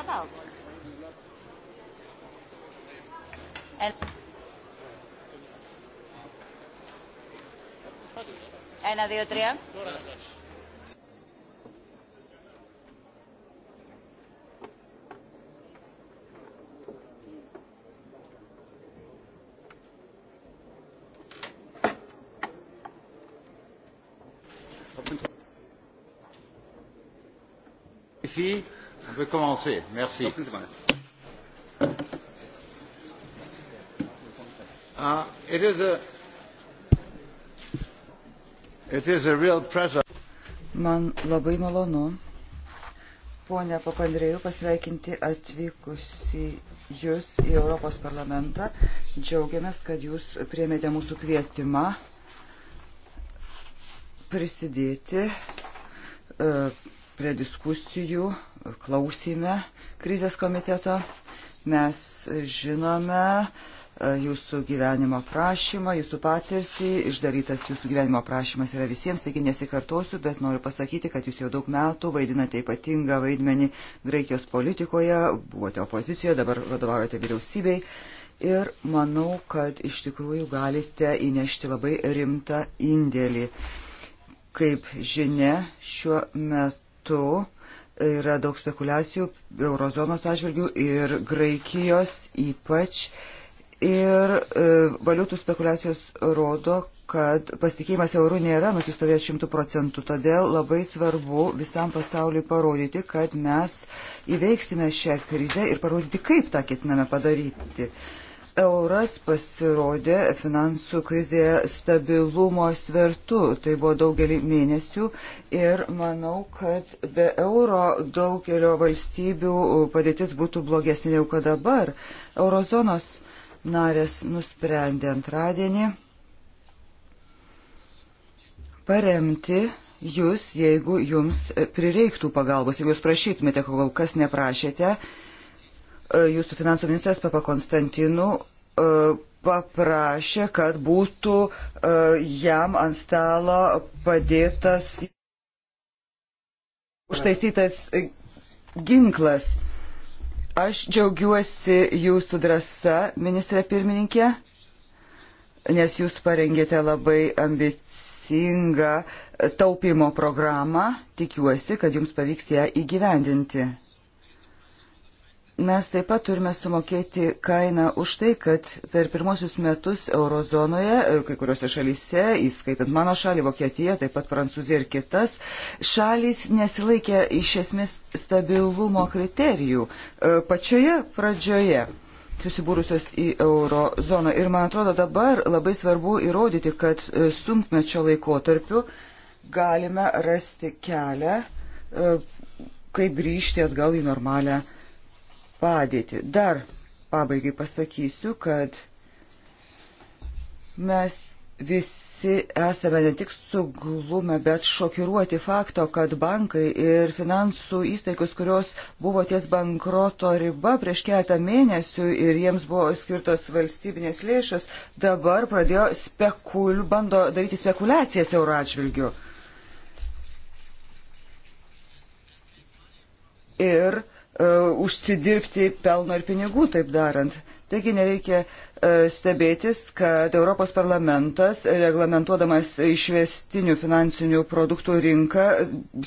pagalbos. And, ένα, δύο, τρία. Υπότιτλοι AUTHORWAVE peux commencer. Merci. Uh, it is a, it is a real pleasure. Man labai malonu, ponia Papandrėjų, pasveikinti atvykusi jūs į Europos parlamentą. Džiaugiamės, kad jūs priemėte mūsų kvietimą prisidėti uh, prie diskusijų uh, klausime krizės komiteto. Mes žinome e, jūsų gyvenimo prašymą, jūsų patirtį, išdarytas jūsų gyvenimo prašymas yra visiems, taigi nesikartosiu, bet noriu pasakyti, kad jūs jau daug metų vaidinate ypatingą vaidmenį Graikijos politikoje, buvote opozicijoje, dabar vadovaujate vyriausybei ir manau, kad iš tikrųjų galite įnešti labai rimtą indėlį. Kaip žinia, šiuo metu Yra daug spekulacijų eurozonos atžvilgių ir Graikijos ypač. Ir e, valiutų spekulacijos rodo, kad pasitikėjimas eurų nėra nusistovėjęs šimtų procentų. Todėl labai svarbu visam pasauliu parodyti, kad mes įveiksime šią krizę ir parodyti, kaip tą ketiname padaryti. E, Euras pasirodė finansų krizėje stabilumo svertu. Tai buvo daugelį mėnesių ir manau, kad be euro daugelio valstybių padėtis būtų blogesnė jau kad dabar. Eurozonos narės nusprendė antradienį paremti jūs, jeigu jums prireiktų pagalbos, jeigu jūs prašytumėte, kol kas neprašėte jūsų finansų ministras Papa Konstantinų E, paprašė, kad būtų e, jam ant stalo padėtas užtaisytas ginklas. Aš džiaugiuosi jūsų drąsa, ministrė pirmininkė, nes jūs parengėte labai ambicingą taupimo programą. Tikiuosi, kad jums pavyks ją įgyvendinti mes taip pat turime sumokėti kainą už tai, kad per pirmosius metus eurozonoje, kai kuriuose šalyse, įskaitant mano šalį, Vokietiją, taip pat Prancūziją ir kitas, šalys nesilaikė iš esmės stabilumo kriterijų e, pačioje pradžioje susibūrusios į eurozoną. Ir man atrodo dabar labai svarbu įrodyti, kad e, sunkmečio laikotarpiu galime rasti kelią, e, kaip grįžti atgal į normalią uh, padėtį. Dar pabaigai pasakysiu, kad mes visi esame ne tik suglumę, bet šokiruoti fakto, kad bankai ir finansų įstaigos, kurios buvo ties bankroto riba prieš keletą mėnesių ir jiems buvo skirtos valstybinės lėšas, dabar pradėjo spekul, bando daryti spekulacijas euro atžvilgiu. Ir E, užsidirbti pelno ir pinigų taip darant. Taigi nereikia e, stebėtis, kad Europos parlamentas, reglamentuodamas išvestinių finansinių produktų rinką,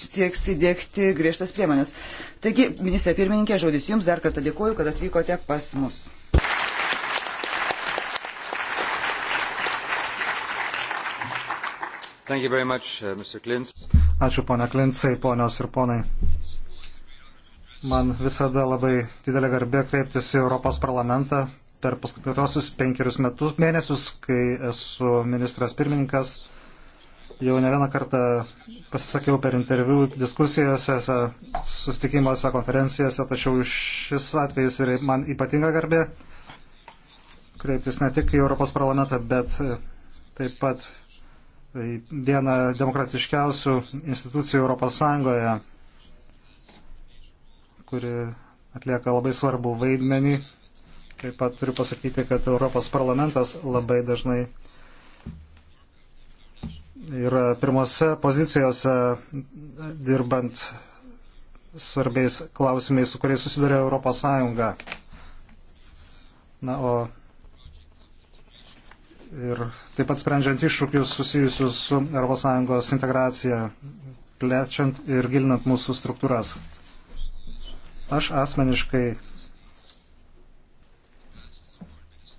sieks įdėkti griežtas priemonės. Taigi, ministrė pirmininkė, žodis Jums dar kartą dėkuoju, kad atvykote pas mus. Much, uh, Ačiū, ponia Klincai, ponios ir ponai. Man visada labai didelė garbė kreiptis į Europos parlamentą per paskutiniosius penkerius metus, mėnesius, kai esu ministras pirmininkas. Jau ne vieną kartą pasisakiau per interviu diskusijose, sustikimuose, konferencijose, tačiau šis atvejis yra man ypatinga garbė kreiptis ne tik į Europos parlamentą, bet taip pat vieną demokratiškiausių institucijų Europos Sąjungoje kuri atlieka labai svarbų vaidmenį. Taip pat turiu pasakyti, kad Europos parlamentas labai dažnai yra pirmose pozicijose dirbant svarbiais klausimais, su kuriais susiduria Europos Sąjunga. Na, o ir taip pat sprendžiant iššūkius susijusius su ES integracija, plečiant ir gilinant mūsų struktūras. Aš asmeniškai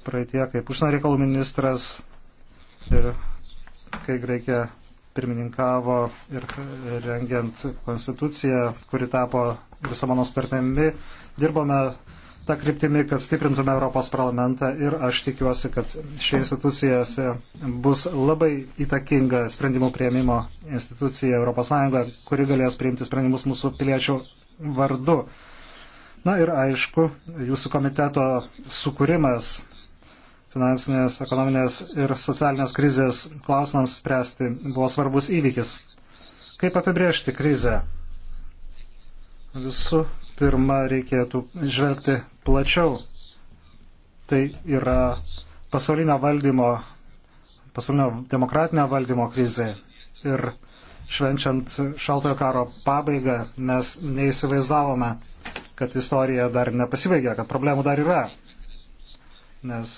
praeitie kaip užsienio reikalų ministras ir kai Graikija pirmininkavo ir rengiant konstituciją, kuri tapo visą mano sutartimi, dirbome tą kryptimį, kad stiprintume Europos parlamentą ir aš tikiuosi, kad ši institucija bus labai įtakinga sprendimų prieimimo institucija Europos Sąjunga, kuri galės priimti sprendimus mūsų piliečių vardu. Na ir aišku, jūsų komiteto sukūrimas finansinės, ekonominės ir socialinės krizės klausimams spręsti buvo svarbus įvykis. Kaip apibriežti krizę? Visų pirma, reikėtų žvelgti plačiau. Tai yra pasaulinio valdymo, pasaulinio demokratinio valdymo krizė. Ir švenčiant šaltojo karo pabaigą mes neįsivaizdavome kad istorija dar nepasibaigė, kad problemų dar yra. Nes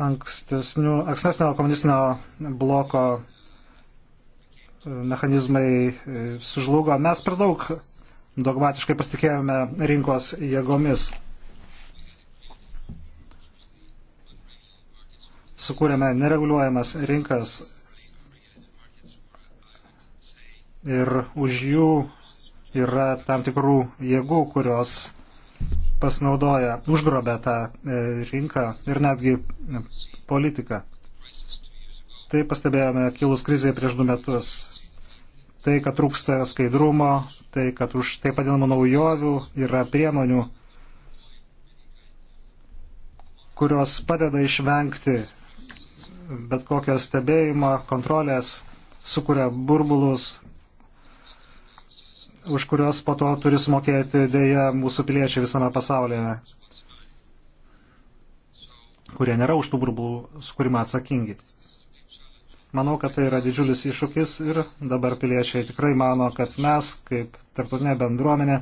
ankstesnio komunistinio bloko e, mechanizmai e, sužlugo. Mes per daug dogmatiškai pasitikėjome rinkos jėgomis. Sukūrėme nereguliuojamas rinkas ir už jų yra tam tikrų jėgų, kurios pasinaudoja, užgrobė tą e, rinką ir netgi e, politiką. Tai pastebėjome kilus krizėje prieš du metus. Tai, kad trūksta skaidrumo, tai, kad už taip vadinamų naujovių yra priemonių, kurios padeda išvengti bet kokio stebėjimo, kontrolės, sukuria burbulus, už kuriuos po to turi sumokėti dėja mūsų piliečiai visame pasaulyje, kurie nėra už tų burbulų sukūrimą atsakingi. Manau, kad tai yra didžiulis iššūkis ir dabar piliečiai tikrai mano, kad mes, kaip tarptautinė bendruomenė,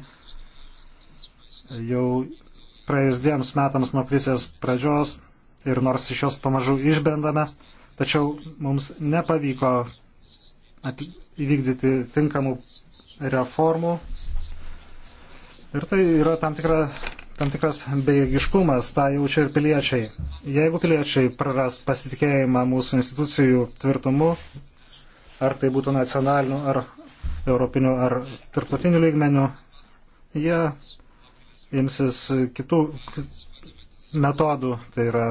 jau praėjus dviems metams nuo krizės pradžios ir nors iš jos pamažu išbrendame, tačiau mums nepavyko įvykdyti tinkamų reformų. Ir tai yra tam, tikra, tam tikras bejėgiškumas, tą jaučia ir piliečiai. Jeigu piliečiai praras pasitikėjimą mūsų institucijų tvirtumu, ar tai būtų nacionaliniu, ar europiniu, ar tarptautiniu lygmeniu, jie imsis kitų metodų, tai yra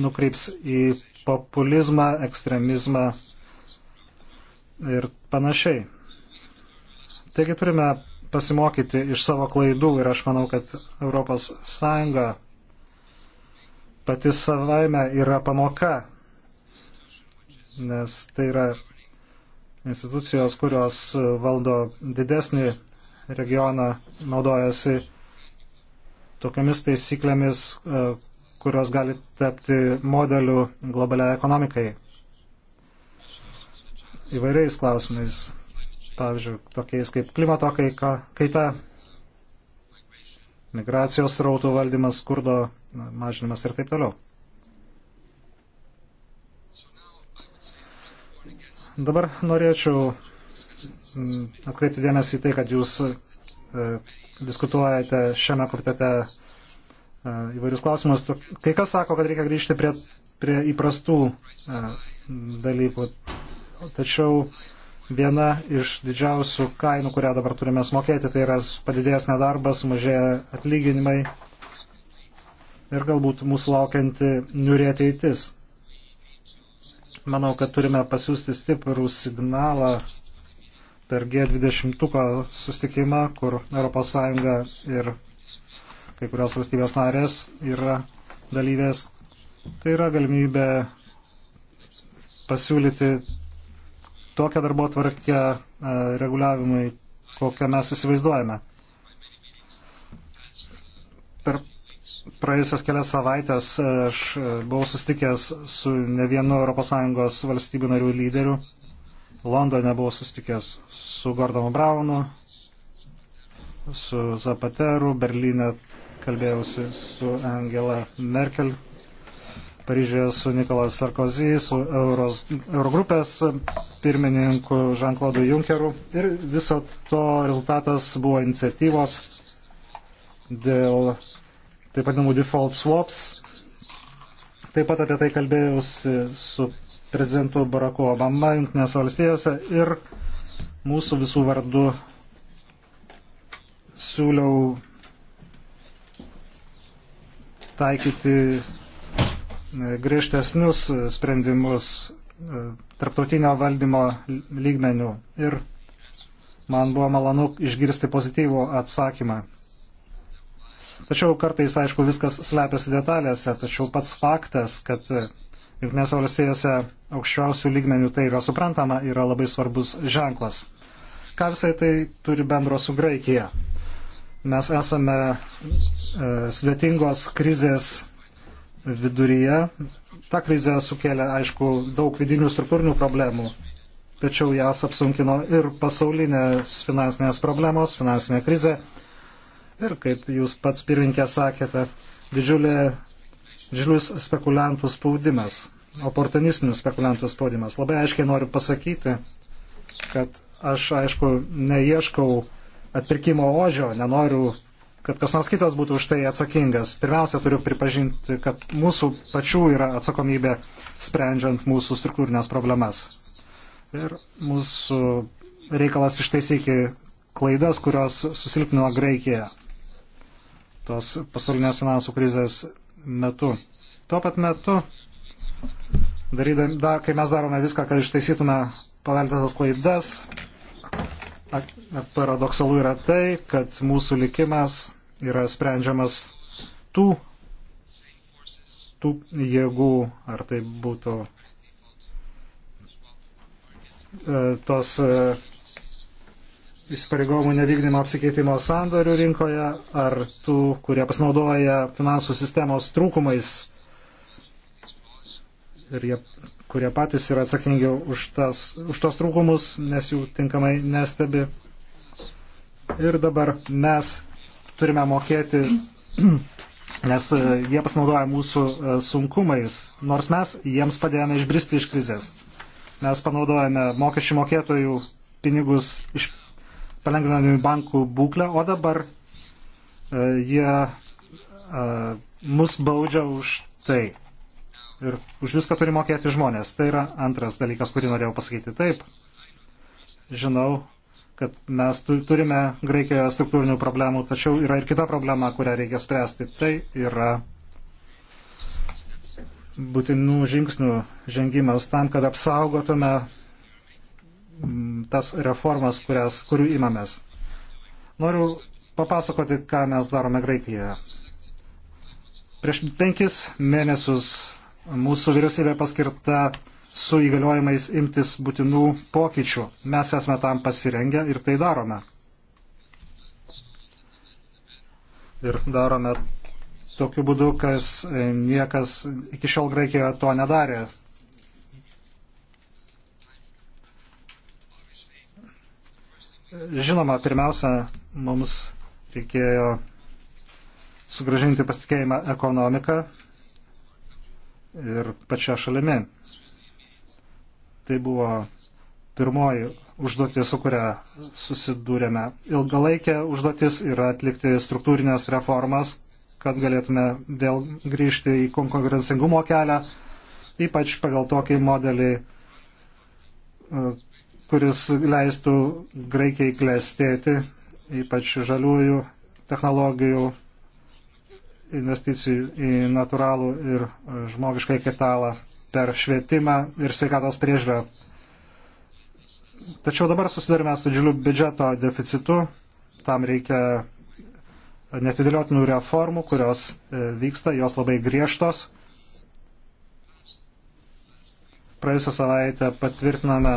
nukreips į populizmą, ekstremizmą ir panašiai. Taigi turime pasimokyti iš savo klaidų ir aš manau, kad ES pati savaime yra pamoka, nes tai yra institucijos, kurios valdo didesnį regioną, naudojasi tokiamis taisyklėmis, e, kurios gali tapti modeliu globaliai ekonomikai įvairiais klausimais pavyzdžiui, tokiais kaip klimato kaita, kaita migracijos rautų valdymas, skurdo mažinimas ir taip toliau. Dabar norėčiau mm, atkreipti dėmesį į tai, kad jūs e, diskutuojate šiame komitete e, įvairius klausimus. Kai kas sako, kad reikia grįžti prie, prie įprastų e, dalykų. Tačiau viena iš didžiausių kainų, kurią dabar turime smokėti, tai yra padidėjęs nedarbas, mažėja atlyginimai ir galbūt mūsų laukianti niurė ateitis. Manau, kad turime pasiūsti stiprų signalą per G20 sustikimą, kur ES ir kai kurios valstybės narės yra dalyvės. Tai yra galimybė pasiūlyti tokią darbo tvarkę e, reguliavimui, kokią mes įsivaizduojame. Per praėjusias kelias savaitės e, aš e, buvau susitikęs su ne vienu ES valstybių narių lyderiu. Londone buvau susitikęs su Gordonu Braunu, su Zapateru, Berlyne kalbėjausi su Angela Merkel Paryžėje su Nikolas Sarkozy, su Euros, Eurogrupės pirmininku Žanklodu Junkeru. Ir viso to rezultatas buvo iniciatyvos dėl taip vadinamų default swaps. Taip pat apie tai kalbėjausi su prezidentu Baraku Obama Junktinės valstijose ir mūsų visų vardu siūliau taikyti griežtesnius sprendimus e, tarptautinio valdymo lygmenių. Ir man buvo malonu išgirsti pozityvų atsakymą. Tačiau kartais, aišku, viskas slepiasi detalėse, tačiau pats faktas, kad Junktinėse valstijose aukščiausių lygmenių tai yra suprantama, yra labai svarbus ženklas. Ką visai tai turi bendro su Graikija? Mes esame e, sudėtingos krizės viduryje. Ta krizė sukėlė, aišku, daug vidinių struktūrinių problemų, tačiau jas apsunkino ir pasaulinės finansinės problemos, finansinė krizė. Ir kaip jūs pats pirminkė sakėte, didžiulė, didžiulis spekuliantų spaudimas, oportunistinių spekuliantų spaudimas. Labai aiškiai noriu pasakyti, kad aš, aišku, neieškau atpirkimo ožio, nenoriu kad kas nors kitas būtų už tai atsakingas. Pirmiausia, turiu pripažinti, kad mūsų pačių yra atsakomybė sprendžiant mūsų struktūrinės problemas. Ir mūsų reikalas ištaisyti klaidas, kurios susilpnino Graikiją tos pasaulinės finansų krizės metu. Tuo pat metu, darydami, dar, kai mes darome viską, kad ištaisytume paveldėtas klaidas, paradoksalu yra tai, kad mūsų likimas yra sprendžiamas tų, tų jėgų, ar tai būtų e, tos e, įsipareigojimų nevykdymo apsikeitimo sandorių rinkoje, ar tų, kurie pasinaudoja finansų sistemos trūkumais ir jie kurie patys yra atsakingi už, tas, už tos trūkumus, nes jų tinkamai nestebi. Ir dabar mes turime mokėti, nes e, jie pasinaudoja mūsų e, sunkumais, nors mes jiems padėjome išbristi iš krizės. Mes panaudojame mokesčių mokėtojų pinigus iš palengvinami bankų būklę, o dabar e, jie mus baudžia už tai ir už viską turi mokėti žmonės. Tai yra antras dalykas, kurį norėjau pasakyti. Taip, žinau, kad mes turime Graikijoje struktūrinių problemų, tačiau yra ir kita problema, kurią reikia spręsti. Tai yra būtinų žingsnių žengimas tam, kad apsaugotume mm, tas reformas, kurias, kurių imamės. Noriu papasakoti, ką mes darome Graikijoje. Prieš penkis mėnesius mūsų vyriausybė paskirta su įgaliojimais imtis būtinų pokyčių. Mes esame tam pasirengę ir tai darome. Ir darome tokiu būdu, kas niekas iki šiol Graikijoje to nedarė. Žinoma, pirmiausia, mums reikėjo sugražinti pasitikėjimą ekonomiką, ir pačia šalimi. Tai buvo pirmoji užduotis, su kuria susidūrėme. Ilgalaikė užduotis yra atlikti struktūrinės reformas, kad galėtume vėl grįžti į konkurencingumo kelią, ypač pagal tokį modelį, e, kuris leistų Graikijai klestėti, ypač žaliųjų technologijų investicijų į natūralų ir e, žmogišką kapitalą per švietimą ir sveikatos priežiūrą. Tačiau dabar susidarime su didžiuliu biudžeto deficitu, tam reikia netidėliotinų reformų, kurios e, vyksta, jos labai griežtos. Praėjusią savaitę patvirtiname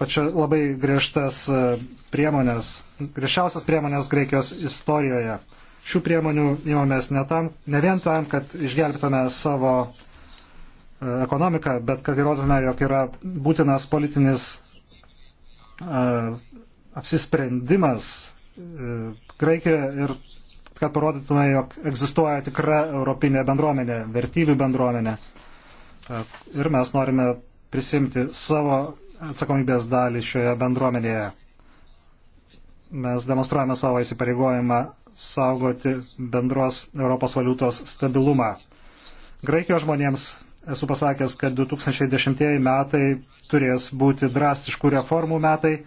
pačia labai griežtas e, priemonės, griežčiausias priemonės Graikijos istorijoje. Šių priemonių imamės ne, tam, ne vien tam, kad išgelbėtume savo e, ekonomiką, bet kad įrodytume, jog yra būtinas politinis uh, apsisprendimas uh, Graikija ir kad parodytume, jog egzistuoja tikra europinė bendruomenė, vertybių bendruomenė. Uh, ir mes norime prisimti savo atsakomybės dalį šioje bendruomenėje. Mes demonstruojame savo įsipareigojimą saugoti bendros Europos valiutos stabilumą. Graikijos žmonėms esu pasakęs, kad 2010 metai turės būti drastiškų reformų metai e,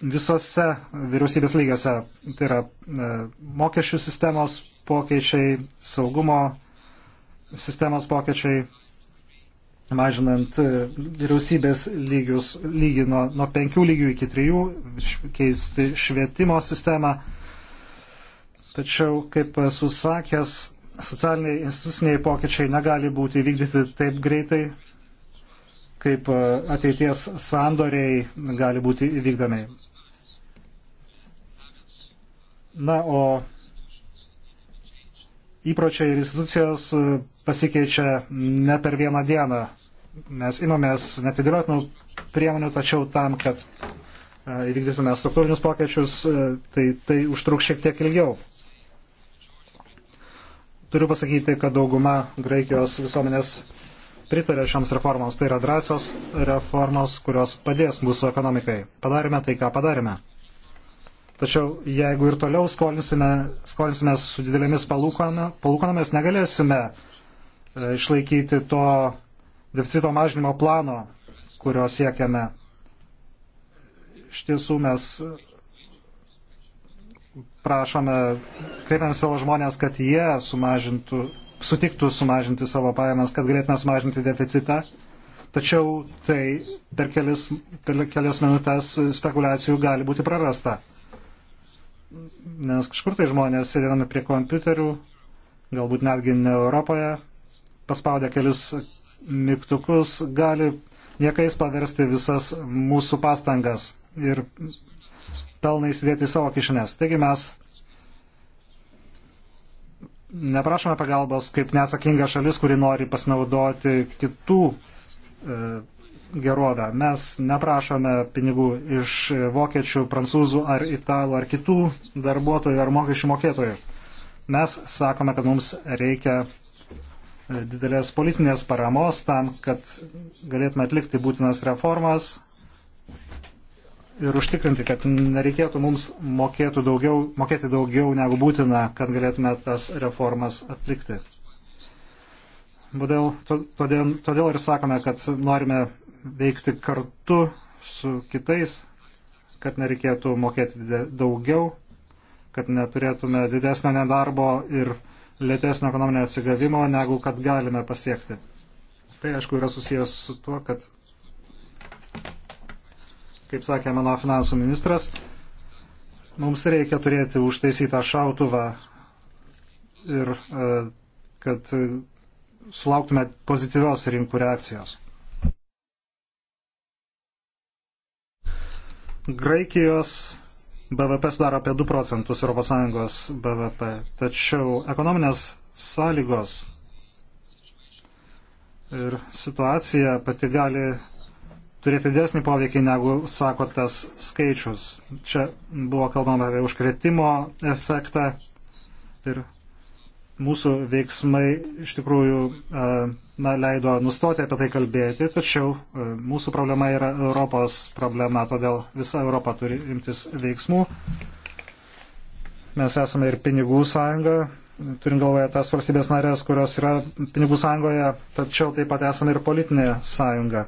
visose vyriausybės lygiuose. Tai yra e, mokesčių sistemos pokyčiai, saugumo sistemos pokyčiai, mažinant e, vyriausybės lygius, lygį nuo, nuo penkių lygių iki trijų, keisti švietimo sistemą. Tačiau, kaip esu sakęs, socialiniai instituciniai pokyčiai negali būti vykdyti taip greitai, kaip e, ateities sandoriai gali būti įvykdomi. Na, o įpročiai ir institucijos e, pasikeičia ne per vieną dieną. Mes imamės netidėliotinų priemonių, tačiau tam, kad e, įvykdytume struktūrinius pokyčius, e, tai, tai užtruks šiek tiek ilgiau. Turiu pasakyti, kad dauguma Graikijos visuomenės pritarė šioms reformoms. Tai yra drąsios reformos, kurios padės mūsų ekonomikai. Padarėme tai, ką padarėme. Tačiau jeigu ir toliau skolinsime, skolinsime su didelėmis palūkonomis, negalėsime E, išlaikyti to deficito mažinimo plano, kurio siekiame. Iš tiesų mes prašome, kreipiam savo žmonės, kad jie sumažintų, sutiktų sumažinti savo pajamas, kad galėtume sumažinti deficitą. Tačiau tai per kelias, per kelias minutės spekulacijų gali būti prarasta. Nes kažkur tai žmonės sėdėdami prie kompiuterių, galbūt netgi ne Europoje, paspaudę kelis mygtukus, gali niekais paversti visas mūsų pastangas ir pelnai įsidėti į savo kišenes. Taigi mes neprašome pagalbos kaip neatsakinga šalis, kuri nori pasinaudoti kitų e, gerovę. Mes neprašome pinigų iš vokiečių, prancūzų ar italų ar kitų darbuotojų ar mokesčių mokėtojų. Mes sakome, kad mums reikia E, didelės politinės paramos tam, kad galėtume atlikti būtinas reformas ir užtikrinti, kad nereikėtų mums daugiau, mokėti daugiau negu būtina, kad galėtume tas reformas atlikti. Todėl, todėl, todėl ir sakome, kad norime veikti kartu su kitais, kad nereikėtų mokėti daugiau, kad neturėtume didesnio nedarbo ir lėtesnio ekonominio atsigavimo, negu kad galime pasiekti. Tai aišku yra susijęs su tuo, kad, kaip sakė mano finansų ministras, mums reikia turėti užtaisytą šautuvą ir e, kad sulauktume pozityvios rinkų reakcijos. Graikijos BVP sudaro apie 2 procentus ES BVP. Tačiau ekonominės sąlygos ir situacija pati gali turėti didesnį poveikį, negu sako tas skaičius. Čia buvo kalbama apie užkretimo efektą ir mūsų veiksmai iš tikrųjų e, na, leido nustoti apie tai kalbėti, tačiau e, mūsų problema yra Europos problema, todėl visa Europa turi imtis veiksmų. Mes esame ir pinigų sąjunga, turim galvoje tas valstybės narės, kurios yra pinigų sąjungoje, tačiau taip pat esame ir politinė sąjunga.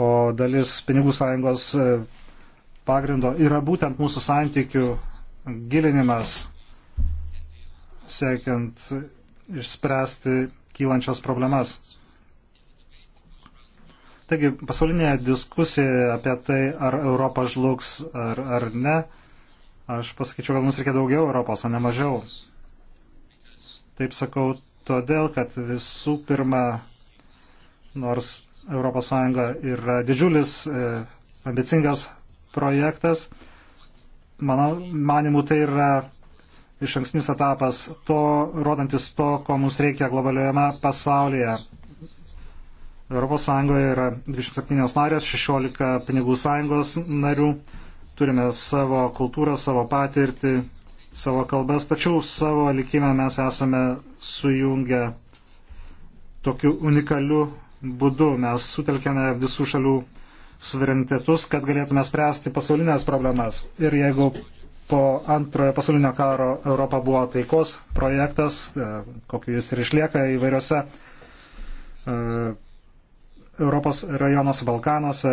O dalis pinigų sąjungos e, pagrindo yra būtent mūsų santykių gilinimas, siekiant išspręsti kylančias problemas. Taigi pasaulinėje diskusijoje apie tai, ar Europa žlugs ar, ar ne, aš pasakyčiau, kad mums reikia daugiau Europos, o ne mažiau. Taip sakau todėl, kad visų pirma, nors ES yra didžiulis, e, ambicingas projektas, mano manimu, tai yra iš anksnis etapas, to, rodantis to, ko mums reikia globaliojame pasaulyje. ES yra 27 narės, 16 pinigų sąjungos narių, turime savo kultūrą, savo patirtį, savo kalbas, tačiau savo likimą mes esame sujungę tokiu unikaliu būdu. Mes sutelkėme visų šalių suverenitetus, kad galėtume spręsti pasaulinės problemas. Ir jeigu po antrojo pasaulinio karo Europa buvo taikos projektas, e, kokiu jis ir išlieka įvairiose e, Europos rajonos Balkanuose,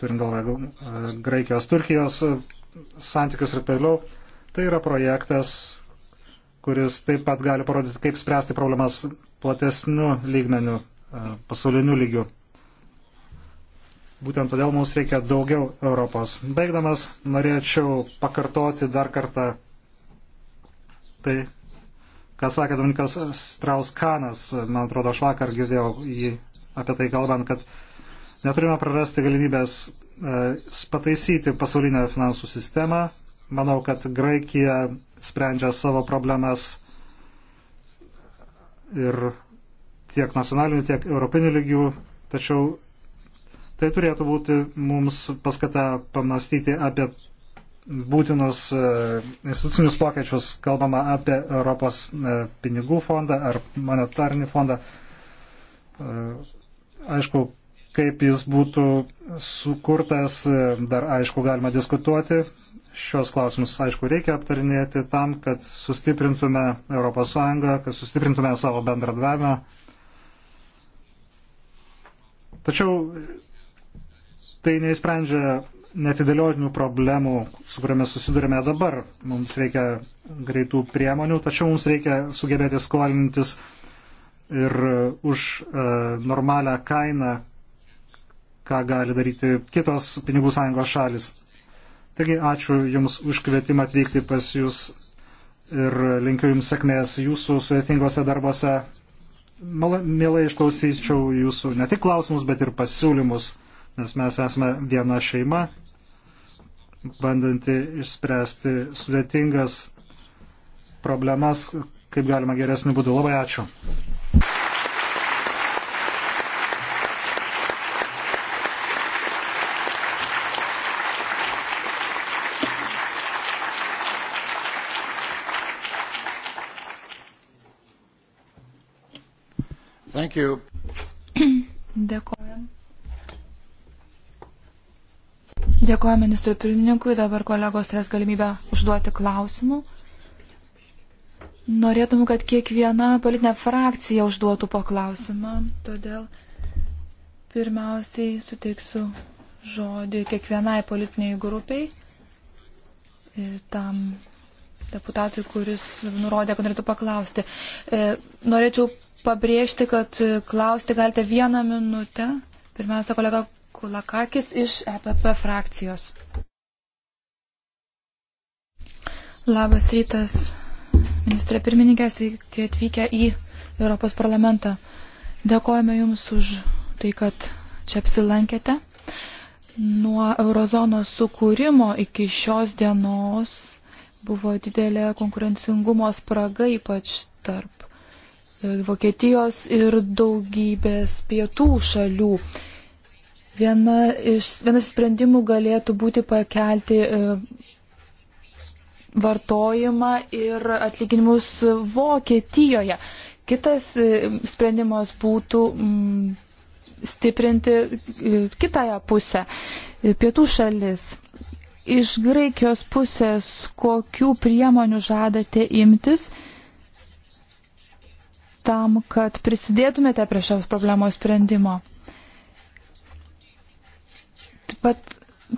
turint galvoje e, Graikijos, Turkijos santykius ir toliau. Tai yra projektas, kuris taip pat gali parodyti, kaip spręsti problemas platesnių lygmenių, pasaulinių lygių. Būtent todėl mums reikia daugiau Europos. Baigdamas, norėčiau pakartoti dar kartą tai, ką sakė Dominikas Strauskanas, man atrodo, aš vakar girdėjau jį apie tai kalbant, kad neturime prarasti galimybės e, pataisyti pasaulinę finansų sistemą. Manau, kad Graikija sprendžia savo problemas ir tiek nacionalinių, tiek europinių lygių, tačiau Tai turėtų būti mums paskata pamastyti apie būtinus e, institucinius pokyčius, kalbama apie Europos e, pinigų fondą ar monetarinį fondą. E, aišku, kaip jis būtų sukurtas, dar aišku, galima diskutuoti. Šios klausimus, aišku, reikia aptarinėti tam, kad sustiprintume ES, kad sustiprintume savo bendradavimą. Tačiau tai neįsprendžia netidėliotinių problemų, su kuriomis susidurime dabar. Mums reikia greitų priemonių, tačiau mums reikia sugebėti skolintis ir už e, normalią kainą, ką gali daryti kitos pinigų sąjungos šalis. Taigi ačiū Jums už kvietimą atvykti pas Jūs ir linkiu Jums sėkmės Jūsų sudėtingose darbose. Mielai išklausyčiau Jūsų ne tik klausimus, bet ir pasiūlymus nes mes esame viena šeima, bandanti išspręsti sudėtingas problemas, kaip galima geresnių būdų. Labai ačiū. Dėkojam. Dėkuoju ministrui pirmininkui, dabar kolegos turės galimybę užduoti klausimų. Norėtum, kad kiekviena politinė frakcija užduotų po klausimą, todėl pirmiausiai suteiksiu žodį kiekvienai politiniai grupiai ir tam deputatui, kuris nurodė, kad norėtų paklausti. E, norėčiau pabrėžti, kad klausti galite vieną minutę. Pirmiausia, kolega Kulakakis iš EPP frakcijos. Labas rytas, ministrė pirmininkė, sveiki atvykę į Europos parlamentą. Dėkojame Jums už tai, kad čia apsilankėte. Nuo eurozonos sukūrimo iki šios dienos buvo didelė konkurencingumo spraga, ypač tarp Vokietijos ir daugybės pietų šalių. Viena iš, vienas sprendimų galėtų būti pakelti e, vartojimą ir atlyginimus Vokietijoje. Kitas e, sprendimas būtų mm, stiprinti e, kitąją pusę - pietų šalis. Iš Graikijos pusės kokių priemonių žadate imtis tam, kad prisidėtumėte prie šios problemos sprendimo? pat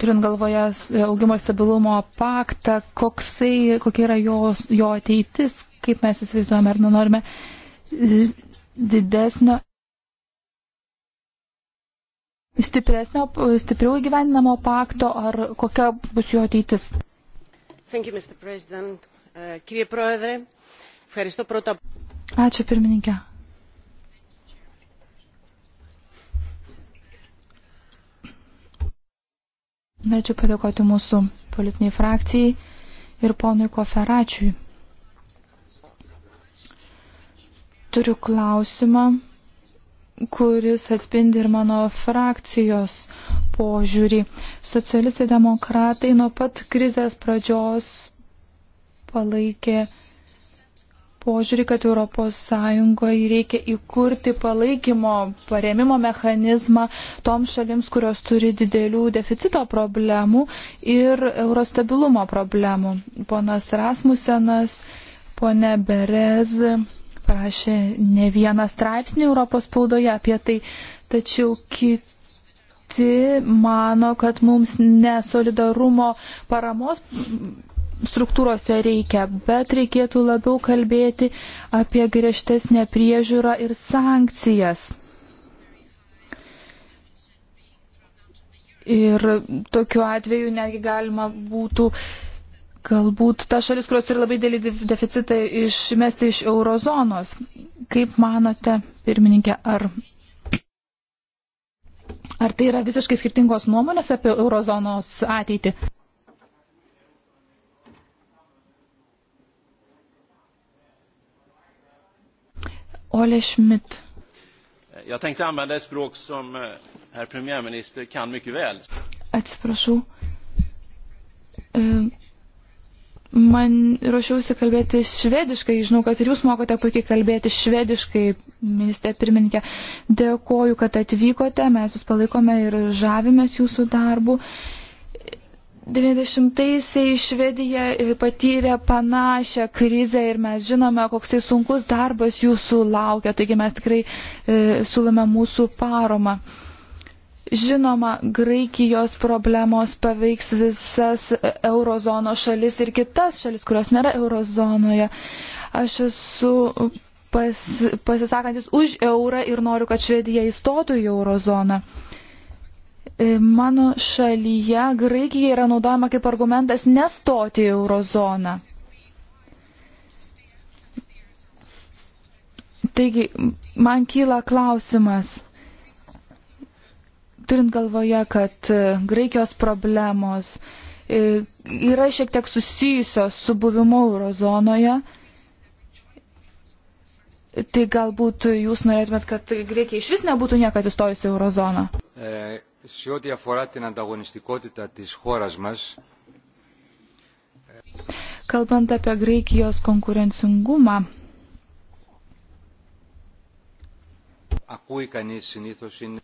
turint galvoje augimo ir stabilumo paktą, koksai, kokia yra jos, jo ateitis, kaip mes įsivaizduojame, ar nu norime e, didesnio, stipresnio, stipriau įgyvendinamo pakto, ar kokia bus jo ateitis. Thank you, Mr. President. E, kyrie Proedre, Ačiū pirmininkė. Norėčiau padėkoti mūsų politiniai frakcijai ir ponui Koferačiui. Turiu klausimą, kuris atspindi ir mano frakcijos požiūrį. Socialistai demokratai nuo pat krizės pradžios palaikė požiūrį, kad ES reikia įkurti palaikymo, paremimo mechanizmą toms šalims, kurios turi didelių deficito problemų ir eurostabilumo problemų. Ponas Rasmusenas, ponė Berez parašė ne vieną straipsnį Europos spaudoje apie tai, tačiau kiti kiti mano, kad mums nesolidarumo paramos struktūrose reikia, bet reikėtų labiau kalbėti apie griežtesnę priežiūrą ir sankcijas. Ir tokiu atveju netgi galima būtų galbūt ta šalis, kurios turi labai dėlį deficitą, išmesti iš eurozonos. Kaip manote, pirmininkė, ar, ar tai yra visiškai skirtingos nuomonės apie eurozonos ateitį? Ole Schmidt. Jag tänkte använda ett språk som eh, herr premiärminister kan mycket väl. Atsiprašau. Man ruošiausi kalbėti švediškai, žinau, kad ir jūs mokote puikiai kalbėti švediškai, ministrė pirmininkė. Dėkoju, kad atvykote, mes jūs palaikome ir žavimės jūsų darbu. Uh, 90-aisiais Švedija e, patyrė panašią krizę ir mes žinome, koks tai sunkus darbas jūsų laukia, taigi mes tikrai e, sulame mūsų paromą. Žinoma, Graikijos problemos paveiks visas eurozono šalis ir kitas šalis, kurios nėra eurozonoje. Aš esu pas, pasisakantis už eurą ir noriu, kad Švedija įstotų į eurozoną. E, mano šalyje Graikija yra naudojama kaip argumentas nestoti į eurozoną. Taigi, man kyla klausimas, turint galvoje, kad e, Graikijos problemos e, yra šiek tiek susijusios su buvimu eurozonoje, tai galbūt jūs norėtumėt, kad Graikija iš vis nebūtų niekada įstojusi eurozoną? E... Σε ό,τι αφορά την ανταγωνιστικότητα της χώρας μας, Kalbant apie Graikijos konkurencingumą, ακούει κανείς συνήθως είναι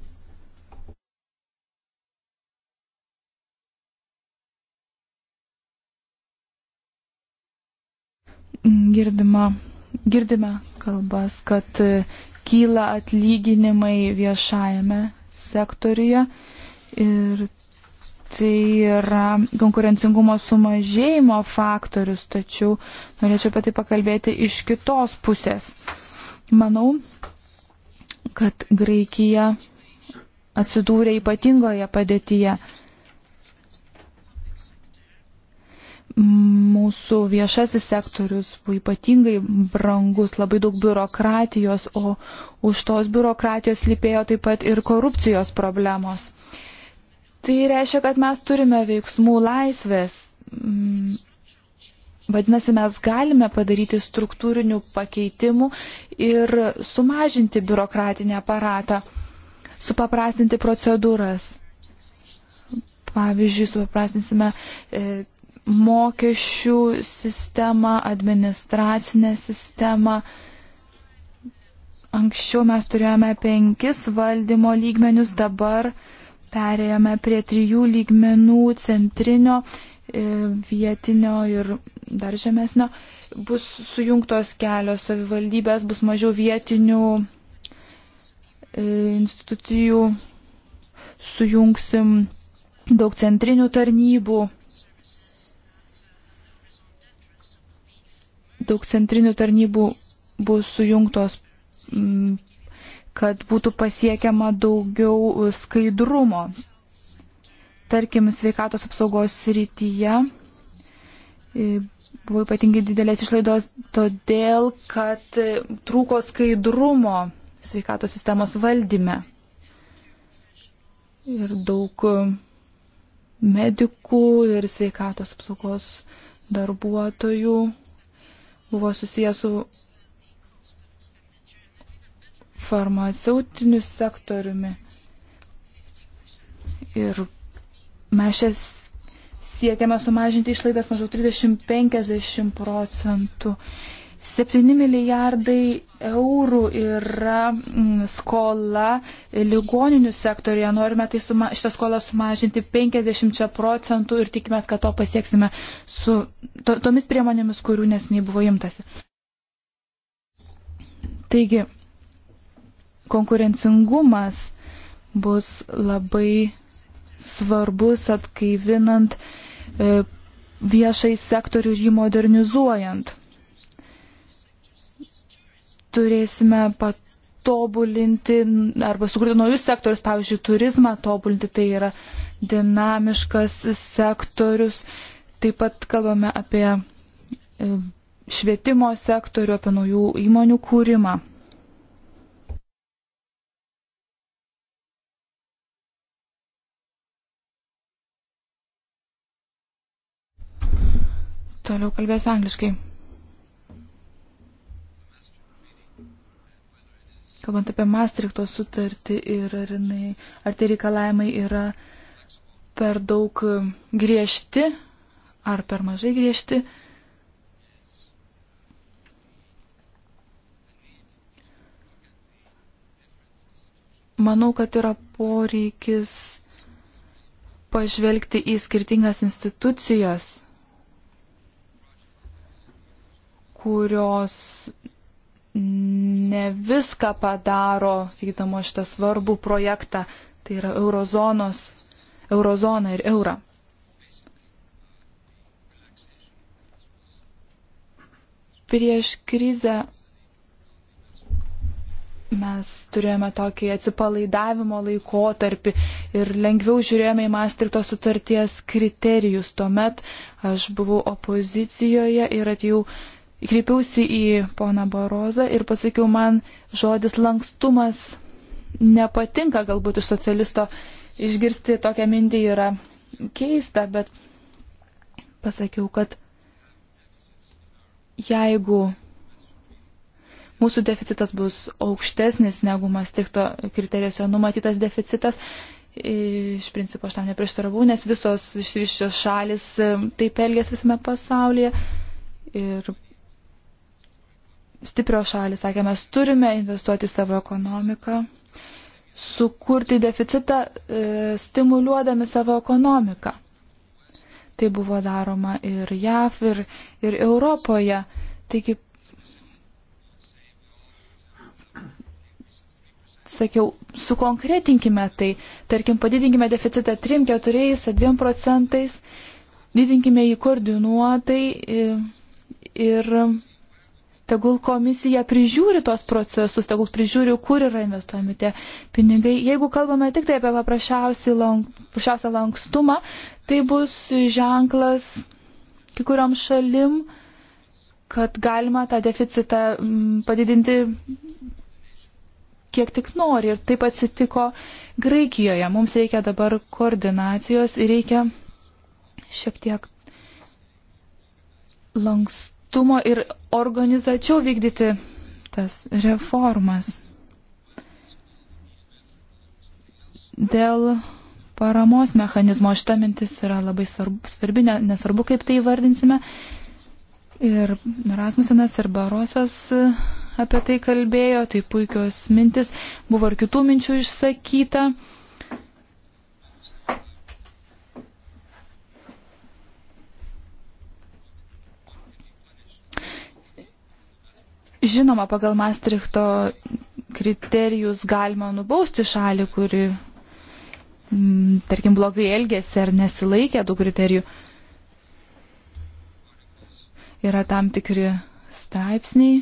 girdima, girdime kalbas, kad e, kyla atlyginimai viešajame sektoriuje. Ir tai yra konkurencingumo sumažėjimo faktorius, tačiau norėčiau apie tai pakalbėti iš kitos pusės. Manau, kad Graikija atsidūrė ypatingoje padėtyje. mūsų viešasis sektorius buvo ypatingai brangus, labai daug biurokratijos, o už tos biurokratijos lypėjo taip pat ir korupcijos problemos. Tai reiškia, kad mes turime veiksmų laisvės. Mm, vadinasi, mes galime padaryti struktūrinių pakeitimų ir sumažinti biurokratinį aparatą, supaprastinti procedūras. Pavyzdžiui, supaprastinsime e, mokesčių sistemą, administracinę sistemą. Anksčiau mes turėjome penkis valdymo lygmenius, dabar perėjome prie trijų lygmenų - centrinio, e, vietinio ir dar žemesnio. Bus sujungtos kelios savivaldybės, bus mažiau vietinių e, institucijų, sujungsim daug centrinių tarnybų. daug centrinių tarnybų bus sujungtos, mm, kad būtų pasiekiama daugiau e, skaidrumo. Tarkim, sveikatos apsaugos srityje e, buvo ypatingai didelės išlaidos todėl, kad e, trūko skaidrumo sveikatos sistemos valdyme. Ir daug medikų ir sveikatos apsaugos darbuotojų buvo susijęs su farmaceutiniu sektoriumi. Ir mes šias siekiame sumažinti išlaidas maždaug 30-50 procentų. 7 milijardai eurų yra mm, skola ligoninių sektorija. Norime tai suma, šitą skolą sumažinti 50 procentų ir tikimės, kad to pasieksime su to, tomis priemonėmis, kurių nesiniai buvo imtasi. Taigi, konkurencingumas bus labai svarbus atgaivinant e, viešai sektorių ir jį modernizuojant turėsime patobulinti arba sukurti naujus sektorius, pavyzdžiui, turizmą tobulinti, tai yra dinamiškas sektorius. Taip pat kalbame apie e, švietimo sektorių, apie naujų įmonių kūrimą. Toliau kalbės angliškai. kalbant apie Maastrichto sutartį ir ar, jinai, ar tie reikalavimai yra per daug griežti ar per mažai griežti. Manau, kad yra poreikis pažvelgti į skirtingas institucijas, kurios ne viską padaro, vykdamo šitą svarbų projektą, tai yra eurozonos, eurozoną ir eurą. Prieš krizę mes turėjome tokį atsipalaidavimo laikotarpį ir lengviau žiūrėjome į Mastrito sutarties kriterijus. Tuomet aš buvau opozicijoje ir atėjau kreipiausi į poną Barozą ir pasakiau, man žodis lankstumas nepatinka, galbūt iš socialisto išgirsti tokią mintį yra keista, bet pasakiau, kad jeigu mūsų deficitas bus aukštesnis negu mastikto kriterijose numatytas deficitas, iš principo aš tam neprieštaravau, nes visos išsivyščios šalis taip elgės visame pasaulyje. Ir stiprios šalis sakė, mes turime investuoti savo ekonomiką, sukurti deficitą, e, stimuliuodami savo ekonomiką. Tai buvo daroma ir JAF, ir, ir Europoje. Taigi, sakiau, sukonkretinkime tai, tarkim, padidinkime deficitą 3, 4, 2 procentais, didinkime jį koordinuotai e, ir, ir tegul komisija prižiūri tos procesus, tegul prižiūri, kur yra investuojami tie pinigai. Jeigu kalbame tik tai apie paprasčiausią lank, lankstumą, tai bus ženklas kiekvienam šalim, kad galima tą deficitą mm, padidinti kiek tik nori. Ir taip atsitiko Graikijoje. Mums reikia dabar koordinacijos ir reikia šiek tiek lankstumo lankstumo ir organizačiau vykdyti tas reformas. Dėl paramos mechanizmo šita mintis yra labai svarbu, svarbi, nesvarbu kaip tai vardinsime. Ir Rasmusinas ir Barosas apie tai kalbėjo, tai puikios mintis, buvo ir kitų minčių išsakyta. Žinoma, pagal Maastrichto kriterijus galima nubausti šalį, kuri, m, mm, tarkim, blogai elgėsi ar nesilaikė tų kriterijų. Yra tam tikri straipsniai,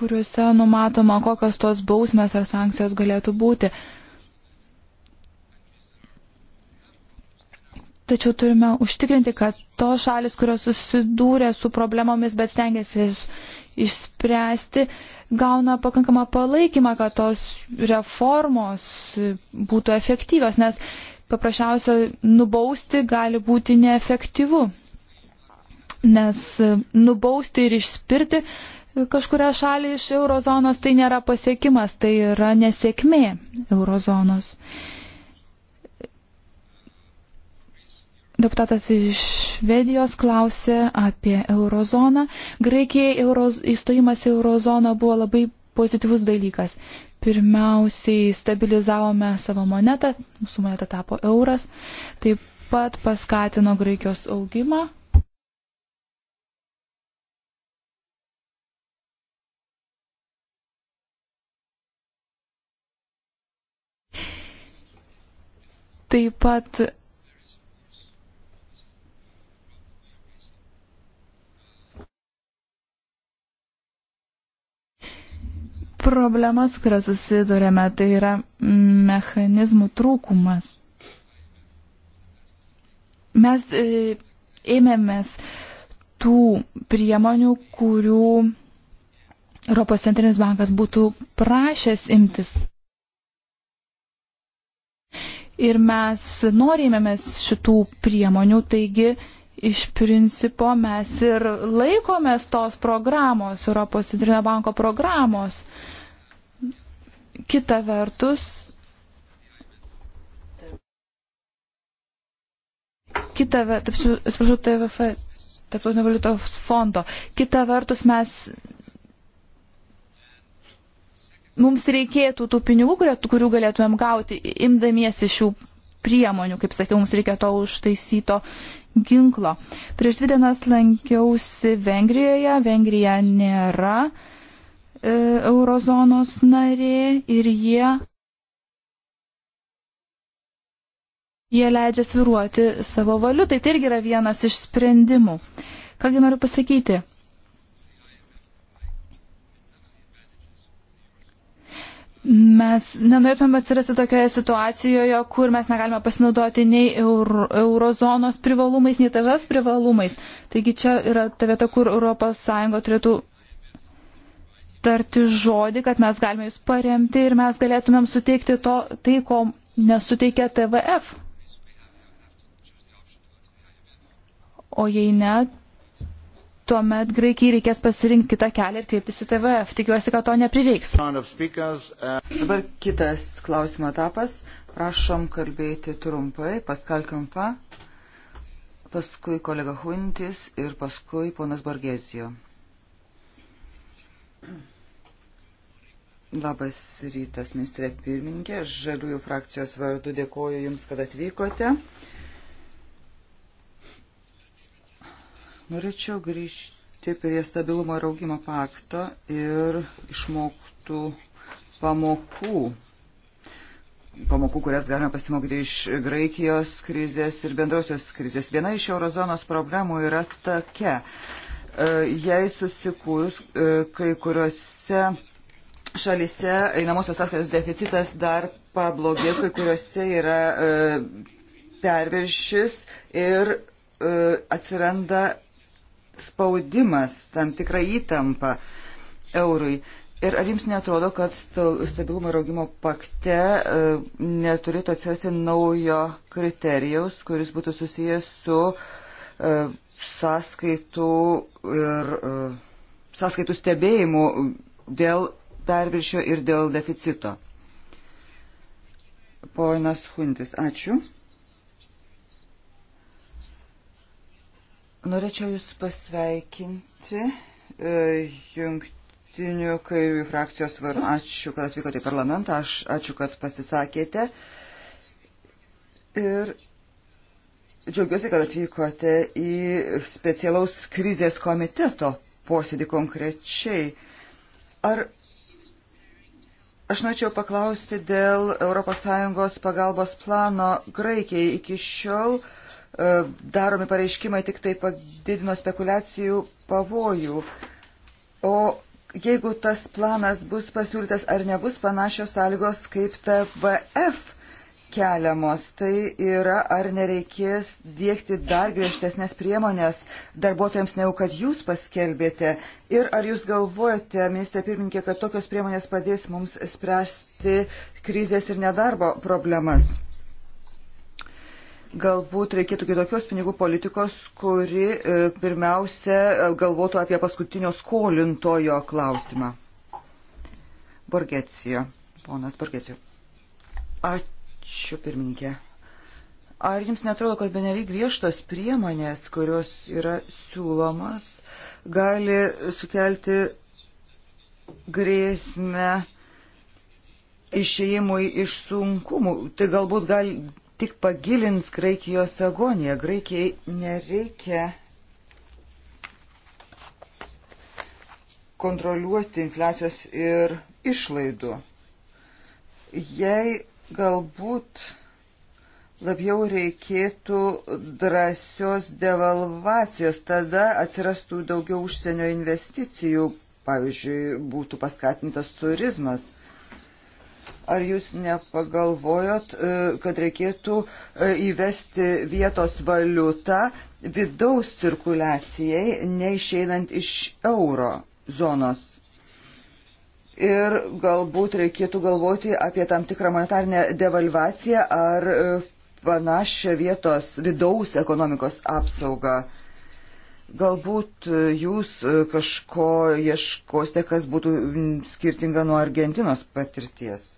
kuriuose numatoma, kokios tos bausmės ar sankcijos galėtų būti. Tačiau turime užtikrinti, kad tos šalis, kurios susidūrė su problemomis, bet stengiasi iš, išspręsti, gauna pakankamą palaikymą, kad tos reformos būtų efektyvios, nes paprasčiausia nubausti gali būti neefektyvu. Nes nubausti ir išspirti kažkuria šalį iš eurozonos tai nėra pasiekimas, tai yra nesėkmė eurozonos. Uh, Deputatas iš Švedijos klausė apie eurozoną. Graikijai euro, įstojimas į eurozoną buvo labai pozityvus dalykas. Pirmiausiai stabilizavome savo monetą, mūsų moneta tapo euras, taip pat paskatino Graikijos augimą. Taip pat problemas, kurias susidurėme, tai yra mechanizmų trūkumas. Mes e, ėmėmės tų priemonių, kurių Europos centrinis bankas būtų prašęs imtis. Ir mes norėjomėmės šitų priemonių, taigi Iš principo mes ir laikomės tos programos, Europos Centrinio banko programos. Kita vertus, kita vertus, atsiprašau, TVF, Tarptautinio valiutos fondo. Kita vertus, mes mums reikėtų tų pinigų, kurių galėtumėm gauti, imdamiesi šių priemonių, kaip sakiau, mums reikia to užtaisyto ginklo. Prieš dvi dienas lankiausi Vengrijoje, Vengrija nėra e, eurozonos narė ir jie. Jie leidžia sviruoti savo valiutai, tai irgi yra vienas iš sprendimų. Kągi noriu pasakyti, Mes nenorėtume atsirasti tokioje situacijoje, kur mes negalime pasinaudoti nei euro, eurozonos privalumais, nei TVF privalumais. Taigi čia yra ta vieta, kur ES turėtų tarti žodį, kad mes galime jūs paremti ir mes galėtumėm suteikti to, tai, ko nesuteikia TVF. O jei ne, tuomet Graikijai reikės pasirinkti kitą kelią ir kreiptis į TVF. Tikiuosi, kad to neprireiks. Uh, Dabar kitas klausimo etapas. Prašom kalbėti trumpai, paskalkiampa, paskui kolega Huntis ir paskui ponas Borgezijo. Labas rytas, ministrė pirmininkė. Žaliųjų frakcijos vardu dėkoju Jums, kad atvykote. Uh, Norėčiau grįžti prie stabilumo ir augimo pakto ir išmoktų pamokų. Pamokų, kurias galime pasimokyti iš Graikijos krizės ir bendrosios krizės. Viena iš eurozonos problemų yra tokia. E, jei susikūrus e, kai kuriuose šalise einamosios sąskaitos deficitas dar pablogė, kai kuriuose yra e, perviršis ir e, atsiranda spaudimas, tam tikra įtampa eurui. Ir ar jums netrodo, kad stabilumo ir augimo pakte e, neturėtų atsirasti naujo kriterijaus, kuris būtų susijęs su e, sąskaitų ir e, sąskaitų stebėjimu dėl perviršio ir dėl deficito? Ponas Huntis, ačiū. Norėčiau Jūs pasveikinti e, jungtinių kairiųjų frakcijos vardu. Ačiū, kad atvykote į parlamentą, aš, ačiū, kad pasisakėte. Ir džiaugiuosi, kad atvykote į specialaus krizės komiteto posėdį konkrečiai. Ar Aš norėčiau paklausti dėl ES pagalbos plano Graikijai. Iki šiol uh, E, daromi pareiškimai tik tai padidino spekulacijų pavojų. O jeigu tas planas bus pasiūlytas ar nebus panašios sąlygos kaip TVF keliamos, tai yra ar nereikės dėkti dar griežtesnės priemonės darbuotojams, negu kad jūs paskelbėte. Ir ar jūs galvojate, ministrė pirmininkė, kad tokios priemonės padės mums spręsti krizės ir nedarbo problemas? Galbūt reikėtų kitokios pinigų politikos, kuri e, pirmiausia galvotų apie paskutinio skolintojo klausimą. Borgecijo. Ponas Borgecijo. Ačiū pirmininkė. Ar jums netrodo, kad beneveik griežtos priemonės, kurios yra siūlomas, gali sukelti grėsmę išėjimui iš sunkumų? Tai galbūt gali tik pagilins Graikijos agoniją. Graikijai nereikia kontroliuoti infliacijos ir išlaidų. Jei galbūt labiau reikėtų drąsios devalvacijos, tada atsirastų daugiau užsienio investicijų, pavyzdžiui, būtų paskatintas turizmas. Ar jūs nepagalvojot, e, kad reikėtų e, įvesti vietos valiutą vidaus cirkuliacijai, neišeinant iš euro zonos? ir galbūt reikėtų galvoti apie tam tikrą monetarnę devalvaciją ar e, panašią vietos vidaus ekonomikos apsaugą. Galbūt jūs kažko ieškosite, kas būtų skirtinga nuo Argentinos patirties.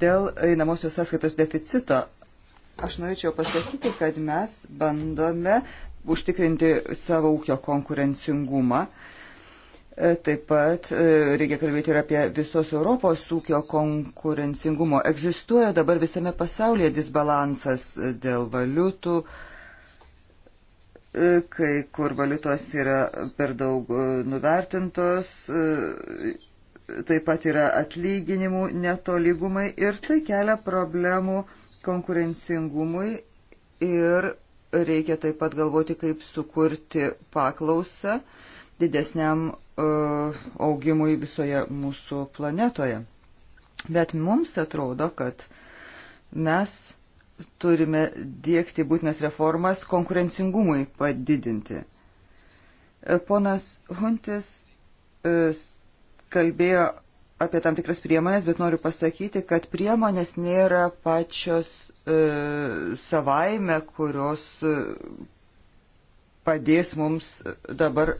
Dėl einamosios sąskaitos deficito aš norėčiau pasakyti, kad mes bandome užtikrinti savo ūkio konkurencingumą. E, taip pat e, reikia kalbėti ir apie visos Europos ūkio konkurencingumo. Egzistuoja dabar visame pasaulyje disbalansas e, dėl valiutų, kai kur valiutos yra per daug nuvertintos taip pat yra atlyginimų netolygumai ir tai kelia problemų konkurencingumui ir reikia taip pat galvoti, kaip sukurti paklausą didesniam uh, augimui visoje mūsų planetoje. Bet mums atrodo, kad mes turime dėkti būtinas reformas konkurencingumui padidinti. E, ponas Huntis e, kalbėjo apie tam tikras priemonės, bet noriu pasakyti, kad priemonės nėra pačios e, savaime, kurios e, padės mums dabar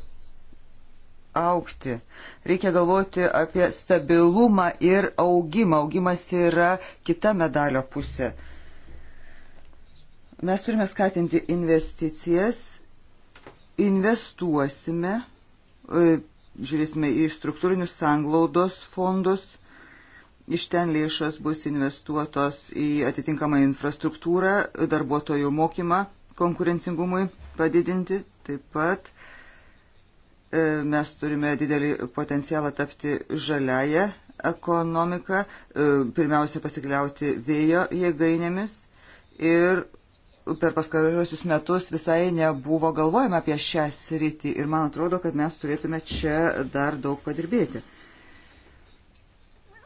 aukti. Reikia galvoti apie stabilumą ir augimą. Augimas yra kita medalio pusė. Mes turime skatinti investicijas, investuosime, e, žiūrėsime į struktūrinius sanglaudos fondus. Iš ten lėšas bus investuotos į atitinkamą infrastruktūrą, darbuotojų mokymą konkurencingumui padidinti. Taip pat e, mes turime didelį potencialą tapti žaliają ekonomiką, e, pirmiausia pasikliauti vėjo jėgainėmis ir per paskariuosius metus visai nebuvo galvojama apie šią sritį ir man atrodo, kad mes turėtume čia dar daug padirbėti.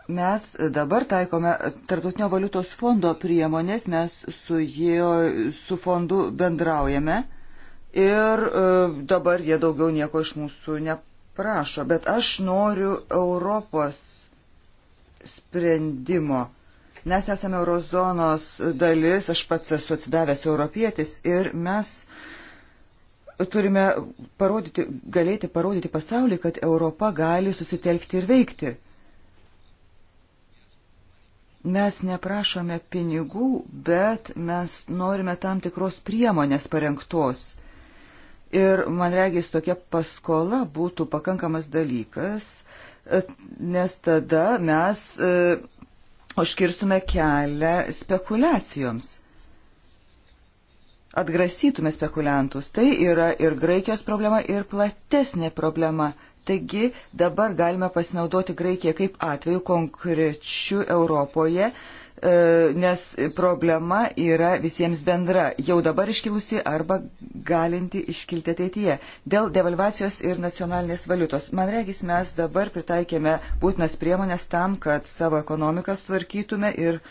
Mes dabar taikome Tarptautinio valiutos fondo priemonės, mes su, jie, su fondu bendraujame ir e, dabar jie daugiau nieko iš mūsų neprašo, bet aš noriu Europos sprendimo Mes esame eurozonos dalis, aš pats esu atsidavęs europietis ir mes turime parodyti, galėti parodyti pasaulį, kad Europa gali susitelkti ir veikti. Mes neprašome pinigų, bet mes norime tam tikros priemonės parengtos. Ir man regis tokia paskola būtų pakankamas dalykas, nes tada mes e, užkirstume kelią spekulacijoms. Atgrasytume spekuliantus. Tai yra ir Graikijos problema, ir platesnė problema. Taigi dabar galime pasinaudoti Graikiją kaip atveju konkrečiu Europoje E, nes problema yra visiems bendra, jau dabar iškilusi arba galinti iškilti ateityje. Dėl devalvacijos ir nacionalinės valiutos. Man regis, mes dabar pritaikėme būtinas priemonės tam, kad savo ekonomiką sutvarkytume ir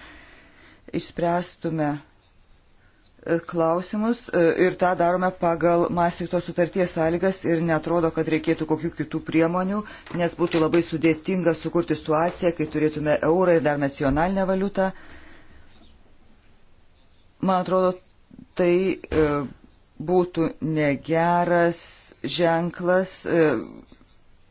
išspręstume klausimus e, ir tą darome pagal Mastrichto sutarties sąlygas ir netrodo, kad reikėtų kokių kitų priemonių, nes būtų labai sudėtinga sukurti situaciją, kai turėtume eurą ir dar nacionalinę valiutą. Man atrodo, tai e, būtų negeras ženklas e,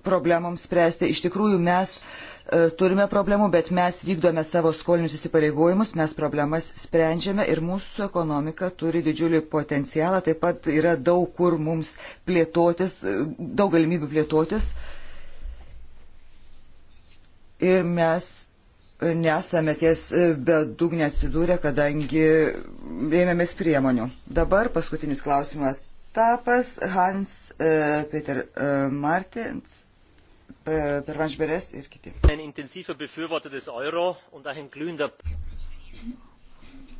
problemams spręsti. Iš tikrųjų, mes uh, E, turime problemų, bet mes vykdome savo skolinius įsipareigojimus, mes problemas sprendžiame ir mūsų ekonomika turi didžiulį potencialą, taip pat yra daug kur mums plėtotis, e, daug galimybių plėtotis. Ir mes nesame ties e, bedugnė atsidūrę, kadangi ėmėmės priemonių. Dabar paskutinis klausimas. Tapas Hans uh, Peter uh, Martins E, Pervanš Beres ir kiti.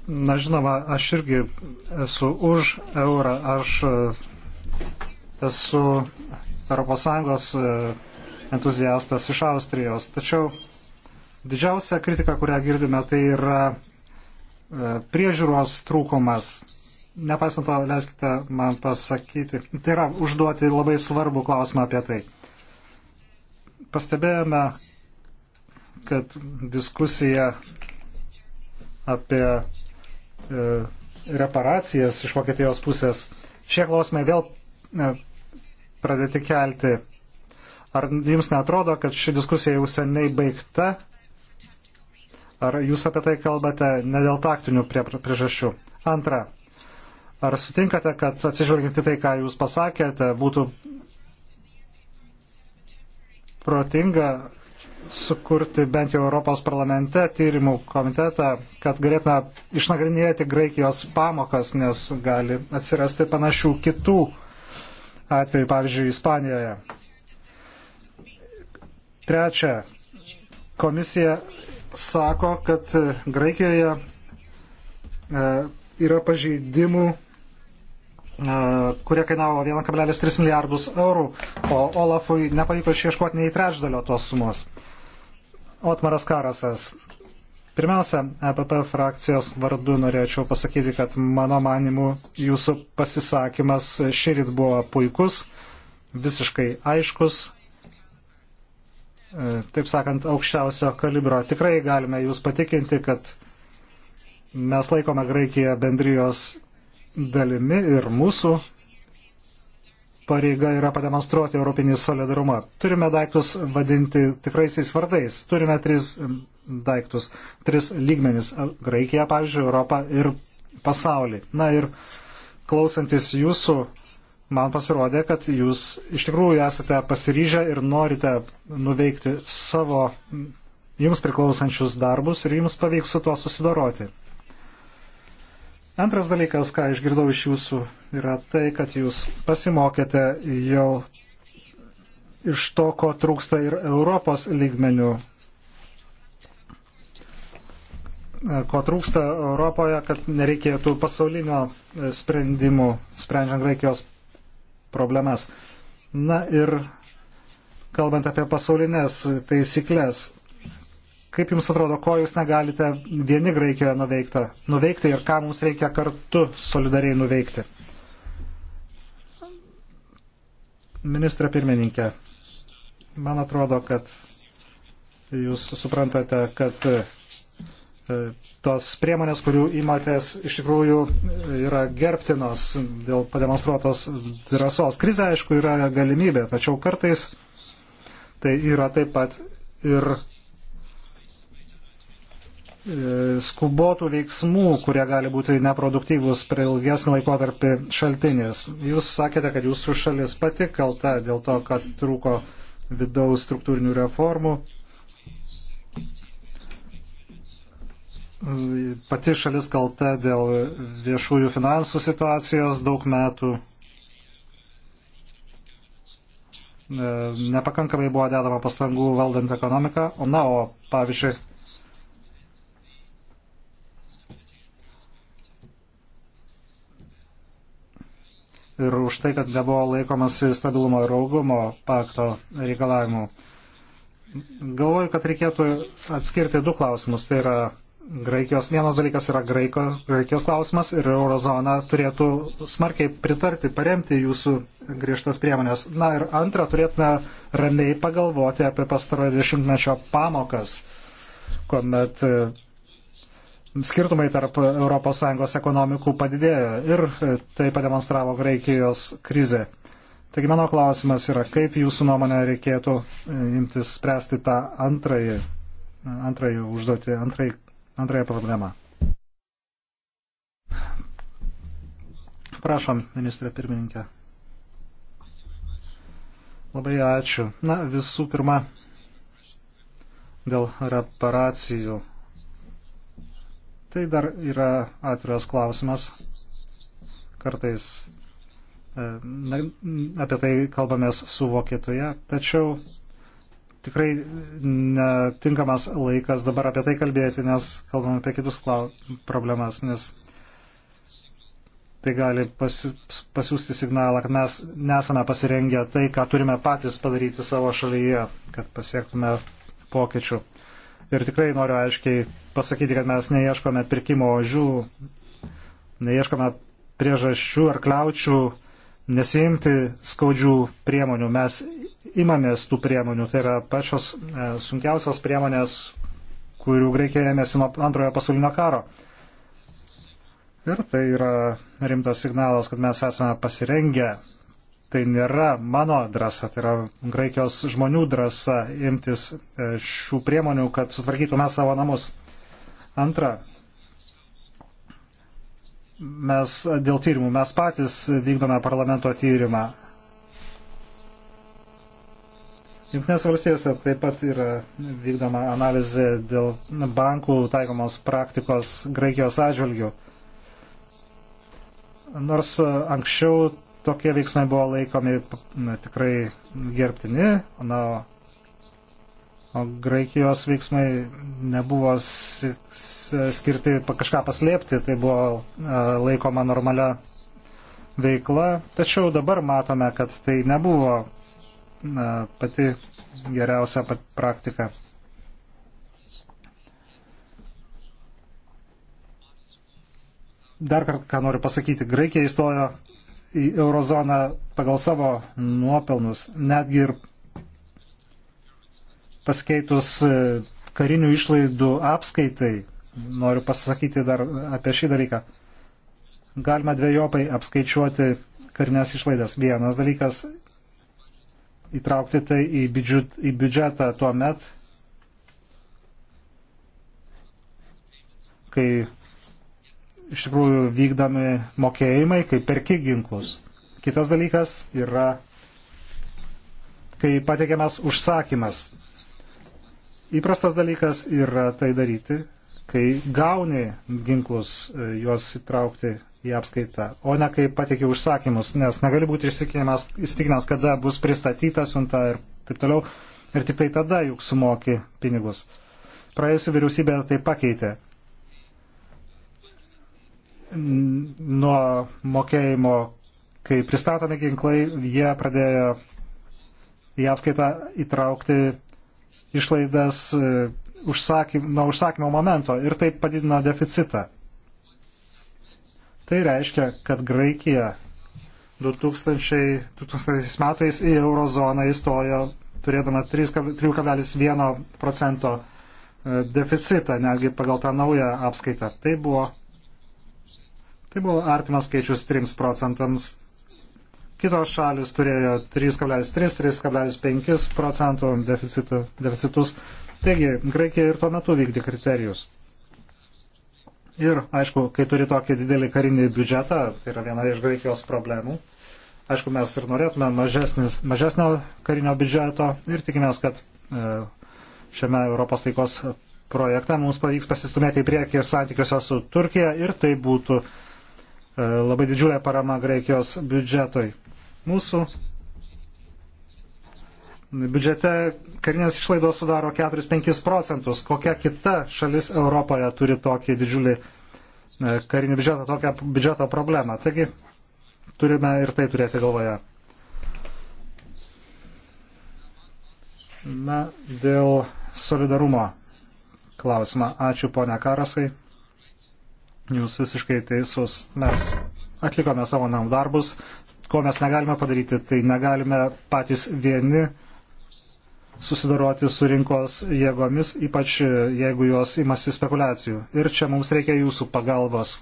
Na žinoma, aš irgi esu už eurą, aš e, esu ES e, entuziastas iš Austrijos. Tačiau didžiausia kritika, kurią girdime, tai yra priežiūros trūkumas. Nepaisant to, leiskite man pasakyti, tai yra užduoti labai svarbų klausimą apie tai. Pastebėjome, kad diskusija apie e, reparacijas iš Vokietijos pusės, šie klausimai vėl e, pradėti kelti. Ar jums netrodo, kad ši diskusija jau seniai baigta? Ar jūs apie tai kalbate ne dėl taktinių priežasčių? Antra, ar sutinkate, kad atsižvelginti tai, ką jūs pasakėte, būtų protinga sukurti bent jau Europos parlamente tyrimų komitetą, kad galėtume išnagrinėti Graikijos pamokas, nes gali atsirasti panašių kitų atvejų, pavyzdžiui, Ispanijoje. Trečia, komisija sako, kad Graikijoje e, yra pažeidimų E, kurie kainavo 1,3 milijardus eurų, o Olafui nepavyko išieškoti nei trečdalio tos sumos. Otmaras Karasas. Pirmiausia, EPP frakcijos vardu norėčiau pasakyti, kad mano manimu jūsų pasisakymas šįryt buvo puikus, visiškai aiškus, e, taip sakant, aukščiausio kalibro. Tikrai galime jūs patikinti, kad mes laikome Graikiją bendrijos dalimi ir mūsų pareiga yra pademonstruoti europinį solidarumą. Turime daiktus vadinti tikraisiais vardais. Turime tris daiktus, tris lygmenis - Graikiją, pavyzdžiui, Europą ir pasaulį. Na ir klausantis jūsų, man pasirodė, kad jūs iš tikrųjų esate pasiryžę ir norite nuveikti savo jums priklausančius darbus ir jums pavyks su tuo susidoroti. Antras dalykas, ką išgirdau iš jūsų, yra tai, kad jūs pasimokėte jau iš to, ko trūksta ir Europos lygmenių. Ko trūksta Europoje, kad nereikėtų pasaulinio sprendimų sprendžiant Graikijos problemas. Na ir kalbant apie pasaulinės taisyklės, Kaip Jums atrodo, ko Jūs negalite vieni Graikijoje nuveikti, nuveikti ir ką mums reikia kartu solidariai nuveikti? Ministra pirmininkė, man atrodo, kad Jūs suprantate, kad e, tos priemonės, kurių įmatės, iš tikrųjų e, yra gerbtinos dėl pademonstruotos drąsos. Krize, aišku, yra galimybė, tačiau kartais tai yra taip pat ir E, skubotų veiksmų, kurie gali būti neproduktyvūs per ilgesnį laikotarpį šaltinis. Jūs sakėte, kad jūsų šalis pati kalta dėl to, kad trūko vidaus struktūrinių reformų. Pati šalis kalta dėl viešųjų finansų situacijos daug metų. E, nepakankamai buvo dedama pastangų valdant ekonomiką. O na, o pavyzdžiui, ir už tai, kad nebuvo laikomasi stabilumo ir augumo pakto reikalavimų. Galvoju, kad reikėtų atskirti du klausimus. Tai yra Graikijos, vienas dalykas yra Graiko, Graikijos klausimas ir eurozona turėtų smarkiai pritarti, paremti jūsų griežtas priemonės. Na ir antra, turėtume ramiai pagalvoti apie pastarojo dešimtmečio pamokas, kuomet skirtumai tarp ES ekonomikų padidėjo ir e, tai pademonstravo Graikijos krizė. Taigi mano klausimas yra, kaip jūsų nuomonė reikėtų e, imtis spręsti tą antrąjį, e, antrąjį užduotį, antrąjį, antrąją problemą. Prašom, ministrė pirmininkė. Labai ačiū. Na, visų pirma, dėl reparacijų Tai dar yra atviras klausimas. Kartais e, na, apie tai kalbamės su Vokietuje, tačiau tikrai netinkamas laikas dabar apie tai kalbėti, nes kalbame apie kitus klau... problemas, nes tai gali pasi, pasiūsti signalą, kad mes nesame pasirengę tai, ką turime patys padaryti savo šalyje, kad pasiektume pokyčių. Ir tikrai noriu aiškiai pasakyti, kad mes neieškome pirkimo ožių, neieškome priežasčių ar kliaučių nesijimti skaudžių priemonių. Mes imamės tų priemonių, tai yra pačios e, sunkiausios priemonės, kurių Graikija ėmėsi nuo antrojo pasaulinio karo. Ir tai yra rimtas signalas, kad mes esame pasirengę tai nėra mano drąsa, tai yra Graikijos žmonių drąsa imtis e, šių priemonių, kad sutvarkytume savo namus. Antra, mes dėl tyrimų, mes patys vykdome parlamento tyrimą. Junktinės valstijose taip pat yra vykdoma analizė dėl bankų taikomos praktikos Graikijos atžvilgių. Nors anksčiau tokie veiksmai buvo laikomi na, tikrai gerbtini, na, o Graikijos veiksmai nebuvo skirti kažką paslėpti, tai buvo laikoma normalia veikla, tačiau dabar matome, kad tai nebuvo na, pati geriausia pat praktika. Dar kartą, ką noriu pasakyti, Graikija įstojo į eurozoną pagal savo nuopelnus, netgi ir paskeitus e, karinių išlaidų apskaitai, noriu pasakyti dar apie šį dalyką, galima dviejopai apskaičiuoti karinės išlaidas. Vienas dalykas - įtraukti tai į, biudžet, į biudžetą tuo met, kai iš tikrųjų vykdami mokėjimai, kaip perki ginklus. Kitas dalykas yra, kai pateikiamas užsakymas. Įprastas dalykas yra tai daryti, kai gauni ginklus, e, juos įtraukti į apskaitą, o ne kai pateikia užsakymus, nes negali būti įsitikinęs, kada bus pristatyta siunta ir taip toliau, ir tik tai tada juk sumoki pinigus. Praėjusi vyriausybė tai pakeitė nuo mokėjimo, kai pristatomi ginklai, jie pradėjo į apskaitą įtraukti išlaidas e, užsakym, nuo užsakymo momento ir taip padidino deficitą. Tai reiškia, kad Graikija 2000, 2000 metais į eurozoną įstojo turėdama 3,1 procento e, deficitą, netgi pagal tą naują apskaitą. Tai buvo Tai buvo artimas skaičius 3 procentams. Kitos šalis turėjo 3,3-3,5 procentų deficitų, deficitus. Taigi, Graikija ir tuo metu vykdė kriterijus. Ir, aišku, kai turi tokį didelį karinį biudžetą, tai yra viena iš Graikijos problemų. Aišku, mes ir norėtume mažesnis, mažesnio karinio biudžeto ir tikimės, kad e, šiame Europos taikos projekte mums pavyks pasistumėti į priekį ir santykiuose su Turkija ir tai būtų E, labai didžiulė parama Graikijos biudžetoj. Mūsų biudžete karinės išlaidos sudaro 4-5 procentus. Kokia kita šalis Europoje turi tokį didžiulį e, karinį biudžetą, tokią biudžeto problemą. Taigi turime ir tai turėti galvoje. Na, dėl solidarumo klausimą. Ačiū, ponia Karasai. Jūs visiškai teisus. Mes atlikome savo namų darbus. Ko mes negalime padaryti, tai negalime patys vieni susidoroti su rinkos jėgomis, ypač jeigu jos imasi spekulacijų. Ir čia mums reikia jūsų pagalbos.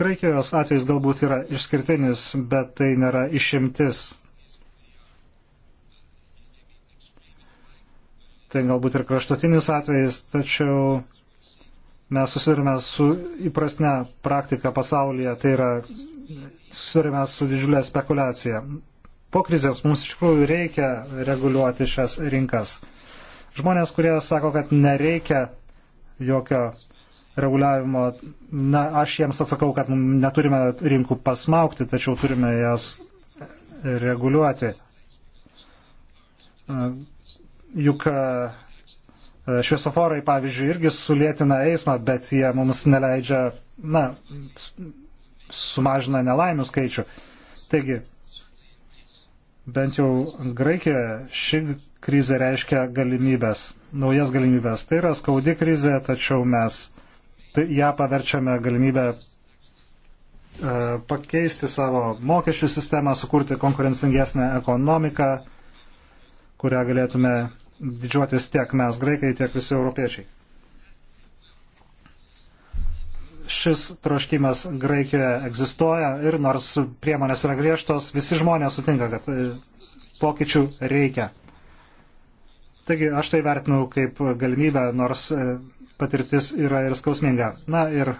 Graikijos atvejs galbūt yra išskirtinis, bet tai nėra išimtis. Tai galbūt ir kraštutinis atvejis, tačiau mes susidurime su įprasne praktika pasaulyje, tai yra susidurime su didžiulė spekulacija. Po krizės mums iš tikrųjų reikia reguliuoti šias rinkas. Žmonės, kurie sako, kad nereikia jokio reguliavimo, na, aš jiems atsakau, kad neturime rinkų pasmaukti, tačiau turime jas reguliuoti. Juk E, šviesoforai, pavyzdžiui, irgi sulėtina eismą, bet jie mums neleidžia, na, sumažina nelaimių skaičių. Taigi, bent jau Graikijoje ši krizė reiškia galimybės, naujas galimybės. Tai yra skaudi krizė, tačiau mes tai, ją paverčiame galimybę e, pakeisti savo mokesčių sistemą, sukurti konkurencingesnę ekonomiką, kurią galėtume didžiuotis tiek mes, graikai, tiek visi europiečiai. Šis troškimas Graikijoje egzistuoja ir nors priemonės yra griežtos, visi žmonės sutinka, kad e, pokyčių reikia. Taigi aš tai vertinu kaip galimybę, nors e, patirtis yra ir skausminga. Na ir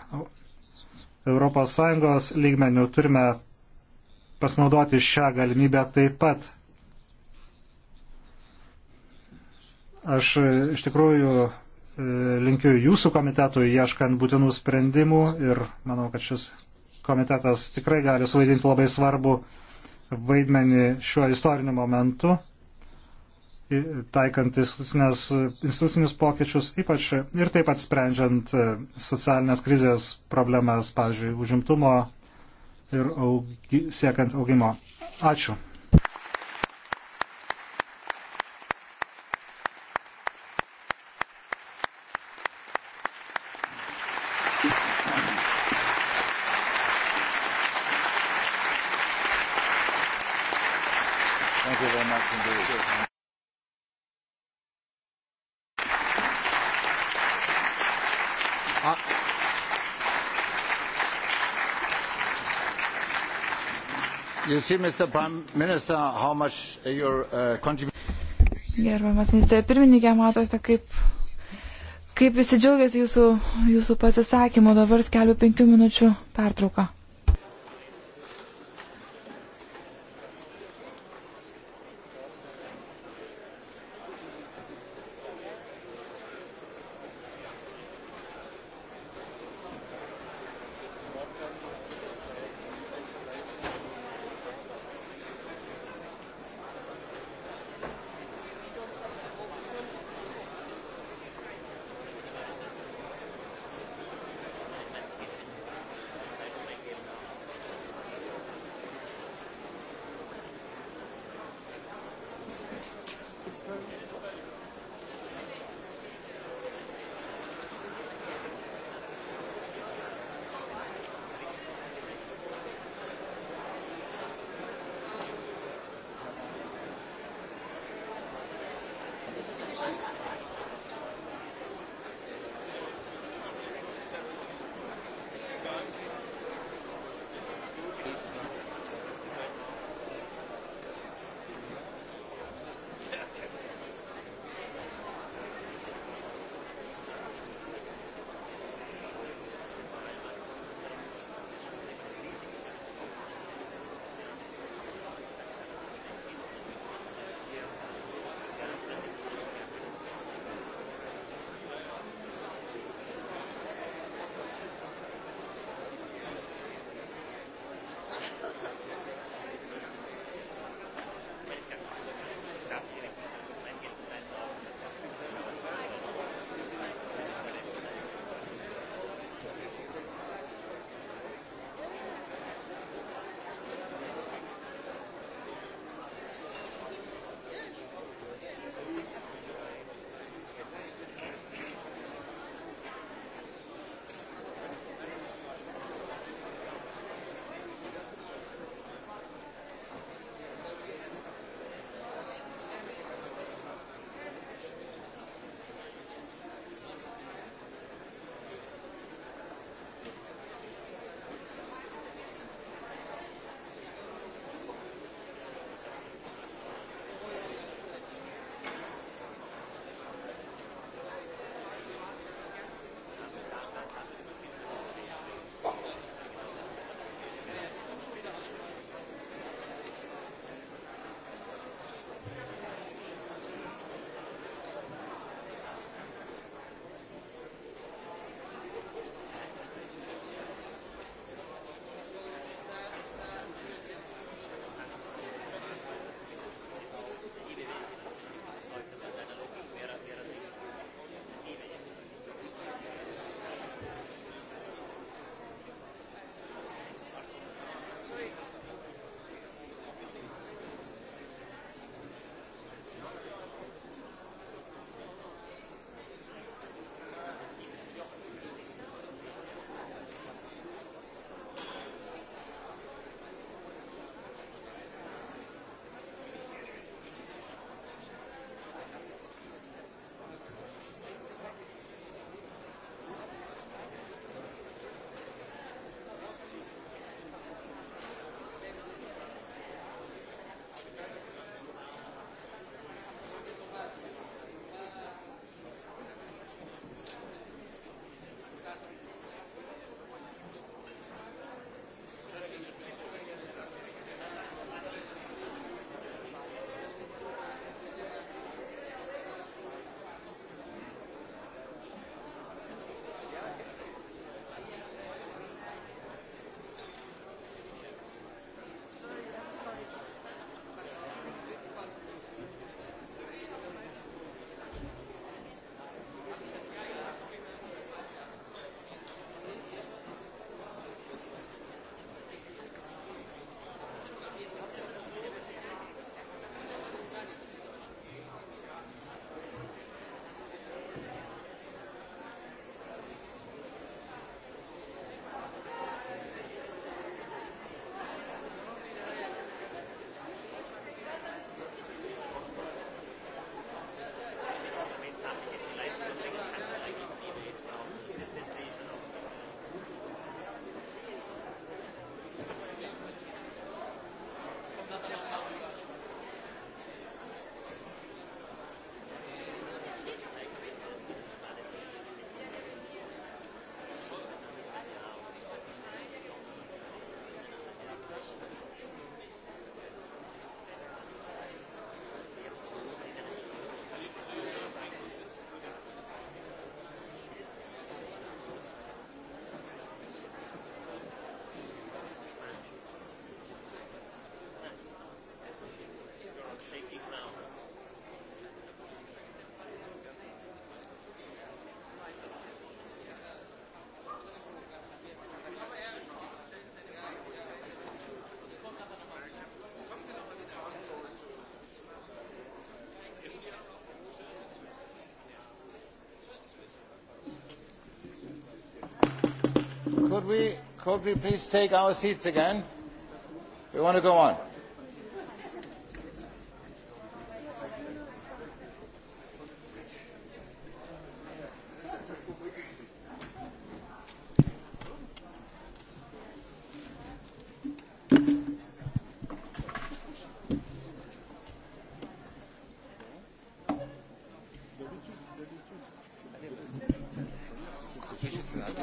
ES lygmenių turime pasinaudoti šią galimybę taip pat Aš e, iš tikrųjų e, linkiu jūsų komitetui ieškant būtinų sprendimų ir manau, kad šis komitetas tikrai gali suvaidinti labai svarbu vaidmenį šiuo istoriniu momentu, taikant institucinius pokyčius ypač ir taip pat sprendžiant e, socialinės krizės problemas, pavyzdžiui, užimtumo ir augi, siekiant augimo. Ačiū. You see, Mr. Prime Minister, how much your uh, contribution. Gerbiamas ministrė pirmininkė, matote, kaip, kaip visi džiaugiasi jūsų, jūsų pasisakymu. Dabar skelbiu penkių minučių pertrauką. Could we, could we please take our seats again? We want to go on.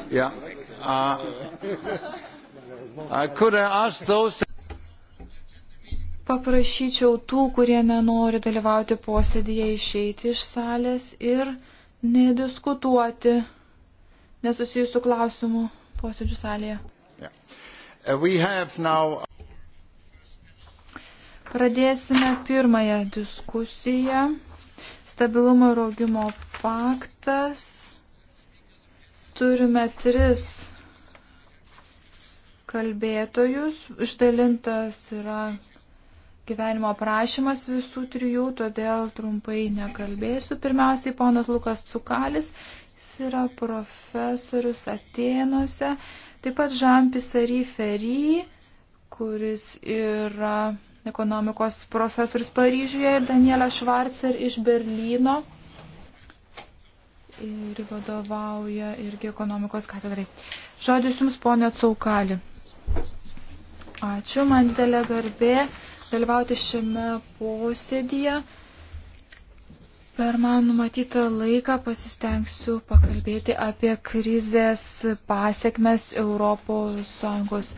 Yeah. Uh, Those... Paprašyčiau tų, kurie nenori dalyvauti posėdėje, išeiti iš salės ir nediskutuoti nesusijusių klausimų posėdžių salėje. Yeah. Uh, now... Pradėsime pirmąją diskusiją. Stabilumo ir augimo paktas. Turime tris kalbėtojus. Išdalintas yra gyvenimo aprašymas visų trijų, todėl trumpai nekalbėsiu. Pirmiausiai, ponas Lukas Cukalis, jis yra profesorius Atenuose, taip pat Žampisary Ferry, kuris yra ekonomikos profesorius Paryžiuje ir Daniela Švarcer iš Berlyno. Ir vadovauja irgi ekonomikos katedrai. Žodis jums, ponė Caukali. Ačiū, man didelė garbė dalyvauti šiame posėdėje. Per man numatytą laiką pasistengsiu pakalbėti apie krizės pasiekmes ES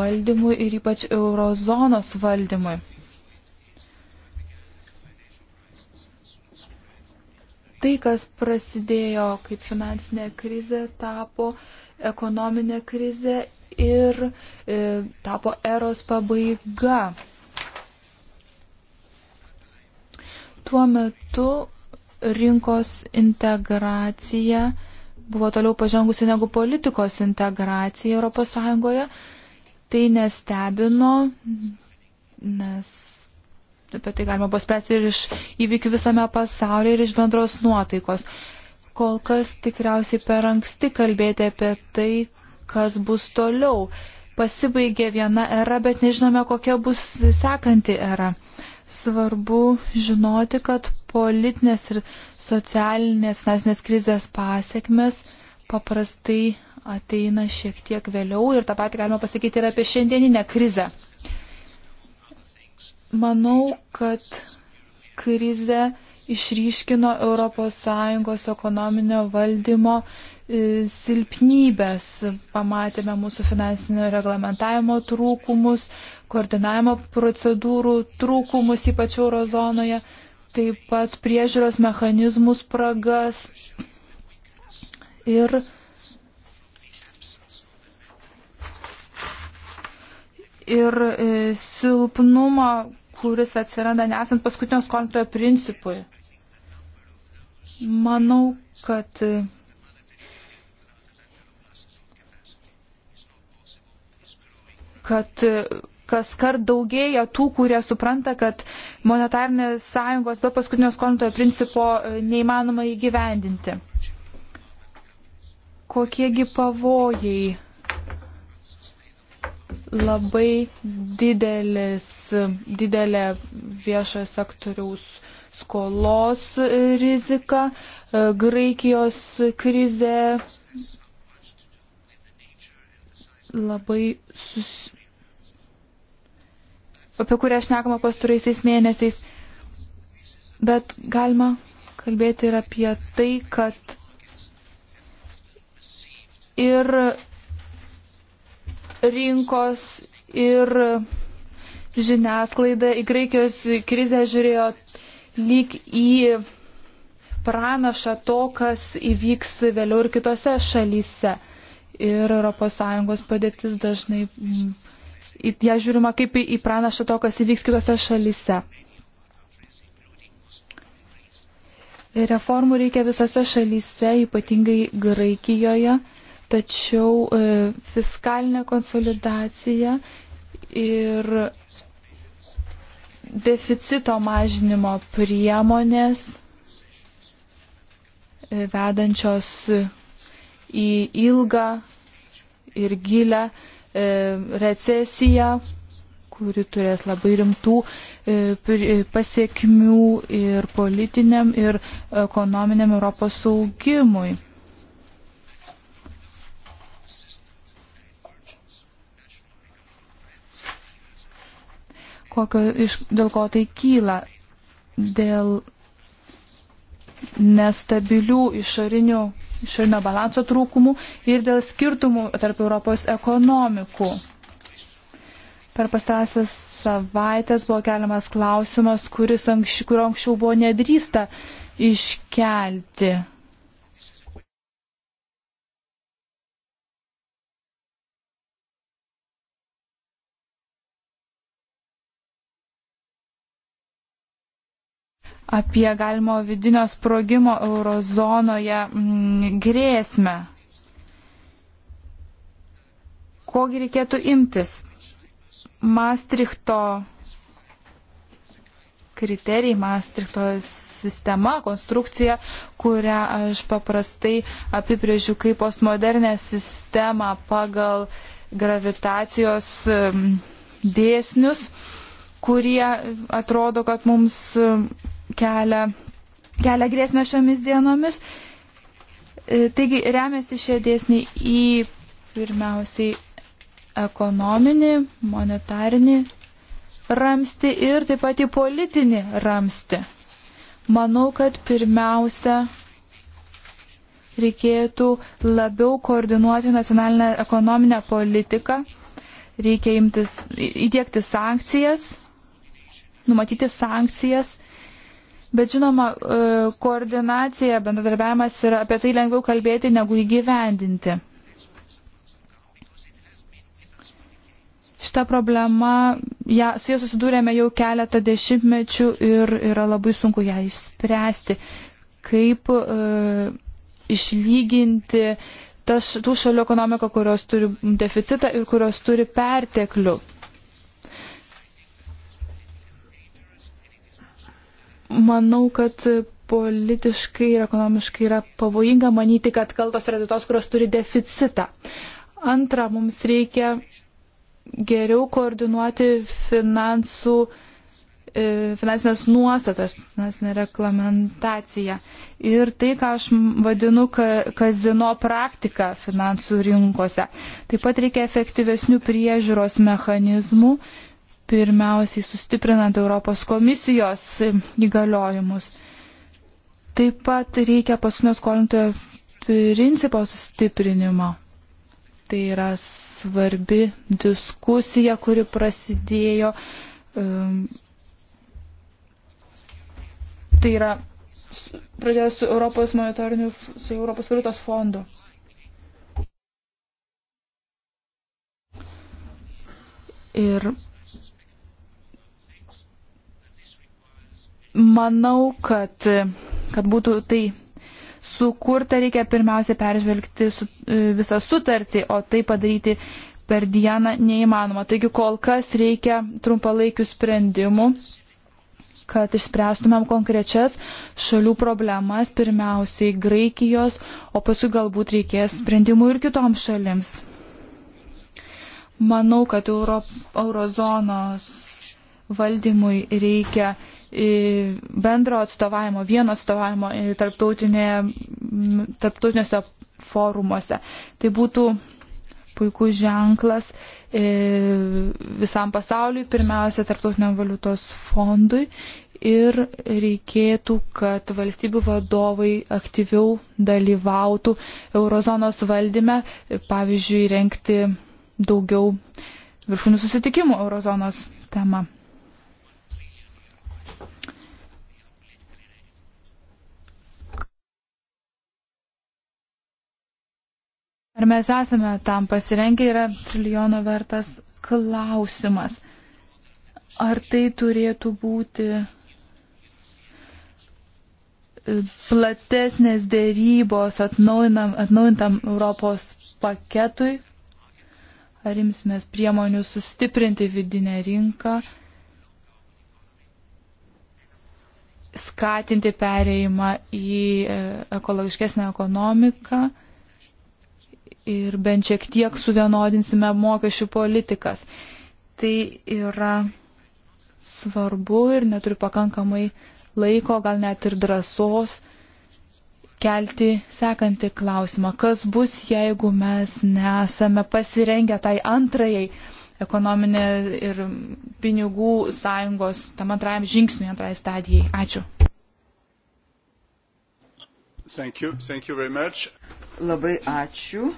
valdymui ir ypač eurozonos valdymui. Tai, kas prasidėjo kaip finansinė krizė, tapo ekonominė krizė ir e, tapo eros pabaiga. Tuo metu rinkos integracija buvo toliau pažengusi negu politikos integracija ES. Tai nestebino, nes apie tai galima paspręsti ir iš įvykių visame pasaulyje, ir iš bendros nuotaikos. Kol kas tikriausiai per anksti kalbėti apie tai, kas bus toliau. Pasibaigė viena era, bet nežinome, kokia bus sekanti era. Svarbu žinoti, kad politinės ir socialinės nesnės krizės pasiekmes paprastai ateina šiek tiek vėliau ir tą patį galima pasakyti ir apie šiandieninę krizę. Manau, kad krizė išryškino ES ekonominio valdymo silpnybės, pamatėme mūsų finansinio reglamentavimo trūkumus, koordinavimo procedūrų trūkumus, ypač eurozonoje, taip pat priežiūros mechanizmų spragas ir Ir e, silpnumo, kuris atsiranda nesant paskutinio skolintojo principui. Manau, kad kad e, kas kart daugėja tų, kurie supranta, kad monetarinės sąjungos be paskutinio skontojo principo e, neįmanoma įgyvendinti. Kokiegi pavojai? Labai didelis, didelė viešojo sektoriaus skolos rizika, e, Graikijos krizė labai sus, apie kurią šnekama pastaraisiais mėnesiais. Bet galima kalbėti ir apie tai, kad ir rinkos, ir žiniasklaida į Graikijos krizę žiūrėjo lyg į pranašą to, kas įvyks vėliau ir kitose šalyse. Ir ES padėtis dažnai mm, į ją žiūrima kaip į, į pranašą to, kas įvyks kitose šalyse. Reformų reikia visose šalyse, ypatingai Graikijoje, tačiau e, fiskalinė konsolidacija ir deficito mažinimo priemonės e, vedančios į ilgą ir gilę E, recesiją, kuri turės labai rimtų e, e, pasiekmių ir politiniam, ir ekonominiam Europos saugimui. Kokio, iš, dėl ko tai kyla? Dėl nestabilių išorinių išorinio balanso trūkumų ir dėl skirtumų tarp Europos ekonomikų. Per pastarąsias savaitės buvo keliamas klausimas, kuris anksčiau, kurio anksčiau buvo nedrįsta iškelti. apie galimo vidinio sprogimo eurozonoje m, mm, grėsmę. Kogi reikėtų imtis? Maastrichto kriterijai, Maastrichto sistema, konstrukcija, kurią aš paprastai apibrėžiu kaip postmodernę sistemą pagal gravitacijos mm, dėsnius, kurie atrodo, kad mums kelia, kelia grėsmę šiomis dienomis. E, taigi remiasi šie dėsniai į pirmiausiai ekonominį, monetarinį ramsti ir taip pat į politinį ramsti. Manau, kad pirmiausia reikėtų labiau koordinuoti nacionalinę ekonominę politiką, reikia imtis, įdėkti sankcijas, numatyti sankcijas Bet žinoma, e, koordinacija, bendradarbiavimas yra apie tai lengviau kalbėti negu įgyvendinti. Šitą problemą, ja, su ja susidūrėme jau keletą dešimtmečių ir yra labai sunku ją išspręsti. Kaip e, išlyginti tas, tų šalių ekonomiką, kurios turi deficitą ir kurios turi perteklių. manau, kad politiškai ir ekonomiškai yra pavojinga manyti, kad kaltos yra tos, kurios turi deficitą. Antra, mums reikia geriau koordinuoti finansų, e, finansinės nuostatas, finansinę reglamentaciją. Ir tai, ką aš vadinu kazino praktika finansų rinkose. Taip pat reikia efektyvesnių priežiūros mechanizmų, pirmiausiai sustiprinant Europos komisijos įgaliojimus. Taip pat reikia pasinio skolintojo principo sustiprinimo. Tai yra svarbi diskusija, kuri prasidėjo. Um, tai yra pradėjo su Europos monetariniu, su Europos valiutos fondu. Ir Manau, kad, kad būtų tai sukurta, reikia pirmiausia peržvelgti su, e, visą sutartį, o tai padaryti per dieną neįmanoma. Taigi kol kas reikia trumpalaikių sprendimų, kad išspręstumėm konkrečias šalių problemas, pirmiausiai Graikijos, o paskui galbūt reikės sprendimų ir kitoms šalims. Manau, kad Euro, eurozonos valdymui reikia bendro atstovavimo, vieno atstovavimo tarptautiniuose forumuose. Tai būtų puikus ženklas e, visam pasauliui, pirmiausia, tarptautiniam valiutos fondui ir reikėtų, kad valstybių vadovai aktyviau dalyvautų eurozonos valdyme, pavyzdžiui, renkti daugiau viršūnių susitikimų eurozonos tema. Ar mes esame tam pasirengę yra trilijono vertas klausimas. Ar tai turėtų būti e, platesnės dėrybos atnaujintam Europos paketui, ar imsimės priemonių sustiprinti vidinę rinką, skatinti pereimą į e, ekologiškesnę ekonomiką ir bent šiek tiek suvienodinsime mokesčių politikas. Tai yra svarbu ir neturiu pakankamai laiko, gal net ir drąsos kelti sekantį klausimą. Kas bus, jeigu mes nesame pasirengę tai antrajai ekonominė ir pinigų sąjungos tam antrajam žingsniui, antrajai stadijai? Ačiū. Thank you. Thank you Labai ačiū.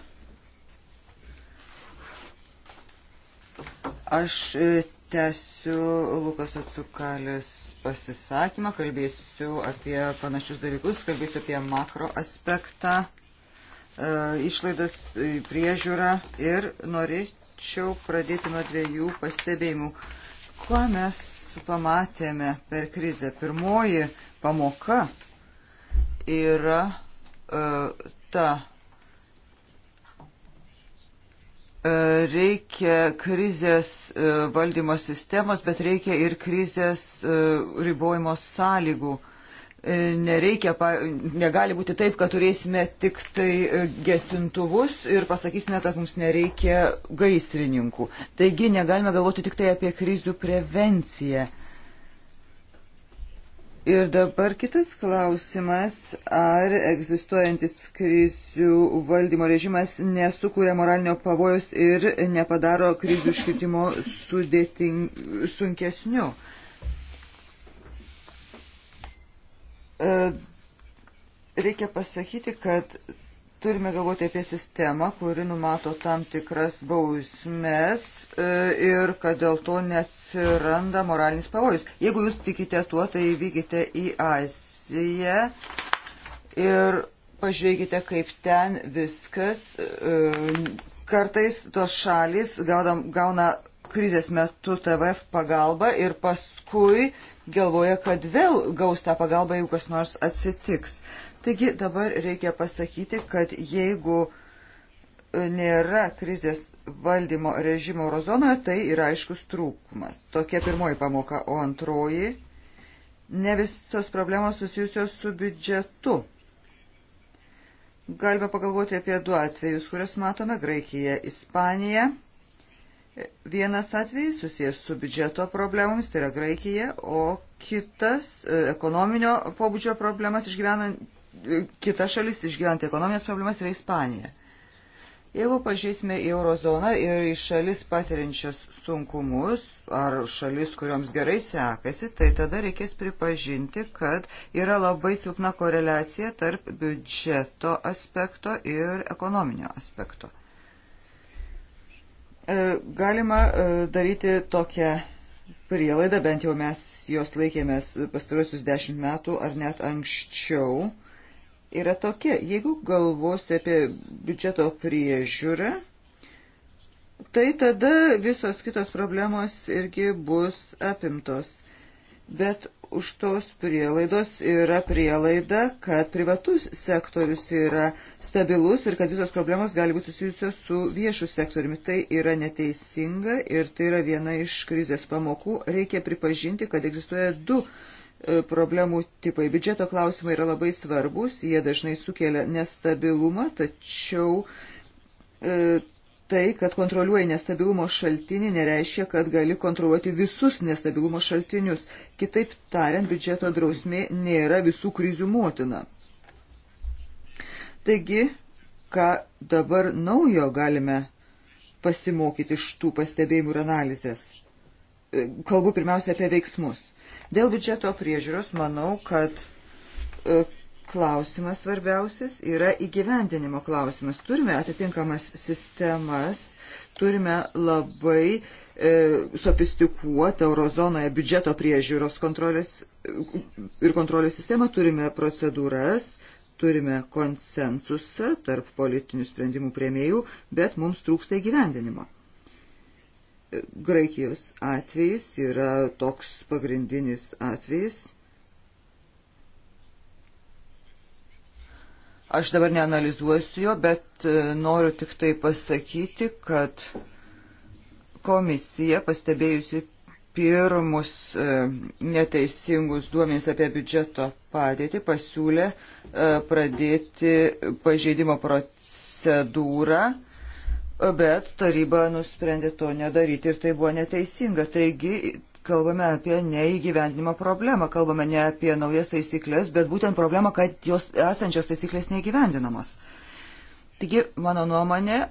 Aš e, tęsiu Lukas Atsukalis pasisakymą, kalbėsiu apie panašius dalykus, kalbėsiu apie makro aspektą, e, išlaidas e, priežiūrą ir norėčiau pradėti nuo dviejų pastebėjimų. Ką mes pamatėme per krizę? Pirmoji pamoka yra ta E, reikia krizės e, valdymo sistemos, bet reikia ir krizės e, ribojimo sąlygų. Nereikia, negali būti taip, kad turėsime tik tai gesintuvus ir pasakysime, kad mums nereikia gaisrininkų. Taigi negalime galvoti tik tai apie krizių prevenciją. Ir dabar kitas klausimas, ar egzistuojantis krizių valdymo režimas nesukūrė moralinio pavojus ir nepadaro krizių iškritimo sudėting... sunkesniu. E, reikia pasakyti, kad Turime galvoti apie sistemą, kuri numato tam tikras bausmes e, ir kad dėl to neatsiranda moralinis pavojus. Jeigu jūs tikite tuo, tai vykite į Aziją ir pažiūrėkite, kaip ten viskas. E, kartais tos šalis gauna krizės metu TVF pagalbą ir paskui galvoja, kad vėl gaus tą pagalbą, jeigu kas nors atsitiks. Taigi dabar reikia pasakyti, kad jeigu e, nėra krizės valdymo režimo eurozonoje, tai yra aiškus trūkumas. Tokia pirmoji pamoka, o antroji - ne visos problemos susijusios su biudžetu. Galime pagalvoti apie du atvejus, kuriuos matome - Graikija, Ispanija. Vienas atvejis susijęs su biudžeto problemomis, tai yra Graikija, o kitas e, - ekonominio pobūdžio problemas išgyvenant kita šalis išgyventi ekonominės problemas yra Ispanija. Jeigu pažiūrėsime į eurozoną ir į šalis patiriančias sunkumus ar šalis, kuriuoms gerai sekasi, tai tada reikės pripažinti, kad yra labai silpna koreliacija tarp biudžeto aspekto ir ekonominio aspekto. E, galima e, daryti tokią prielaidą, bent jau mes jos laikėmės pastaruosius dešimt metų ar net anksčiau yra tokia. Jeigu galvosi apie biudžeto priežiūrą, tai tada visos kitos problemos irgi bus apimtos. Bet už tos prielaidos yra prielaida, kad privatus sektorius yra stabilus ir kad visos problemos gali būti susijusios su viešu sektoriumi. Tai yra neteisinga ir tai yra viena iš krizės pamokų. Reikia pripažinti, kad egzistuoja du uh, E, problemų tipai. Biudžeto klausimai yra labai svarbus, jie dažnai sukelia nestabilumą, tačiau e, tai, kad kontroliuoji nestabilumo šaltinį, nereiškia, kad gali kontroliuoti visus nestabilumo šaltinius. Kitaip tariant, biudžeto drausmė nėra visų krizių motina. Taigi, ką dabar naujo galime pasimokyti iš tų pastebėjimų ir analizės? E, kalbu pirmiausia apie veiksmus Dėl biudžeto priežiūros manau, kad e, klausimas svarbiausias yra įgyvendinimo klausimas. Turime atitinkamas sistemas, turime labai e, sofistikuotą eurozonoje biudžeto priežiūros kontrolės ir kontrolės sistemą, turime procedūras, turime konsensusą tarp politinių sprendimų prieimėjų, bet mums trūksta įgyvendinimo. Graikijos atvejis yra toks pagrindinis atvejis. Aš dabar neanalizuosiu jo, bet e, noriu tik tai pasakyti, kad komisija pastebėjusi pirmus e, neteisingus duomenys apie biudžeto padėtį pasiūlė e, pradėti pažeidimo procedūrą bet taryba nusprendė to nedaryti ir tai buvo neteisinga. Taigi kalbame apie neįgyvendinimo problemą, kalbame ne apie naujas taisyklės, bet būtent problemą, kad jos esančios taisyklės neįgyvendinamos. Taigi, mano nuomonė,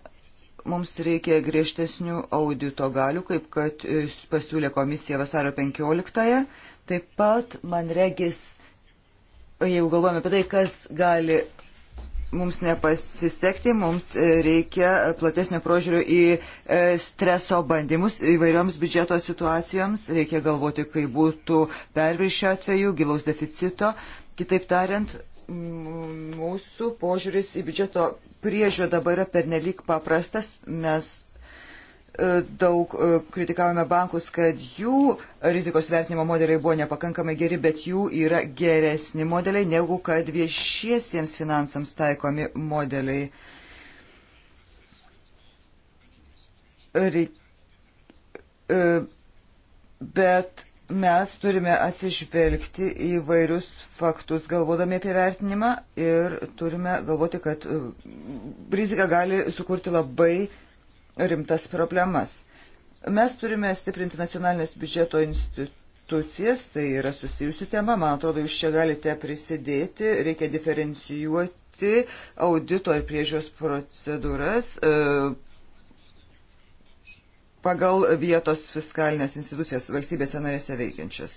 mums reikia griežtesnių audito galių, kaip kad e, pasiūlė komisija vasario 15-ąją. Taip pat, man regis, jeigu galvojame apie tai, kas gali mums nepasisekti, mums e, reikia platesnio prožiūrio į e, streso bandymus įvairioms biudžeto situacijoms, reikia galvoti, kai būtų perviršio atveju, gilaus deficito. Kitaip tariant, mūsų požiūris į biudžeto priežiūrą dabar yra pernelyg paprastas, mes daug e, kritikavome bankus, kad jų rizikos vertinimo modeliai buvo nepakankamai geri, bet jų yra geresni modeliai negu kad viešiesiems finansams taikomi modeliai. Reik... E, bet mes turime atsižvelgti į vairius faktus, galvodami apie vertinimą ir turime galvoti, kad e, rizika gali sukurti labai rimtas problemas. Mes turime stiprinti nacionalinės biudžeto institucijas, tai yra susijusi tema, man atrodo, jūs čia galite prisidėti, reikia diferencijuoti audito ir priežios procedūras e, pagal vietos fiskalinės institucijas valstybėse narėse veikiančias.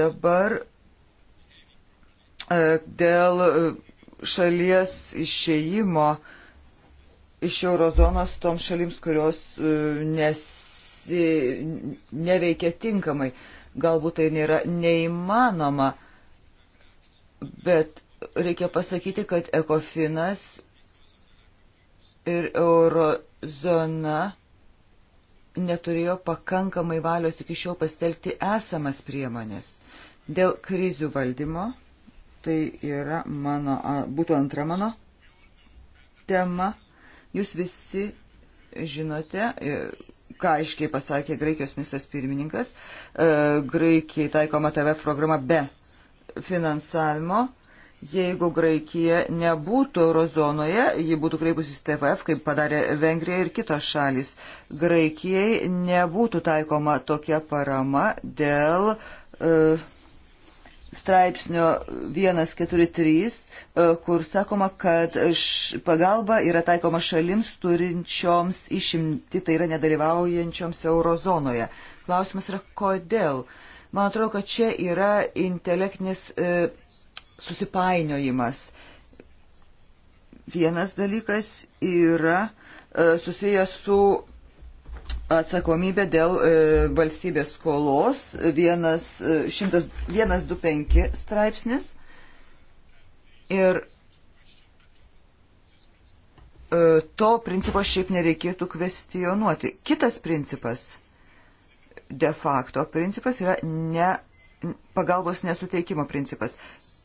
Dabar e, dėl e, šalies išėjimo iš eurozonos toms šalims, kurios e, nesi, neveikia tinkamai. Galbūt tai nėra neįmanoma, bet reikia pasakyti, kad ekofinas ir eurozona neturėjo pakankamai valios iki šiol pastelgti esamas priemonės. Dėl krizių valdymo, tai yra mano, būtų antra mano tema, Jūs visi žinote, e, ką aiškiai pasakė Graikijos ministras pirmininkas, e, Graikijai taikoma TVF programa be finansavimo. Jeigu Graikija nebūtų eurozonoje, ji būtų kreipusis TVF, kaip padarė Vengrija ir kitos šalis. Graikijai nebūtų taikoma tokia parama dėl uh, straipsnio 143, e, kur sakoma, kad pagalba yra taikoma šalims turinčioms išimti, tai yra nedalyvaujančioms eurozonoje. Klausimas yra, kodėl? Man atrodo, kad čia yra intelektinis e, susipainiojimas. Vienas dalykas yra e, susijęs su atsakomybę dėl e, valstybės skolos 125 e, straipsnis ir e, to principo šiaip nereikėtų kvestionuoti. Kitas principas, de facto principas yra ne, pagalbos nesuteikimo principas.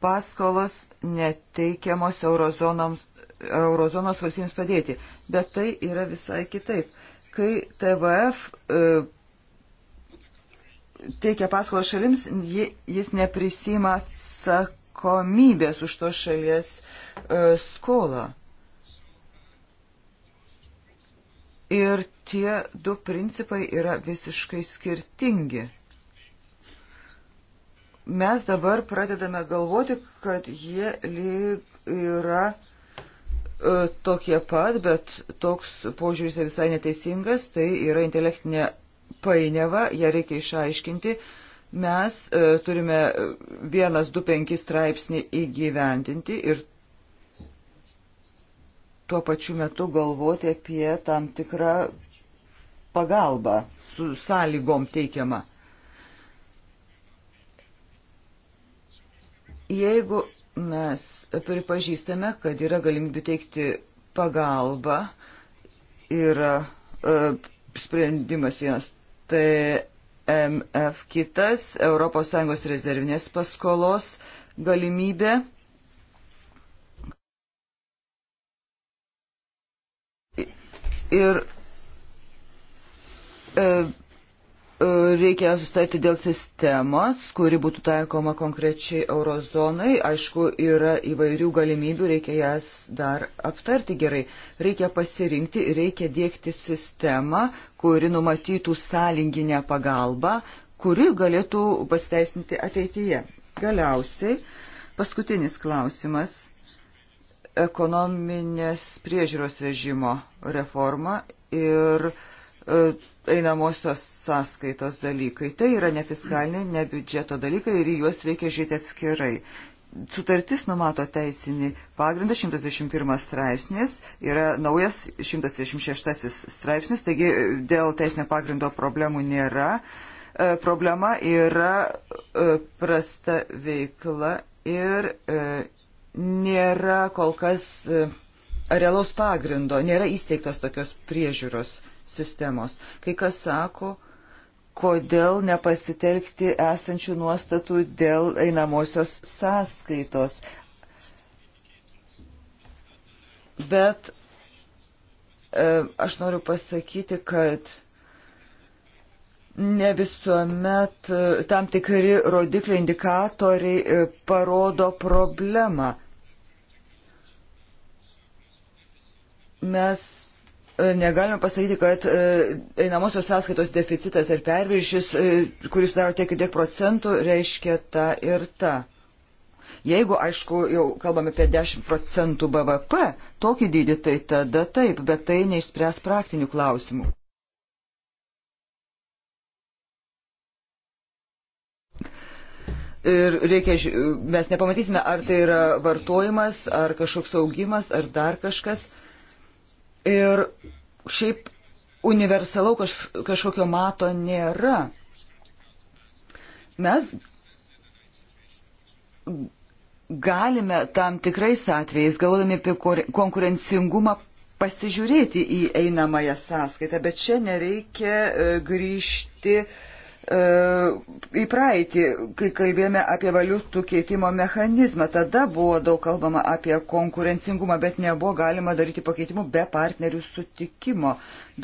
Paskolos neteikiamos eurozonoms eurozonos valstybėms padėti. Bet tai yra visai kitaip. Kai TVF e, teikia paskolą šalims, jis neprisima atsakomybės už to šalies e, skolą. Ir tie du principai yra visiškai skirtingi. Mes dabar pradedame galvoti, kad jie lyg yra E, tokie pat, bet toks požiūris visai neteisingas, tai yra intelektinė painiava, ją reikia išaiškinti. Mes e, turime 125 straipsnį įgyvendinti ir tuo pačiu metu galvoti apie tam tikrą pagalbą su sąlygom teikiama. Jeigu Mes pripažįstame, kad yra galimybių teikti pagalbą, yra e, sprendimas vienas TMF, kitas ES rezervinės paskolos galimybė. Ir e, reikia sustarti dėl sistemos, kuri būtų taikoma konkrečiai eurozonai. Aišku, yra įvairių galimybių, reikia jas dar aptarti gerai. Reikia pasirinkti ir reikia dėkti sistemą, kuri numatytų sąlyginę pagalbą, kuri galėtų pasiteisinti ateityje. Galiausiai, paskutinis klausimas - ekonominės priežiūros režimo reforma ir e, einamosios sąskaitos dalykai. Tai yra ne fiskaliniai, ne biudžeto dalykai ir juos reikia žiūrėti atskirai. Sutartis numato teisinį pagrindą 121 straipsnis, yra naujas 136 straipsnis, taigi e, dėl teisinio pagrindo problemų nėra. E, problema yra e, prasta veikla ir nėra kol kas realaus pagrindo, nėra įsteigtos tokios priežiūros sistemos. Kai kas sako, kodėl nepasitelkti esančių nuostatų dėl einamosios sąskaitos. Bet e, aš noriu pasakyti, kad ne visuomet e, tam tikri rodikliai, indikatoriai e, parodo problemą. Mes negalime pasakyti, kad e, einamosios sąskaitos deficitas ir perviršis, e, kuris daro tiek ir tiek procentų, reiškia tą ir tą. Jeigu, aišku, jau kalbame apie 10 procentų BVP, tokį dydį tai tada taip, bet tai neišspręs praktinių klausimų. Ir reikia, mes nepamatysime, ar tai yra vartojimas, ar kažkoks augimas, ar dar kažkas. Ir šiaip universalau kaž, kažkokio mato nėra. Mes galime tam tikrais atvejais, galvodami apie konkurencingumą, pasižiūrėti į einamąją sąskaitą, bet čia nereikia e, grįžti uh, E, į praeitį, kai kalbėjome apie valiutų keitimo mechanizmą. Tada buvo daug kalbama apie konkurencingumą, bet nebuvo galima daryti pakeitimų be partnerių sutikimo.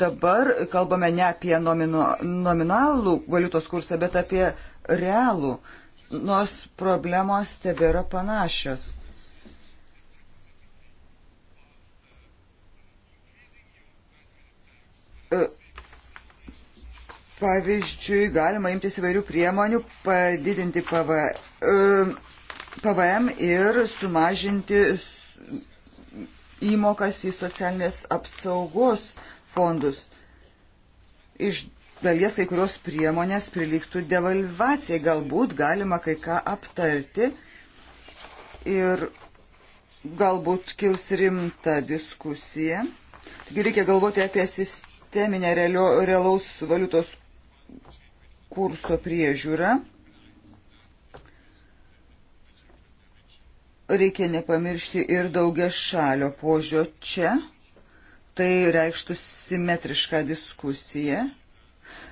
Dabar kalbame ne apie nomino, nominalų valiutos kursą, bet apie realų, nors problemos tebėra panašios. Uh Pavyzdžiui, galima imtis įvairių priemonių, padidinti PV, e, PVM ir sumažinti įmokas į socialinės apsaugos fondus. Iš dalies kai kurios priemonės priliktų devalvacijai, galbūt galima kai ką aptarti ir galbūt kils rimta diskusija. Taigi reikia galvoti apie sisteminę realio, realaus valiutos kurso priežiūra. Reikia nepamiršti ir daugia šalio požio čia. Tai reikštų simetrišką diskusiją.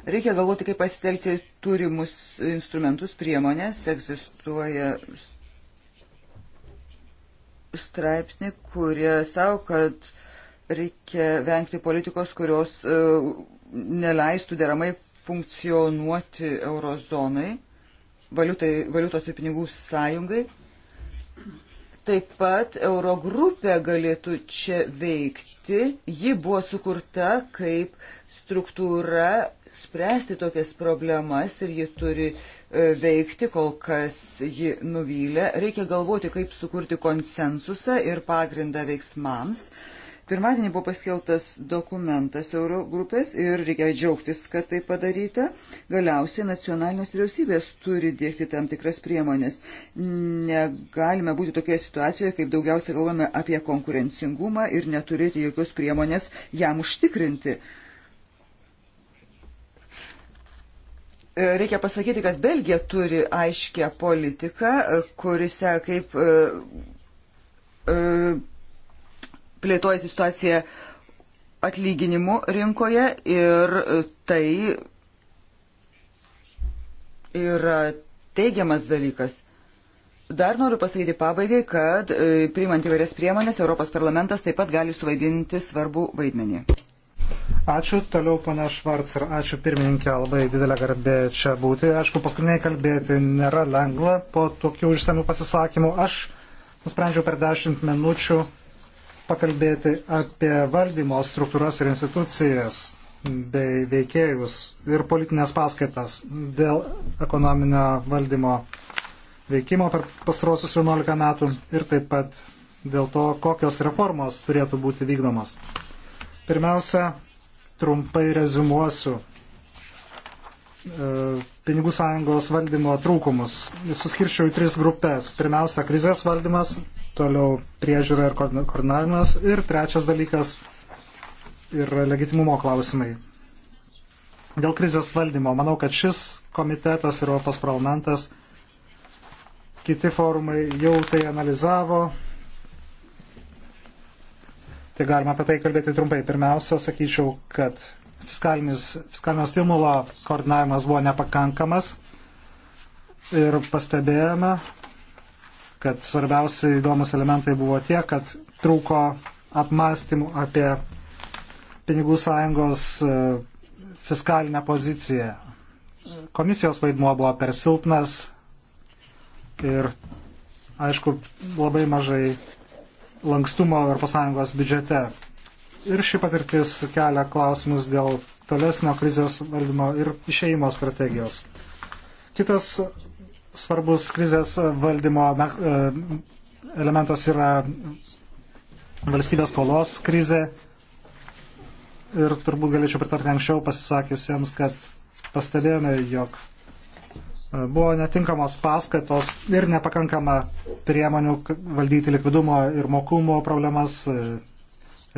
Reikia galvoti, kaip pasitelkti turimus instrumentus, priemonės. Egzistuoja straipsnį, kurie savo, kad reikia vengti politikos, kurios e, neleistų deramai funkcionuoti eurozonai, valiutai, valiutos ir pinigų sąjungai. Taip pat eurogrupė galėtų čia veikti. Ji buvo sukurta kaip struktūra spręsti tokias problemas ir ji turi e, veikti, kol kas ji nuvylė. Reikia galvoti, kaip sukurti konsensusą ir pagrindą veiksmams. Uh, Pirmadienį buvo paskeltas dokumentas Eurogrupės ir reikia džiaugtis, kad tai padaryta. Galiausiai nacionalinės vyriausybės turi dėkti tam tikras priemonės. Negalime būti tokioje situacijoje, kaip daugiausiai galvome apie konkurencingumą ir neturėti jokios priemonės jam užtikrinti. Reikia pasakyti, kad Belgija turi aiškę politiką, kuris, kaip e, e, plėtojasi situacija atlyginimų rinkoje ir tai yra teigiamas dalykas. Dar noriu pasakyti pabaigai, kad e, priimant įvairias priemonės, Europos parlamentas taip pat gali suvaidinti svarbų vaidmenį. Ačiū, toliau pana Švarcer, ačiū pirmininkė, labai didelė garbė čia būti. Aišku, paskutiniai kalbėti nėra lengva po tokių išsamių pasisakymų. Aš nusprendžiau per dešimt minučių pakalbėti apie valdymo struktūras ir institucijas bei veikėjus ir politinės paskaitas dėl ekonominio valdymo veikimo per pastarosius 11 metų ir taip pat dėl to, kokios reformos turėtų būti vykdomos. Pirmiausia, trumpai rezumuosiu E, pinigų sąjungos valdymo trūkumus. Suskirčiau į tris grupės. Pirmiausia, krizės valdymas, toliau priežiūra ir koordinavimas ir trečias dalykas yra legitimumo klausimai. Dėl krizės valdymo, manau, kad šis komitetas ir Europos parlamentas, kiti forumai jau tai analizavo. Tai galima apie tai kalbėti trumpai. Pirmiausia, sakyčiau, kad fiskalinio stimulo koordinavimas buvo nepakankamas ir pastebėjome, kad svarbiausi įdomus elementai buvo tie, kad trūko apmąstymų apie pinigų sąjungos e, fiskalinę poziciją. Komisijos vaidmuo buvo per silpnas ir, aišku, labai mažai lankstumo ES biudžete. Ir ši patirtis kelia klausimus dėl tolesnio krizės valdymo ir išeimo strategijos. Kitas svarbus krizės valdymo e, elementas yra valstybės skolos krizė. Ir turbūt galėčiau pritarti anksčiau pasisakiusiems, kad pastebėjome, jog e, buvo netinkamos paskatos ir nepakankama priemonių valdyti likvidumo ir mokumo problemas, e,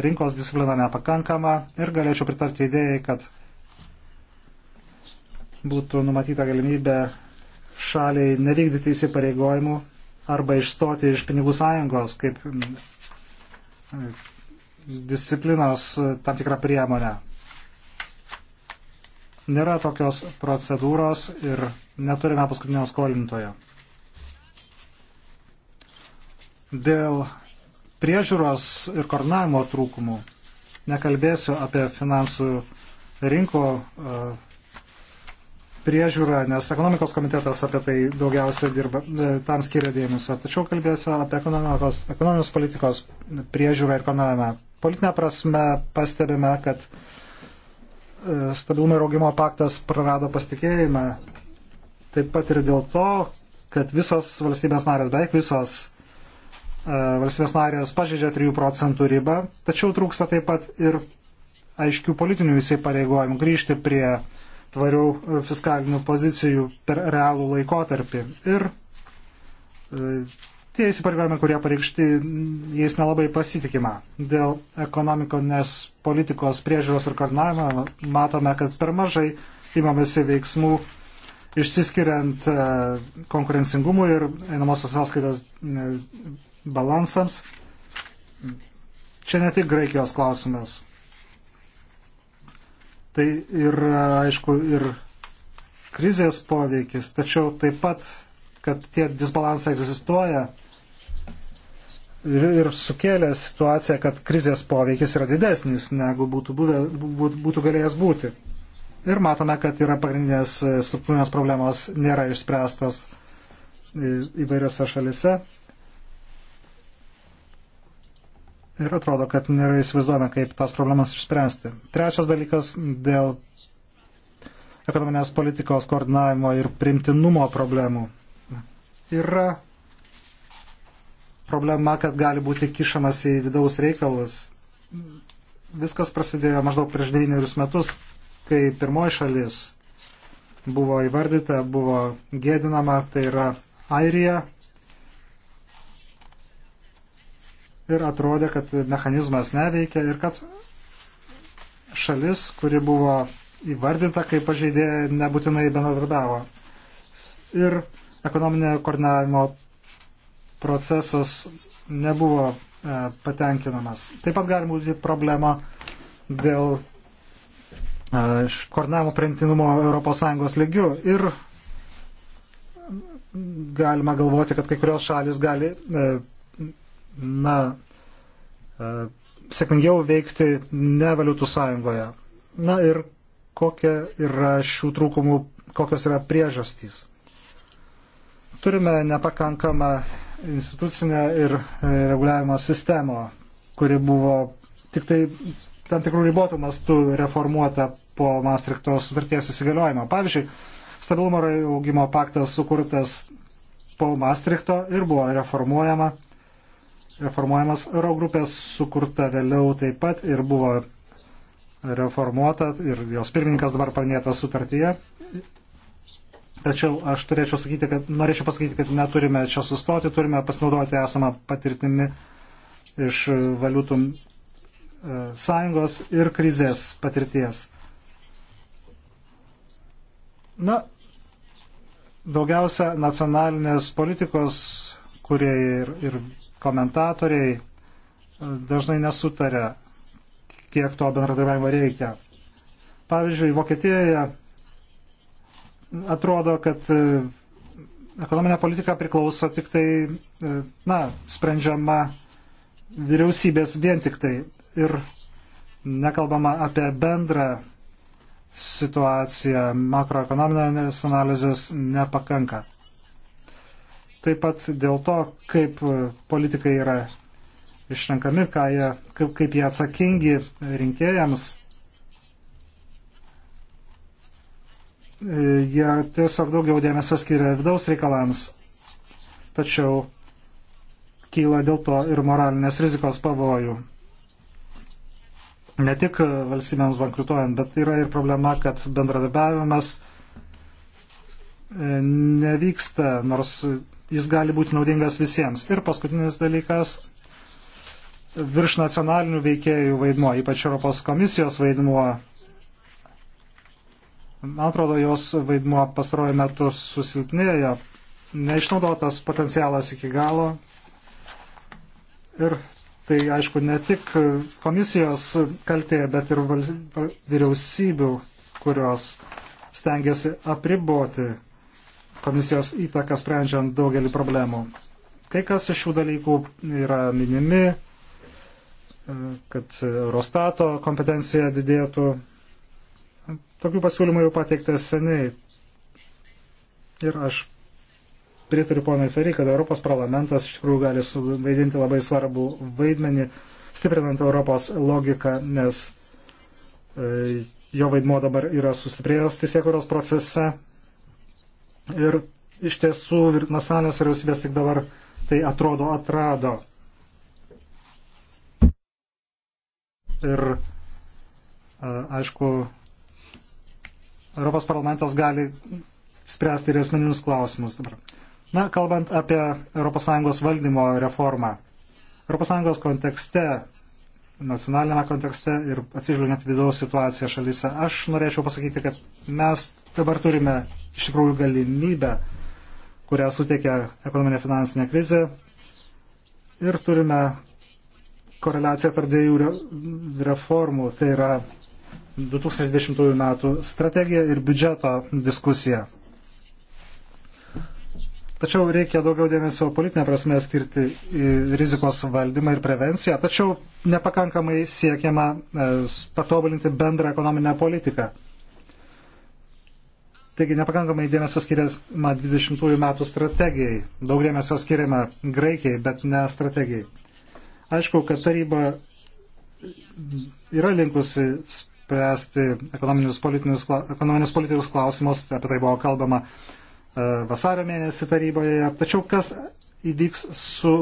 rinkos disciplina nepakankama ir galėčiau pritarti idėjai, kad būtų numatyta galimybė šaliai nevykdyti įsipareigojimų arba išstoti iš pinigų sąjungos kaip mm, disciplinos e, tam tikrą priemonę. Nėra tokios procedūros ir neturime paskutinio skolintojo. Dėl priežiūros ir koordinavimo trūkumų. Nekalbėsiu apie finansų rinko e, priežiūrą, nes ekonomikos komitetas apie tai daugiausia dirba, e, tam skiria dėmesio. Tačiau kalbėsiu apie ekonomikos, ekonomikos politikos priežiūrą ir koordinavimą. Politinė prasme pastebime, kad e, stabilumo ir augimo paktas prarado pasitikėjimą. Taip pat ir dėl to, kad visos valstybės narės, beveik visos E, valstybės narės pažeidžia 3 procentų ribą, tačiau trūksta taip pat ir aiškių politinių įsipareigojimų grįžti prie tvarių e, fiskalinių pozicijų per realų laikotarpį. Ir e, tie įsipareigojimai, kurie pareikšti, jais nelabai pasitikima. Dėl ekonomikos politikos priežiūros ir koordinavimo matome, kad per mažai imamasi veiksmų išsiskiriant konkurencingumui ir einamosios sąskaitos balansams. Čia ne tik Graikijos klausimas. Tai ir, aišku, ir krizės poveikis, tačiau taip pat, kad tie disbalansai egzistuoja ir, ir sukėlė situaciją, kad krizės poveikis yra didesnis, negu būtų, buvę, būtų galėjęs būti. Ir matome, kad yra pagrindinės e, struktūrinės problemos nėra išspręstos e, įvairiose šalise. ir atrodo, kad nėra įsivaizduojama, kaip tas problemas išspręsti. Trečias dalykas dėl ekonominės politikos koordinavimo ir primtinumo problemų. Yra problema, kad gali būti kišamas į vidaus reikalus. Viskas prasidėjo maždaug prieš devynerius metus, kai pirmoji šalis buvo įvardyta, buvo gėdinama, tai yra Airija, ir atrodė, kad mechanizmas neveikia ir kad šalis, kuri buvo įvardinta kaip pažeidėja, nebūtinai bendradarbiavo. Ir ekonominio koordinavimo procesas nebuvo e, patenkinamas. Taip pat gali būti problema dėl e, koordinavimo priimtinumo ES lygių ir galima galvoti, kad kai kurios šalis gali e, na, e, sėkmingiau veikti ne valiutų sąjungoje. Na ir kokia yra šių trūkumų, kokios yra priežastys. Turime nepakankamą institucinę ir e, reguliavimo sistemą, kuri buvo tik tai tam tikrų ribotų mastų reformuota po Maastrichto sutarties įsigaliojimo. Pavyzdžiui, stabilumo ir augimo paktas sukurtas po Maastrichto ir buvo reformuojama reformuojamas. Eurogrupės sukurta vėliau taip pat ir buvo reformuota ir jos pirmininkas dabar paminėtas sutartyje. Tačiau aš turėčiau sakyti, kad norėčiau pasakyti, kad neturime čia sustoti, turime pasinaudoti esamą patirtimi iš valiutų e, sąjungos ir krizės patirties. Na, daugiausia nacionalinės politikos, kurie ir, ir komentatoriai e, dažnai nesutarė, kiek to bendradarbiavimo reikia. Pavyzdžiui, Vokietijoje atrodo, kad e, ekonominė politika priklauso tik tai, e, na, sprendžiama vyriausybės vien tik tai. Ir nekalbama apie bendrą situaciją, makroekonominės analizės nepakanka taip pat dėl to, kaip politikai yra išrenkami, jie, kaip, kaip jie atsakingi rinkėjams. Jie tiesiog daugiau dėmesio skiria vidaus reikalams, tačiau kyla dėl to ir moralinės rizikos pavojų. Ne tik valstybėms bankrutuojant, bet yra ir problema, kad bendradarbiavimas nevyksta, nors jis gali būti naudingas visiems. Ir paskutinis dalykas - virš nacionalinių veikėjų vaidmuo, ypač Europos komisijos vaidmuo. Man atrodo, jos vaidmuo pastaruoju metu susilpnėjo, neišnaudotas potencialas iki galo. Ir tai aišku ne tik komisijos kaltė, bet ir vyriausybių, kurios stengiasi apriboti komisijos įtaką sprendžiant daugelį problemų. Kai kas iš šių dalykų yra minimi, e, kad Eurostato kompetencija didėtų. Tokių pasiūlymų jau pateiktas seniai. Ir aš pritariu ponui Ferį, kad Europos parlamentas iš tikrųjų gali suvaidinti labai svarbų vaidmenį, stiprinant Europos logiką, nes e, jo vaidmo dabar yra sustiprėjęs teisėkuros procese Ir iš tiesų nacionalinės vyriausybės tik dabar tai atrodo atrado. Ir aišku, Europos parlamentas gali spręsti ir esmeninius klausimus dabar. Na, kalbant apie ES valdymo reformą. ES kontekste, nacionalinėme kontekste ir atsižvelgiant vidaus situaciją šalyse, aš norėčiau pasakyti, kad mes dabar turime iš tikrųjų galimybę, kurią suteikia ekonominė finansinė krizė. Ir turime koreliaciją tarp dviejų reformų, tai yra 2020 metų strategija ir biudžeto diskusija. Tačiau reikia daugiau dėmesio politinė prasme skirti rizikos valdymą ir prevenciją, tačiau nepakankamai siekiama e, patobulinti bendrą ekonominę politiką. Taigi nepakankamai dėmesio skiriama 20 metų strategijai. Daug dėmesio skiriama Graikijai, bet ne strategijai. Aišku, kad taryba yra linkusi spręsti ekonominius, ekonominius politinius klausimus, apie tai buvo kalbama e, vasario mėnesį taryboje. Tačiau kas įvyks su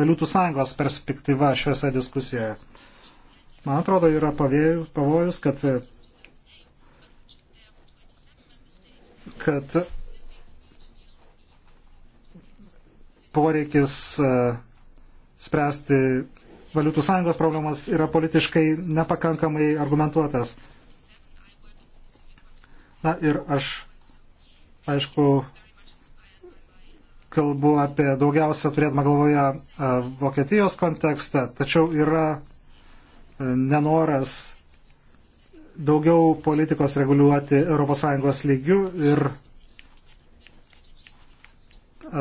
valiutų sąjungos perspektyva šiuose diskusijoje? Man atrodo, yra pavėjų, pavojus, kad kad poreikis e, spręsti valiutų sąjungos problemas yra politiškai nepakankamai argumentuotas. Na ir aš, aišku, kalbu apie daugiausia turėdama galvoje e, Vokietijos kontekstą, tačiau yra e, nenoras daugiau politikos reguliuoti ES lygių ir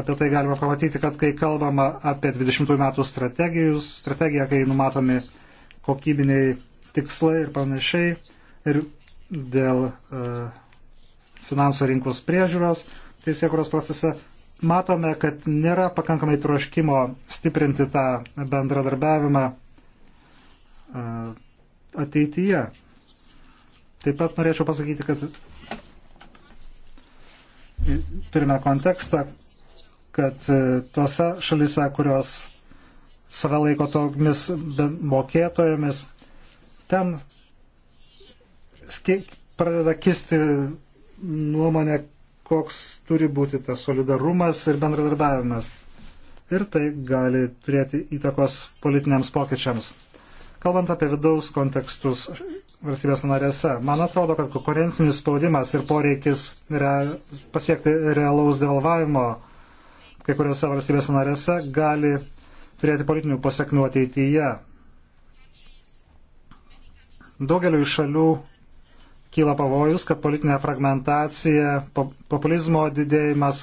apie tai galima pamatyti, kad kai kalbama apie 20 metų strategiją, kai numatomi kokybiniai tikslai ir panašiai, ir dėl uh, finansų rinkos priežiūros teisėkuros procese, matome, kad nėra pakankamai troškimo stiprinti tą bendradarbiavimą uh, ateityje. Taip pat norėčiau pasakyti, kad turime kontekstą, kad e, tuose šalise, kurios save laiko tomis mokėtojomis, ten pradeda kisti nuomonė, koks turi būti tas solidarumas ir bendradarbiavimas. Ir tai gali turėti įtakos politiniams pokyčiams. Kalbant apie vidaus kontekstus valstybės narėse, man atrodo, kad konkurencinis spaudimas ir poreikis re, pasiekti realaus devalvavimo kai kuriuose valstybės narėse gali turėti politinių pasiekmių ateityje. Daugeliu iš šalių kyla pavojus, kad politinė fragmentacija, populizmo didėjimas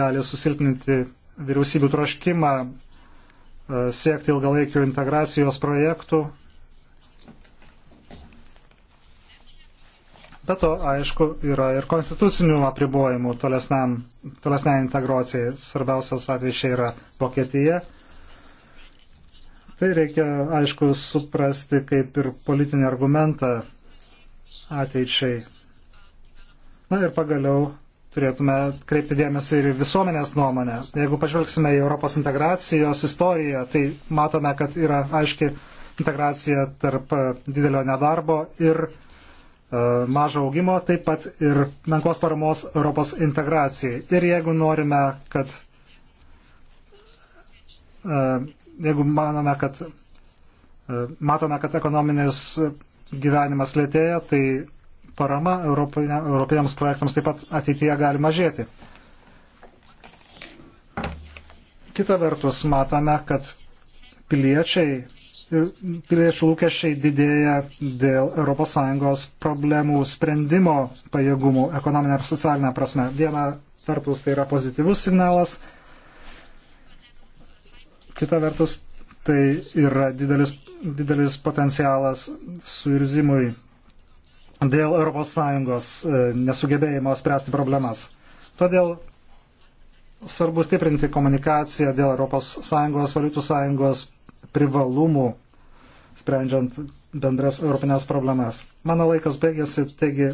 gali susilpninti vyriausybių troškimą siekti ilgalaikių integracijos projektų. Be to, aišku, yra ir konstitucinių apribojimų tolesniai integracijai. Svarbiausias atvejs čia yra Vokietija. Tai reikia, aišku, suprasti kaip ir politinį argumentą ateičiai. Na ir pagaliau turėtume kreipti dėmesį ir visuomenės nuomonę. Jeigu pažvelgsime į Europos integracijos istoriją, tai matome, kad yra aiški integracija tarp e, didelio nedarbo ir e, mažo augimo, taip pat ir menkos paramos Europos integracijai. Ir jeigu norime, kad e, jeigu manome, kad e, matome, kad ekonominis gyvenimas lėtėja, tai parama europiniams projektams taip pat ateityje gali mažėti. Kita vertus, matome, kad piliečiai ir piliečių lūkesčiai didėja dėl ES problemų sprendimo pajėgumų ekonominė ir socialinė prasme. Viena vertus tai yra pozityvus signalas, kita vertus tai yra didelis, didelis potencialas suirzimui dėl ES e, nesugebėjimo spręsti problemas. Todėl svarbu stiprinti komunikaciją dėl ES valiutų sąjungos privalumų, sprendžiant bendras europinės problemas. Mano laikas baigėsi, taigi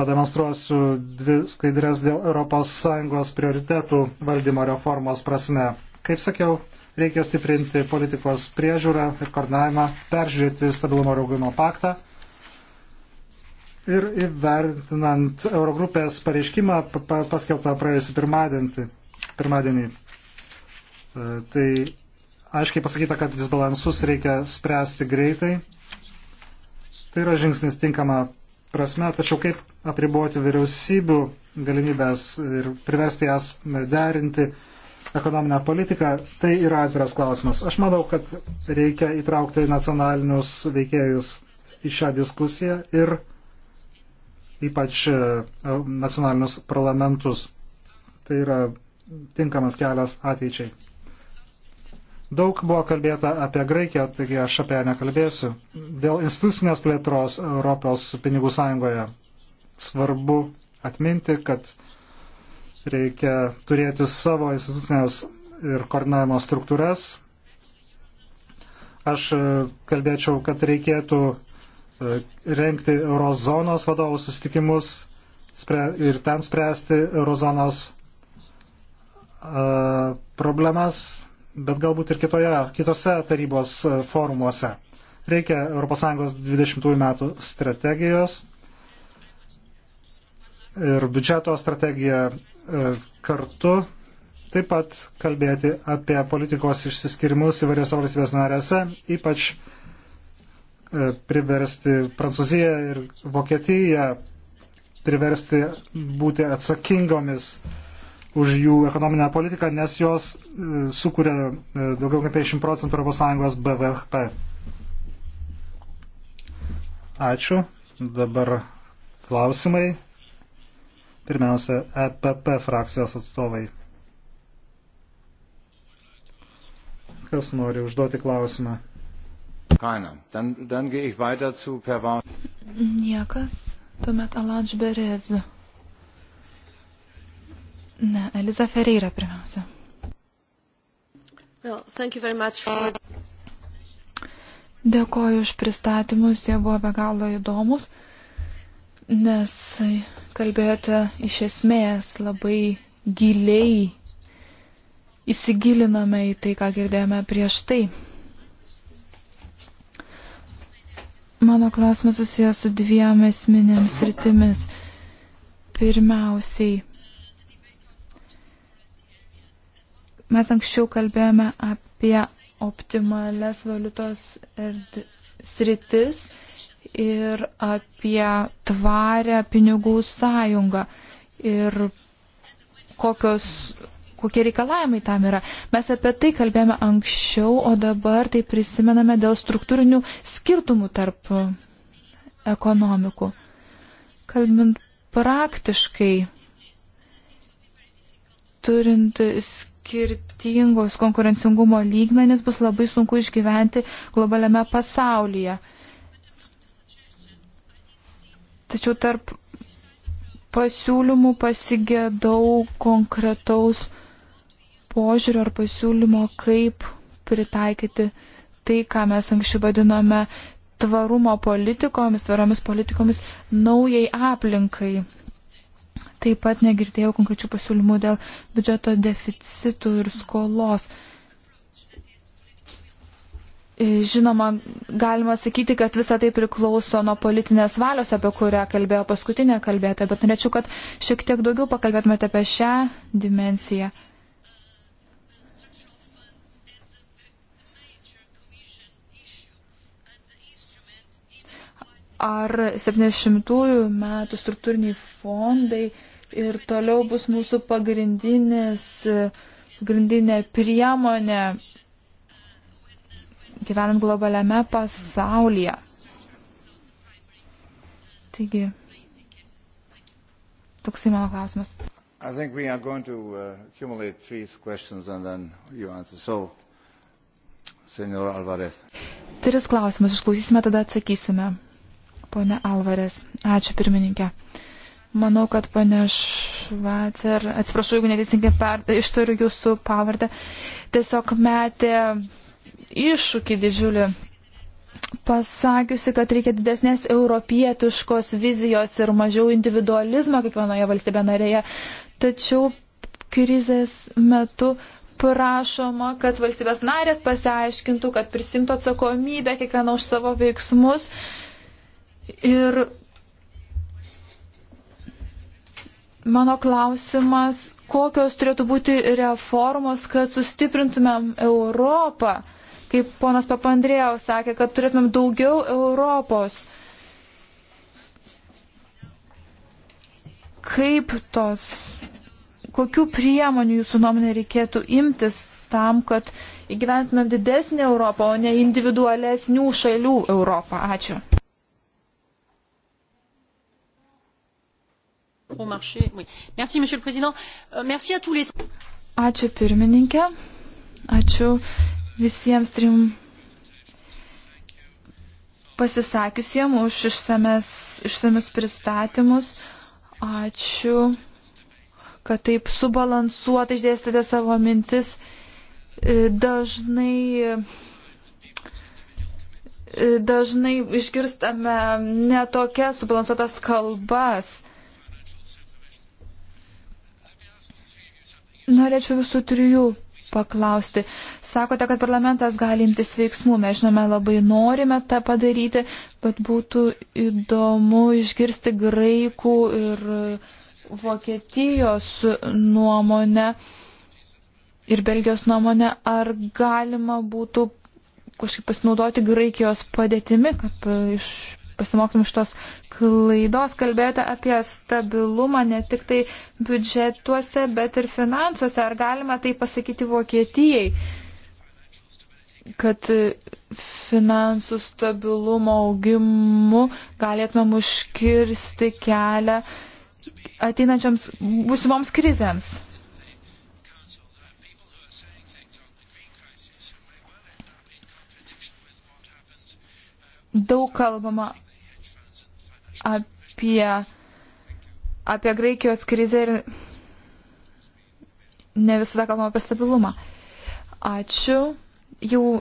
pademonstruosiu dvi skaidrės dėl ES prioritetų valdymo reformos prasme. Kaip sakiau, reikia stiprinti politikos priežiūrą ir koordinavimą, peržiūrėti stabilumo ir augimo paktą ir įvertinant Eurogrupės pareiškimą paskelbtą praėjusį pirmadienį. pirmadienį. E, tai aiškiai pasakyta, kad disbalansus reikia spręsti greitai. Tai yra žingsnis tinkama prasme, tačiau kaip apriboti vyriausybių galimybės ir priversti jas derinti ekonominę politiką, tai yra atviras klausimas. Aš manau, kad reikia įtraukti nacionalinius veikėjus į šią diskusiją ir ypač e, e, nacionalinius parlamentus. Tai yra tinkamas kelias ateičiai. Daug buvo kalbėta apie Graikiją, taigi aš apie ją nekalbėsiu. Dėl institucinės plėtros Europos pinigų sąjungoje svarbu atminti, kad reikia turėti savo institucinės ir koordinavimo struktūras. Aš e, kalbėčiau, kad reikėtų E, renkti eurozonos vadovų susitikimus ir ten spręsti eurozonos e, problemas, bet galbūt ir kitoje, kitose tarybos e, forumuose. Reikia ES 20 metų strategijos ir biudžeto strategiją kartu taip pat kalbėti apie politikos išsiskirimus įvairiose valstybės narėse, ypač E, priversti Prancūziją ir Vokietiją priversti būti atsakingomis už jų ekonominę politiką, nes jos e, sukuria e, daugiau kaip 50 procentų ES BVP. Ačiū. Dabar klausimai. Pirmiausia, EPP frakcijos atstovai. Kas nori užduoti klausimą? Keiner. Dann, dann gehe ich weiter zu Pervan. Niekas. Tuomet Alanž Berez. Ne, Eliza Ferreira pirmiausia. Well, thank you very much for... Dėkoju už pristatymus, jie buvo be galo įdomus, nes kalbėjote iš esmės labai giliai įsigilinome į tai, ką girdėjome prieš tai. Mano klausimas susijęs su dviem esminėms rytimis. Pirmiausiai, mes anksčiau kalbėjome apie optimales valiutos sritis ir apie tvarę pinigų sąjungą ir kokios kokie reikalavimai tam yra. Mes apie tai kalbėjome anksčiau, o dabar tai prisimename dėl struktūrinių skirtumų tarp ekonomikų. Kalbint praktiškai, turint skirtingos konkurencingumo lygmenis, bus labai sunku išgyventi globaliame pasaulyje. Tačiau tarp pasiūlymų pasigėdau konkretaus požiūrio ar pasiūlymo, kaip pritaikyti tai, ką mes anksčiau vadinome tvarumo politikomis, tvaromis politikomis naujai aplinkai. Taip pat negirdėjau konkrečių pasiūlymų dėl biudžeto deficitų ir skolos. Žinoma, galima sakyti, kad visa tai priklauso nuo politinės valios, apie kurią kalbėjo paskutinė kalbėtoja, bet norėčiau, kad šiek tiek daugiau pakalbėtumėte apie šią dimenciją. ar 70-ųjų metų struktūriniai fondai ir toliau bus mūsų pagrindinės, pagrindinė priemonė gyvenant globaliame pasaulyje. Taigi, toksai mano klausimas. I think we are going to uh, accumulate three questions and then you answer. So, Senor Alvarez. Tris klausimus išklausysime, tada atsakysime. Pone Alvarės. Ačiū pirmininkė. Manau, kad pane Švacer, atsiprašau, jeigu neteisingai ištariu jūsų pavardę, tiesiog metė iššūkį didžiulį, pasakiusi, kad reikia didesnės europietiškos vizijos ir mažiau individualizmo kiekvienoje valstybė narėje. Tačiau krizės metu prašoma, kad valstybės narės pasiaiškintų, kad prisimtų atsakomybę kiekvieną už savo veiksmus. Uh, Ir mano klausimas, kokios turėtų būti reformos, kad sustiprintumėm Europą. Kaip ponas Papandrėjau sakė, kad turėtumėm daugiau Europos. Kaip tos, kokių priemonių jūsų nuomonė reikėtų imtis tam, kad įgyventumėm didesnį Europą, o ne individualesnių šalių Europą? Ačiū. Euh, ačiū pirmininkė, ačiū visiems trim pasisakiusiem už išsames, išsamius pristatymus. Ačiū, kad taip subalansuotai išdėstėte savo mintis. E, dažnai e, dažnai išgirstame netokias subalansuotas kalbas. Norėčiau visų trijų paklausti. Sakote, kad parlamentas gali imtis veiksmų, mes žinome labai norime tą padaryti, bet būtų įdomu išgirsti graikų ir Vokietijos nuomonę ir Belgijos nuomonę, ar galima būtų kažkaip pasinaudoti Graikijos padėtimi, kad iš, pasimokytum iš tos klaidos. Kalbėjote apie stabilumą ne tik tai biudžetuose, bet ir finansuose. Ar galima tai pasakyti Vokietijai, kad finansų stabilumo augimu galėtumėm užkirsti kelią ateinančioms būsimoms krizėms? daug kalbama apie, apie Graikijos krizę ir ne visada kalbama apie stabilumą. Ačiū. Jau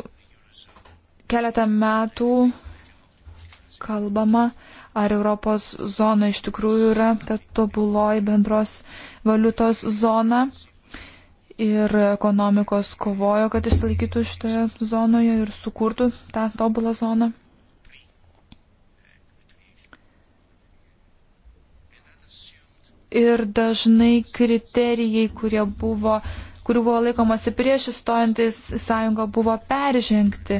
keletą metų kalbama, ar Europos zona iš tikrųjų yra ta tobuloji bendros valiutos zona. Ir ekonomikos kovojo, kad išlaikytų šitoje zonoje ir sukurtų tą tobulą zoną. ir dažnai kriterijai, kurie buvo, kurių buvo laikomasi prieš įstojantis sąjungą, buvo peržengti.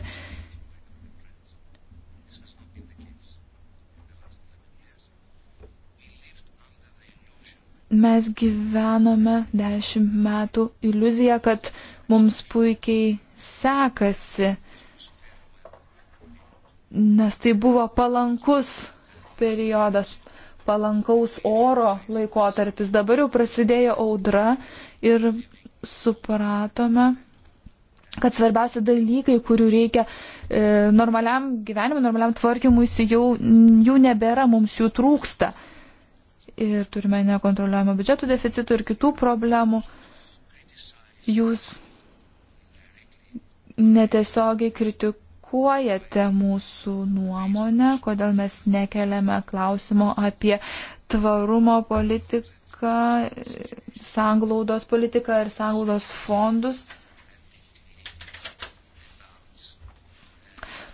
Mes gyvenome dešimt metų iliuziją, kad mums puikiai sekasi, nes tai buvo palankus periodas palankaus oro laikotarpis. Dabar jau prasidėjo audra ir supratome, kad svarbiausia dalykai, kurių reikia e, normaliam gyvenimui, normaliam tvarkymui, jau, jų nebėra, mums jų trūksta. Ir turime nekontroliuojamą biudžetų deficitų ir kitų problemų. Jūs netiesiogiai kritikuojate kritikuojate mūsų nuomonę, kodėl mes nekeliame klausimo apie tvarumo politiką, sanglaudos politiką ir sanglaudos fondus.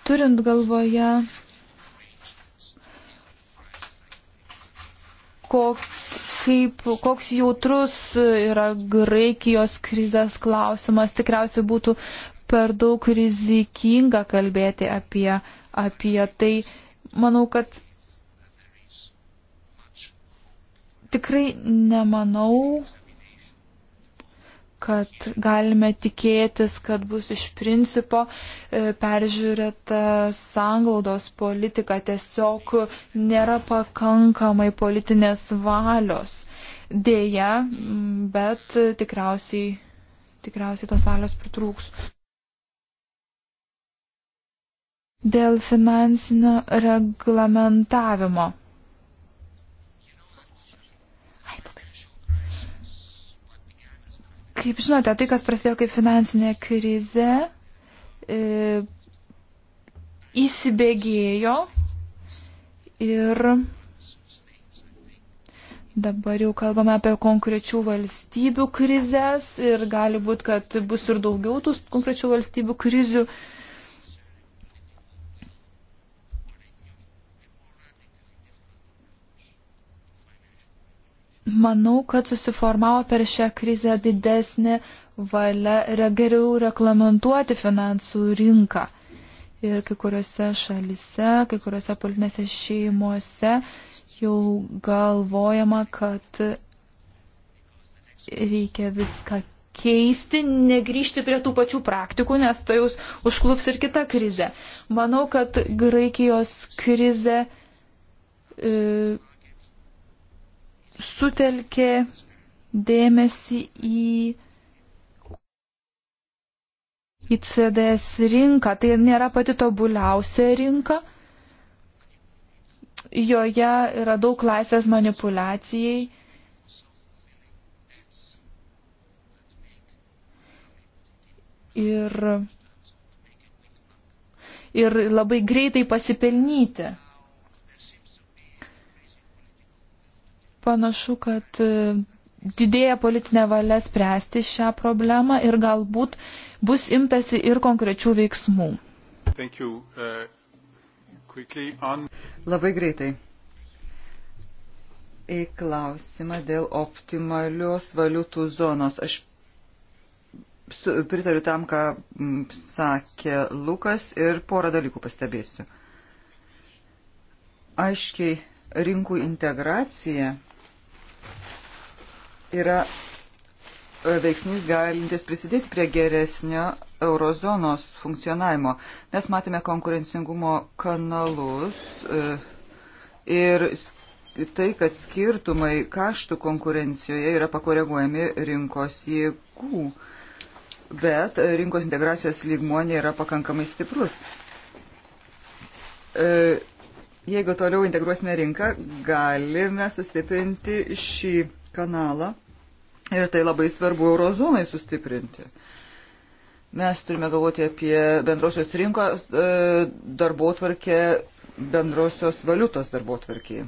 Turint galvoje, koks kaip, koks jautrus yra Graikijos krizės klausimas, tikriausiai būtų per daug rizikinga kalbėti apie, apie tai. Manau, kad tikrai nemanau, kad galime tikėtis, kad bus iš principo e, peržiūrėta sanglaudos politika. Tiesiog nėra pakankamai politinės valios. Deja, bet tikriausiai, tikriausiai tos valios pritrūks dėl finansinio reglamentavimo. Kaip žinote, tai, kas prasidėjo kaip finansinė krize, e, įsibėgėjo ir dabar jau kalbame apie konkrečių valstybių krizės ir gali būti, kad bus ir daugiau tų konkrečių valstybių krizių. E, Manau, kad susiformavo per šią krizę didesnė valia yra geriau reglamentuoti finansų rinką. Ir kai kuriuose šalise, kai kuriuose politinėse šeimose jau galvojama, kad reikia viską keisti, negryžti prie tų pačių praktikų, nes tai jūs užklups ir kita krizė. Manau, kad Graikijos krizė. E, sutelkė dėmesį į, į CDS rinką. Tai nėra pati tobuliausia rinka. Joje yra daug laisvės manipulacijai. Ir, ir labai greitai pasipelnyti. panašu, kad e, didėja politinė valia spręsti šią problemą ir galbūt bus imtasi ir konkrečių veiksmų. Uh, Labai greitai. Į klausimą dėl optimalios valiutų zonos. Aš su, pritariu tam, ką m, sakė Lukas ir porą dalykų pastebėsiu. Aiškiai, rinkų integracija yra e, veiksnys galintis prisidėti prie geresnio eurozonos funkcionavimo. Mes matėme konkurencingumo kanalus e, ir tai, kad skirtumai kaštų konkurencijoje yra pakoreguojami rinkos jėgų, bet e, rinkos integracijos lygmuo nėra pakankamai stiprus. Jeigu toliau integruosime rinką, galime sustiprinti šį kanalą ir tai labai svarbu eurozonai sustiprinti. Mes turime galvoti apie bendrosios rinkos e, darbo tvarkę, bendrosios valiutos darbo tvarkiai.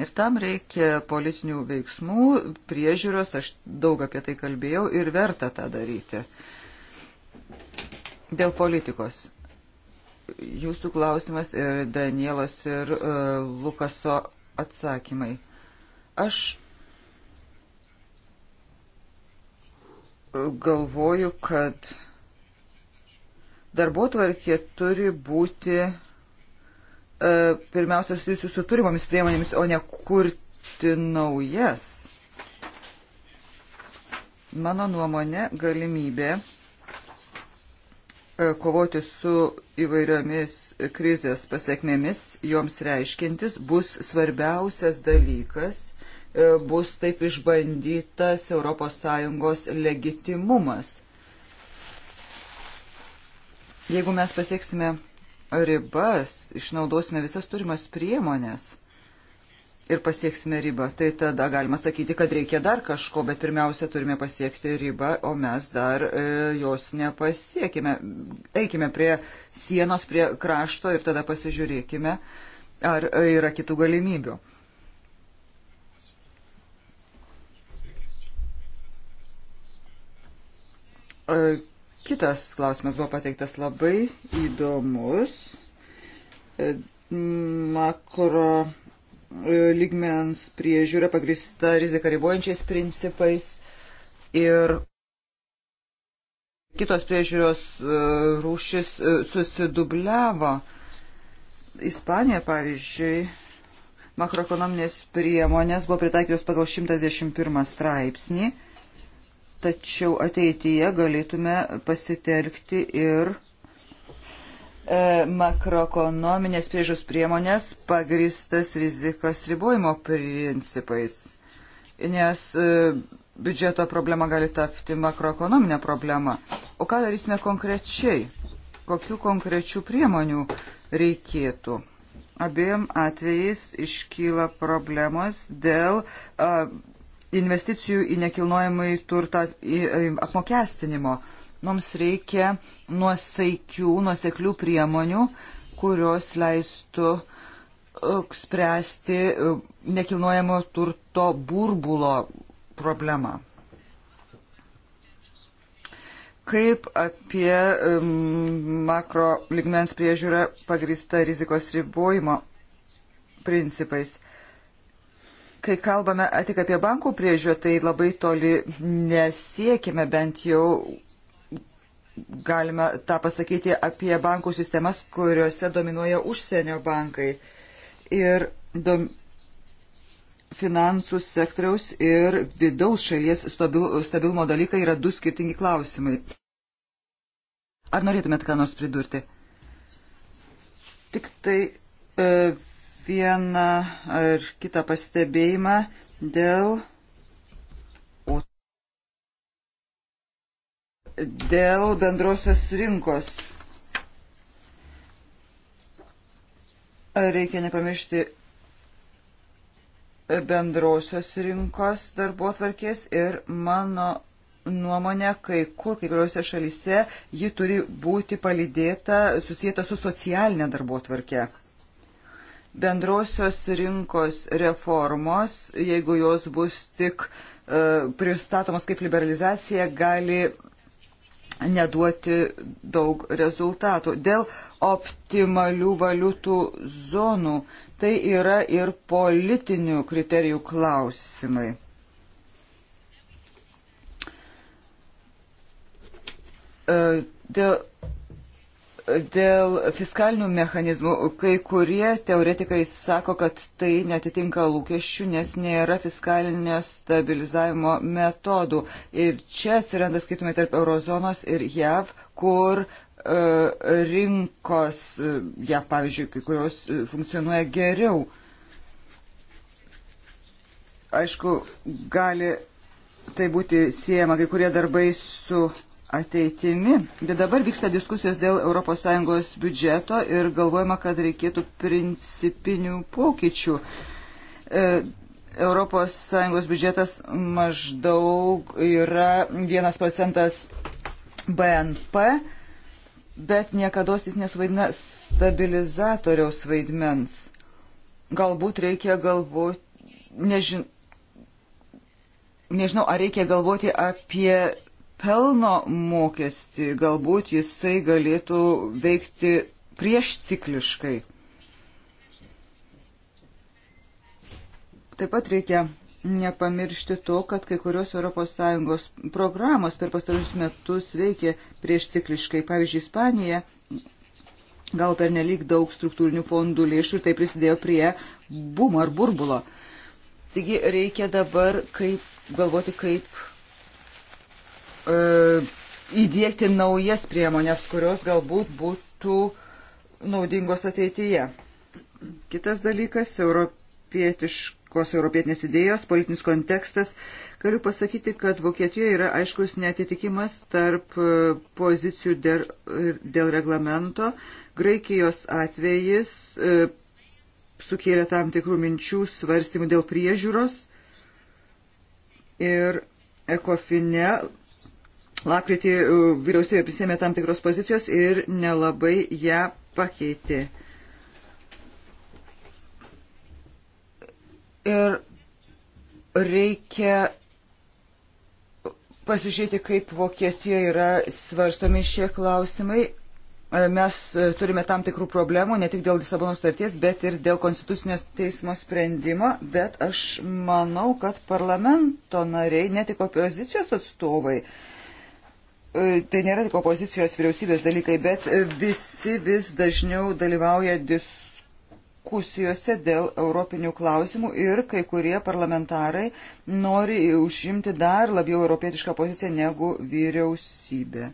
Ir tam reikia politinių veiksmų, priežiūros, aš daug apie tai kalbėjau ir verta tą daryti. Dėl politikos. Jūsų klausimas ir Danielos ir uh, Lukaso atsakymai. Aš galvoju, kad darbo tvarkė turi būti e, pirmiausia susijusi su turimomis priemonėmis, o ne kurti naujas. Mano nuomonė, galimybė e, kovoti su įvairiomis krizės pasiekmėmis, joms reiškintis, bus svarbiausias dalykas – E, bus taip išbandytas ES legitimumas. Jeigu mes pasieksime ribas, išnaudosime visas turimas priemonės ir pasieksime ribą, tai tada galima sakyti, kad reikia dar kažko, bet pirmiausia turime pasiekti ribą, o mes dar e, jos nepasiekime. Eikime prie sienos, prie krašto ir tada pasižiūrėkime, ar yra kitų galimybių. E, kitas klausimas buvo pateiktas labai įdomus. E, makro e, lygmens priežiūra pagrista riziką ribojančiais principais ir kitos priežiūros rūšis susidubliavo. Ispanija, pavyzdžiui, makroekonominės priemonės buvo pritaikytos pagal 111 straipsnį tačiau ateityje galėtume pasitelkti ir e, makroekonominės priežos priemonės pagristas rizikos ribojimo principais, nes e, biudžeto problema gali tapti makroekonominė problema. O ką darysime konkrečiai? Kokių konkrečių priemonių reikėtų? Abiem atvejais iškyla problemos dėl a, investicijų į nekilnojamai turtą apmokestinimo. Mums reikia nuosaikių, nuoseklių priemonių, kurios leistų e, spręsti e, nekilnojamo turto burbulo problemą. Kaip apie makro ligmens priežiūrą pagrįsta rizikos ribojimo principais kai kalbame tik apie bankų priežiūrą, tai labai toli nesiekime bent jau. Galime tą pasakyti apie bankų sistemas, kuriuose dominuoja užsienio bankai. Ir dom, finansų sektoriaus ir vidaus šalies stabil, stabilumo dalykai yra du skirtingi klausimai. Ar norėtumėt ką nors pridurti? Tik tai e, vieną ar kitą pastebėjimą dėl, dėl bendrosios rinkos. Reikia nepamiršti bendrosios rinkos darbo tvarkės ir mano nuomonė, kai kur, kai kuriuose šalyse, ji turi būti palidėta, susijęta su socialinė darbo tvarkė bendrosios rinkos reformos, jeigu jos bus tik e, pristatomos kaip liberalizacija, gali neduoti daug rezultatų. Dėl optimalių valiutų zonų tai yra ir politinių kriterijų klausimai. E, dėl Dėl fiskalinių mechanizmų kai kurie teoretikai sako, kad tai netitinka lūkesčių, nes nėra fiskalinio stabilizavimo metodų. Ir čia atsiranda skaitumai tarp eurozonos ir JAV, kur uh, rinkos, uh, JAV pavyzdžiui, kai kurios uh, funkcionuoja geriau. Aišku, gali tai būti siejama kai kurie darbai su ateitimi. Bet dabar vyksta diskusijos dėl ES biudžeto ir galvojama, kad reikėtų principinių pokyčių. ES biudžetas maždaug yra 1 procentas BNP, bet niekada jis nesuvaidina stabilizatoriaus vaidmens. Galbūt reikia galvoti, nežin, nežinau, ar reikia galvoti apie pelno mokestį, galbūt jisai galėtų veikti prieš cikliškai. Taip pat reikia nepamiršti to, kad kai kurios ES programos per pastarus metus veikė prieš cikliškai. Pavyzdžiui, Ispanija gavo per nelik daug struktūrinių fondų lėšų ir tai prisidėjo prie bumo ar burbulo. Taigi reikia dabar kaip, galvoti, kaip E, įdėkti naujas priemonės, kurios galbūt būtų naudingos ateityje. Kitas dalykas - europietiškos, europietinės idėjos, politinis kontekstas. Galiu pasakyti, kad Vokietijoje yra aiškus netitikimas tarp e, pozicijų dėl, dėl reglamento. Graikijos atvejis e, sukėlė tam tikrų minčių svarstymų dėl priežiūros ir ekofine Lapkritį e, vyriausybė prisėmė tam tikros pozicijos ir nelabai ją pakeitė. Ir reikia pasižiūrėti, kaip Vokietijoje yra svarstomi šie klausimai. E, mes e, turime tam tikrų problemų, ne tik dėl Lisabonos starties, bet ir dėl konstitucinės teismo sprendimo, bet aš manau, kad parlamento nariai, ne tik opozicijos atstovai, uh, E, tai nėra tik opozicijos vyriausybės dalykai, bet e, visi vis dažniau dalyvauja diskusijose dėl europinių klausimų ir kai kurie parlamentarai nori užimti dar labiau europietišką poziciją negu vyriausybė.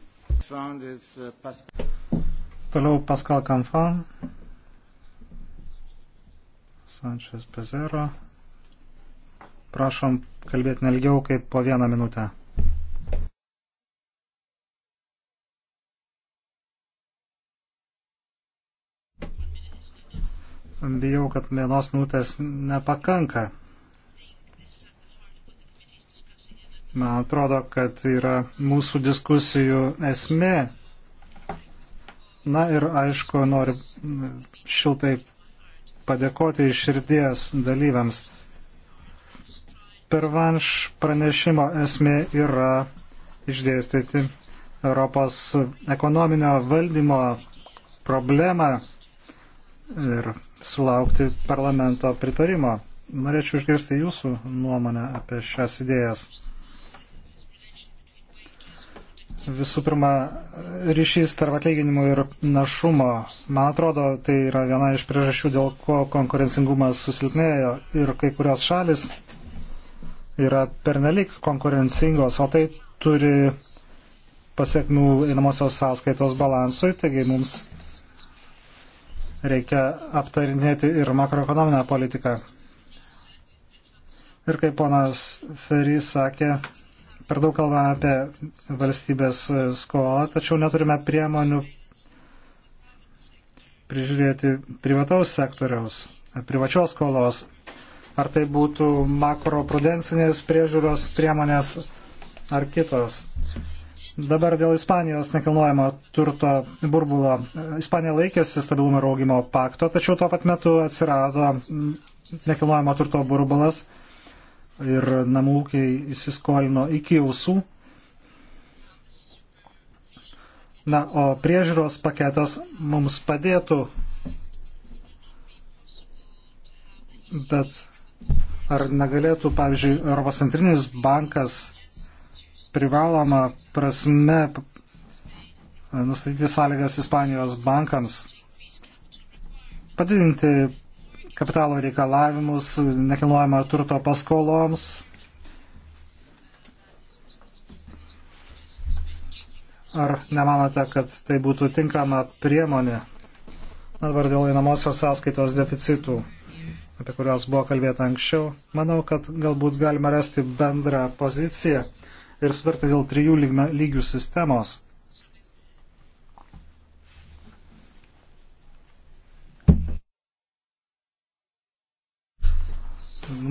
Toliau Pascal Canfan, Sančias Pezero. Prašom kalbėti nelgiau kaip po vieną minutę. bijau, kad vienos minutės nepakanka. Man atrodo, kad yra mūsų diskusijų esmė. Na ir aišku, noriu šiltai padėkoti iš širdies dalyviams. Pervanš pranešimo esmė yra išdėstyti Europos ekonominio valdymo problemą ir sulaukti parlamento pritarimo. Norėčiau išgirsti jūsų nuomonę apie šias idėjas. Visų pirma, ryšys tarp atlyginimų ir našumo. Man atrodo, tai yra viena iš priežasčių, dėl ko konkurencingumas susilpnėjo ir kai kurios šalis yra pernelik konkurencingos, o tai turi pasiekmių einamosios sąskaitos balansui, taigi mums reikia aptarinėti ir makroekonominę politiką. Ir kaip ponas Ferys sakė, per daug kalbame apie valstybės skolą, tačiau neturime priemonių prižiūrėti privataus sektoriaus, privačios skolos. Ar tai būtų makroprudencinės priežiūros priemonės ar kitos. Dabar dėl Ispanijos nekilnojamo turto burbulo. Ispanija laikėsi stabilumo ir augimo pakto, tačiau tuo pat metu atsirado nekilnojamo turto burbulas ir namų ūkiai įsiskolino iki ausų. Na, o priežiūros paketas mums padėtų, bet ar negalėtų, pavyzdžiui, Europos centrinis bankas privaloma prasme nustatyti sąlygas Ispanijos bankams, padidinti kapitalo reikalavimus nekilnojamo turto paskoloms. Ar nemanote, kad tai būtų tinkama priemonė dabar dėl einamosios sąskaitos deficitų, apie kuriuos buvo kalbėta anksčiau? Manau, kad galbūt galima rasti bendrą poziciją ir sutarti dėl trijų lygių sistemos.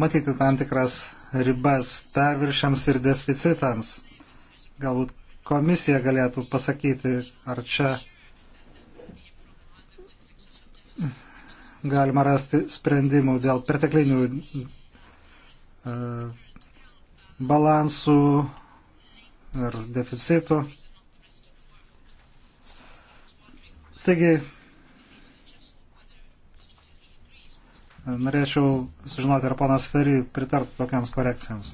Matyti tam tikras ribas perviršiams ir deficitams. Galbūt komisija galėtų pasakyti, ar čia galima rasti sprendimų dėl perteklinių e, balansų ar deficitų. Taigi, norėčiau sužinoti, ar ponas Ferry pritartų tokiams korekcijams.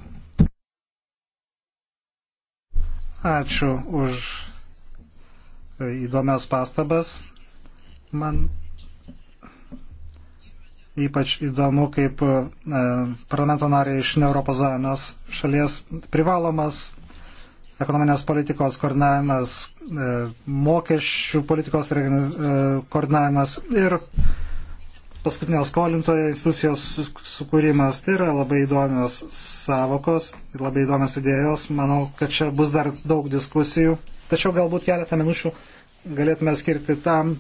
Ačiū už e, įdomias pastabas. Man ypač įdomu, kaip e, parlamento nariai iš Europos Zanos šalies privalomas ekonominės politikos koordinavimas, e, mokesčių politikos e, koordinavimas ir paskutinio skolintojo institucijos sukūrimas. Tai yra labai įdomios savokos ir labai įdomios idėjos. Manau, kad čia bus dar daug diskusijų. Tačiau galbūt keletą minučių galėtume skirti tam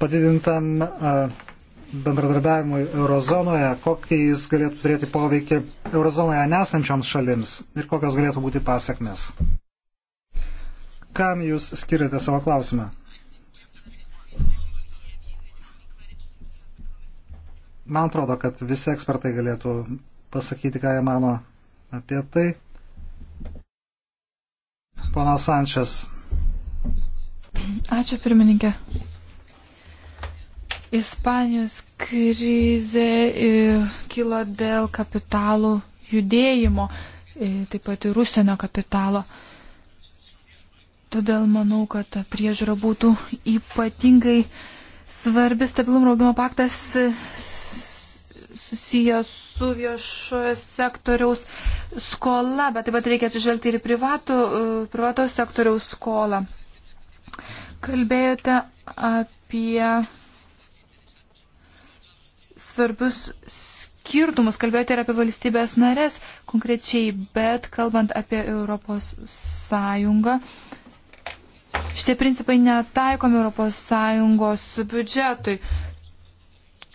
padidintam uh, bendradarbiavimui eurozonoje, kokį jis galėtų turėti poveikį eurozonoje nesančioms šalims ir kokios galėtų būti pasiekmes. Kam jūs skiriate savo klausimą? Man atrodo, kad visi ekspertai galėtų pasakyti, ką jie mano apie tai. Pana Sančias. Ačiū pirmininkė. Ispanijos krizė e, kilo dėl kapitalų judėjimo, e, taip pat ir užsienio kapitalo. Todėl manau, kad ta priežiūra būtų ypatingai svarbi. Stabilumo augimo paktas e, susijęs su viešojo sektoriaus skola, bet taip pat reikia atsižvelgti ir privato, privato sektoriaus skolą. Kalbėjote apie svarbius skirtumus, kalbėjote ir apie valstybės narės konkrečiai, bet kalbant apie Europos Sąjungą, šitie principai netaikomi Europos Sąjungos biudžetui.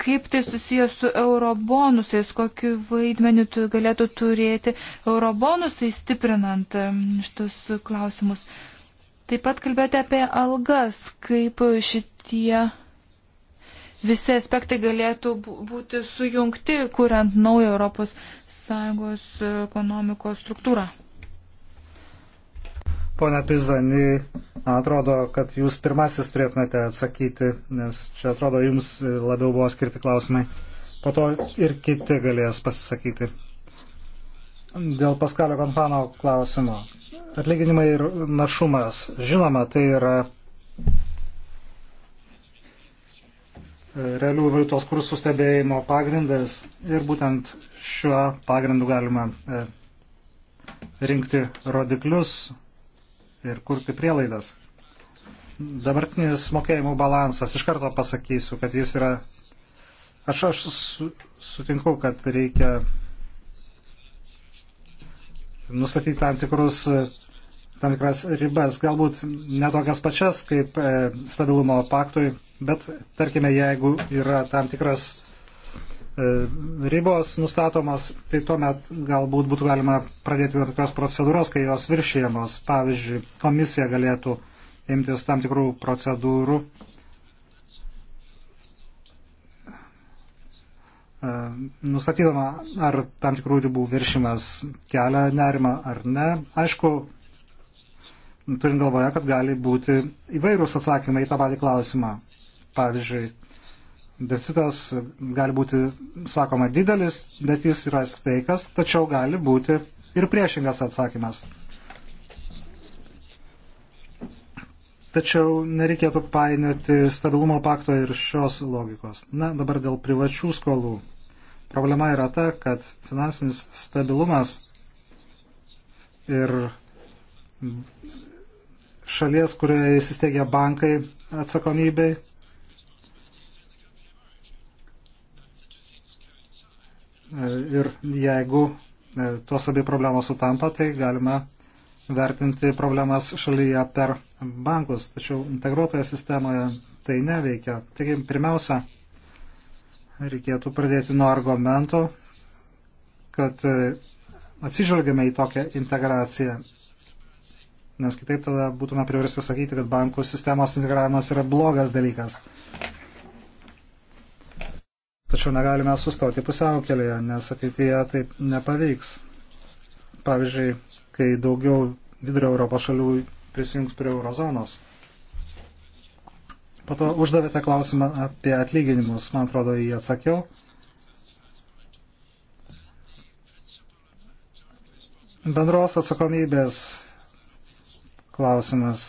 Kaip tai susijęs su eurobonusais, kokiu vaidmeniu tu galėtų turėti eurobonusai stiprinant šitus klausimus. Taip pat kalbėjote apie algas, kaip šitie visi aspektai galėtų būti sujungti, kuriant naują Europos Sąjungos ekonomikos struktūrą. Pone Pizani, atrodo, kad jūs pirmasis turėtumėte atsakyti, nes čia atrodo jums labiau buvo skirti klausimai. Po to ir kiti galės pasisakyti. Dėl Paskalio Kampano klausimo. Atlyginimai ir našumas. Žinoma, tai yra realių valiutos kursų stebėjimo pagrindas ir būtent šiuo pagrindu galima e, rinkti rodiklius ir kurti prielaidas. Dabartinis mokėjimų balansas, iš karto pasakysiu, kad jis yra, aš, aš su, sutinku, kad reikia nustatyti tam tikrus e, tam tikras ribas, galbūt netokias pačias kaip e, stabilumo paktui Bet, tarkime, jeigu yra tam tikras e, ribos nustatomos, tai tuomet galbūt būtų galima pradėti tokios procedūros, kai jos viršijamos. Pavyzdžiui, komisija galėtų imtis tam tikrų procedūrų. E, nustatydama, ar tam tikrų ribų viršimas kelia nerima ar ne. Aišku, turint galvoje, kad gali būti įvairūs atsakymai į tą patį klausimą. Pavyzdžiui, deficitas gali būti, sakoma, didelis, bet jis yra sveikas, tačiau gali būti ir priešingas atsakymas. Tačiau nereikėtų painioti stabilumo pakto ir šios logikos. Na, dabar dėl privačių skolų. Problema yra ta, kad finansinis stabilumas ir šalies, kurioje įsisteigia bankai atsakomybei ir jeigu e, tuos abi problemos sutampa, tai galima vertinti problemas šalyje per bankus, tačiau integruotoje sistemoje tai neveikia. Taigi, pirmiausia, reikėtų pradėti nuo argumento, kad e, atsižvelgiame į tokią integraciją, nes kitaip tada būtume priversti sakyti, kad bankų sistemos integravimas yra blogas dalykas. Tačiau negalime sustoti pusiaukelėje, nes ateityje taip nepavyks. Pavyzdžiui, kai daugiau vidurio Europos šalių prisijungs prie eurozonos. Po to uždavėte klausimą apie atlyginimus, man atrodo, jį atsakiau. Bendros atsakomybės klausimas.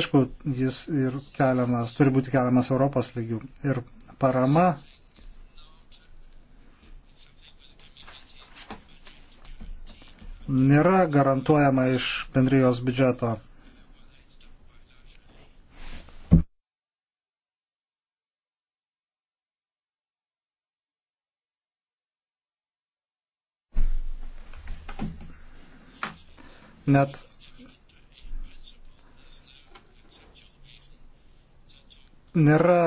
Aišku, jis ir keliamas, turi būti keliamas Europos lygių. Ir parama nėra garantuojama iš bendrijos biudžeto. Net nėra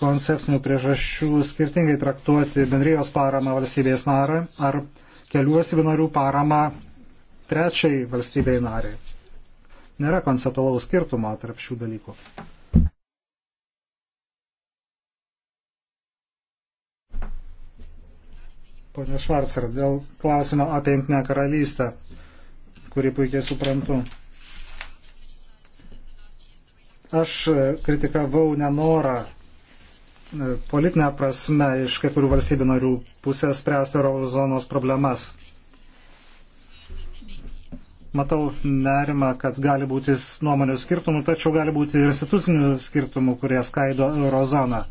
konceptinių priežasčių skirtingai traktuoti bendrijos paramą valstybės narą ar, ar kelių valstybinarių paramą trečiai valstybei nariai. Nėra konceptualaus skirtumo tarp šių dalykų. Pone Švarcer, dėl klausimo apie Junktinę karalystę, kurį puikiai suprantu. Aš kritikavau nenorą politinę prasme iš kai kurių valstybių narių pusės spręsti eurozonos problemas. Matau nerimą, kad gali būti nuomonių skirtumų, tačiau gali būti ir institucinių skirtumų, kurie skaido eurozoną.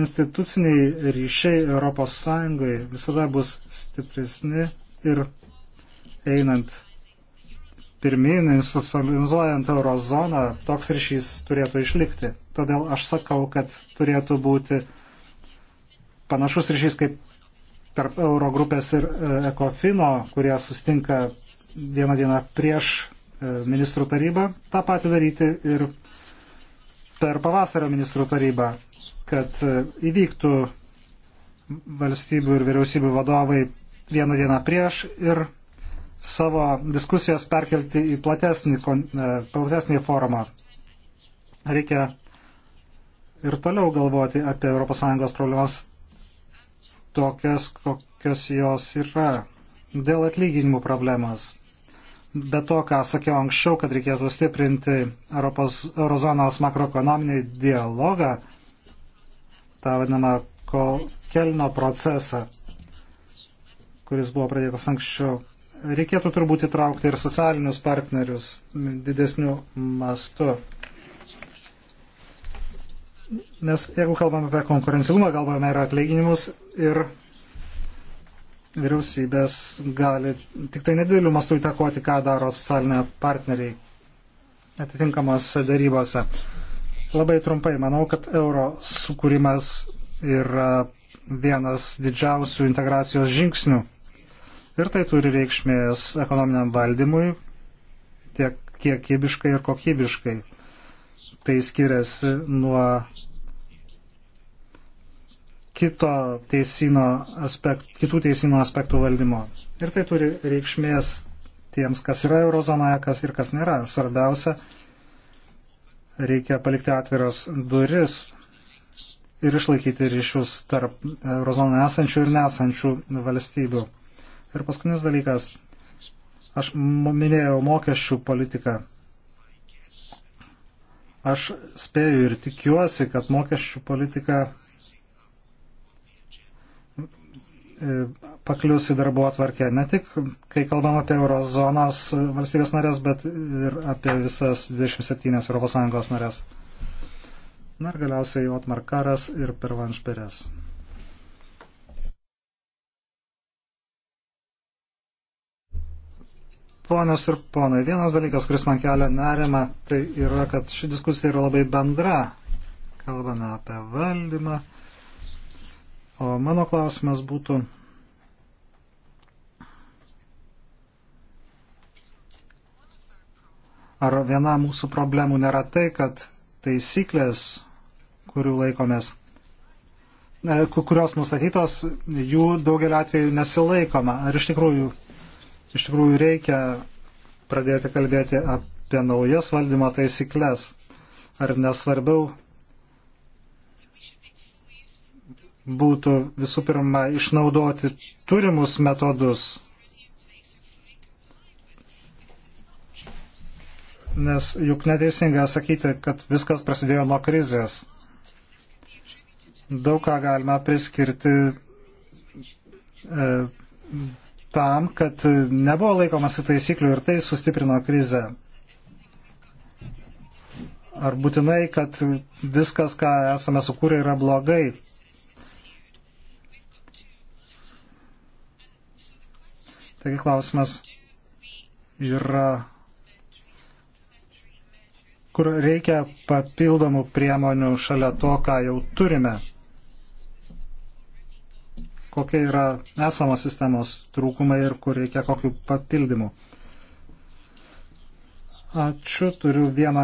instituciniai ryšiai ES visada bus stipresni ir einant pirmin, institucionalizuojant eurozoną, toks ryšys turėtų išlikti. Todėl aš sakau, kad turėtų būti panašus ryšys kaip tarp Eurogrupės ir e, Ekofino, kurie sustinka vieną dieną prieš e, ministrų tarybą, tą patį daryti ir per pavasario ministrų tarybą, kad e, įvyktų valstybių ir vyriausybių vadovai vieną dieną prieš ir savo diskusijas perkelti į platesnį, e, platesnį forumą. Reikia ir toliau galvoti apie ES problemas tokias, kokios jos yra. Dėl atlyginimų problemas. Be to, ką sakiau anksčiau, kad reikėtų stiprinti Europos, Eurozonos makroekonominį dialogą, tą vadinamą Kelno procesą, kuris buvo pradėtas anksčiau reikėtų turbūt įtraukti ir socialinius partnerius didesniu mastu. Nes jeigu kalbame apie konkurencingumą, kalbame ir atlyginimus ir vyriausybės gali tik tai nedėlių mastų įtakoti, ką daro socialiniai partneriai atitinkamose darybose. Labai trumpai, manau, kad euro sukūrimas yra vienas didžiausių integracijos žingsnių ir tai turi reikšmės ekonominiam valdymui tiek kiekybiškai ir kokybiškai. Tai skiriasi nuo kito teisino aspekt, kitų teisino aspektų valdymo. Ir tai turi reikšmės tiems, kas yra eurozonoje, kas ir kas nėra. Svarbiausia, reikia palikti atviras duris ir išlaikyti ryšius tarp eurozonoje esančių ir nesančių valstybių. Ir paskutinis dalykas. Aš minėjau mokesčių politiką. Aš spėju ir tikiuosi, kad mokesčių politika e, paklius į darbo atvarkę ne tik, kai kalbam apie eurozonos valstybės narės, bet ir apie visas 27 ES narės. Na ir galiausiai Otmar Karas ir Pervanš Perės. Ponios ir ponai, vienas dalykas, kuris man kelia nerimą, tai yra, kad ši diskusija yra labai bendra. Kalbame apie valdymą. O mano klausimas būtų. Ar viena mūsų problemų nėra tai, kad taisyklės, kurių laikomės, e, kurios nustatytos, jų daugelio atveju nesilaikoma. Ar iš tikrųjų iš tikrųjų reikia pradėti kalbėti apie naujas valdymo taisyklės. Ar nesvarbiau būtų visų pirma išnaudoti turimus metodus, nes juk neteisinga sakyti, kad viskas prasidėjo nuo krizės. Daug ką galima priskirti e, tam, kad nebuvo laikomasi taisyklių ir tai sustiprino krizę. Ar būtinai, kad viskas, ką esame sukūrę, yra blogai? Taigi klausimas yra, kur reikia papildomų priemonių šalia to, ką jau turime kokie yra esamos sistemos trūkumai ir kur reikia kokių papildymų. Ačiū, turiu vieną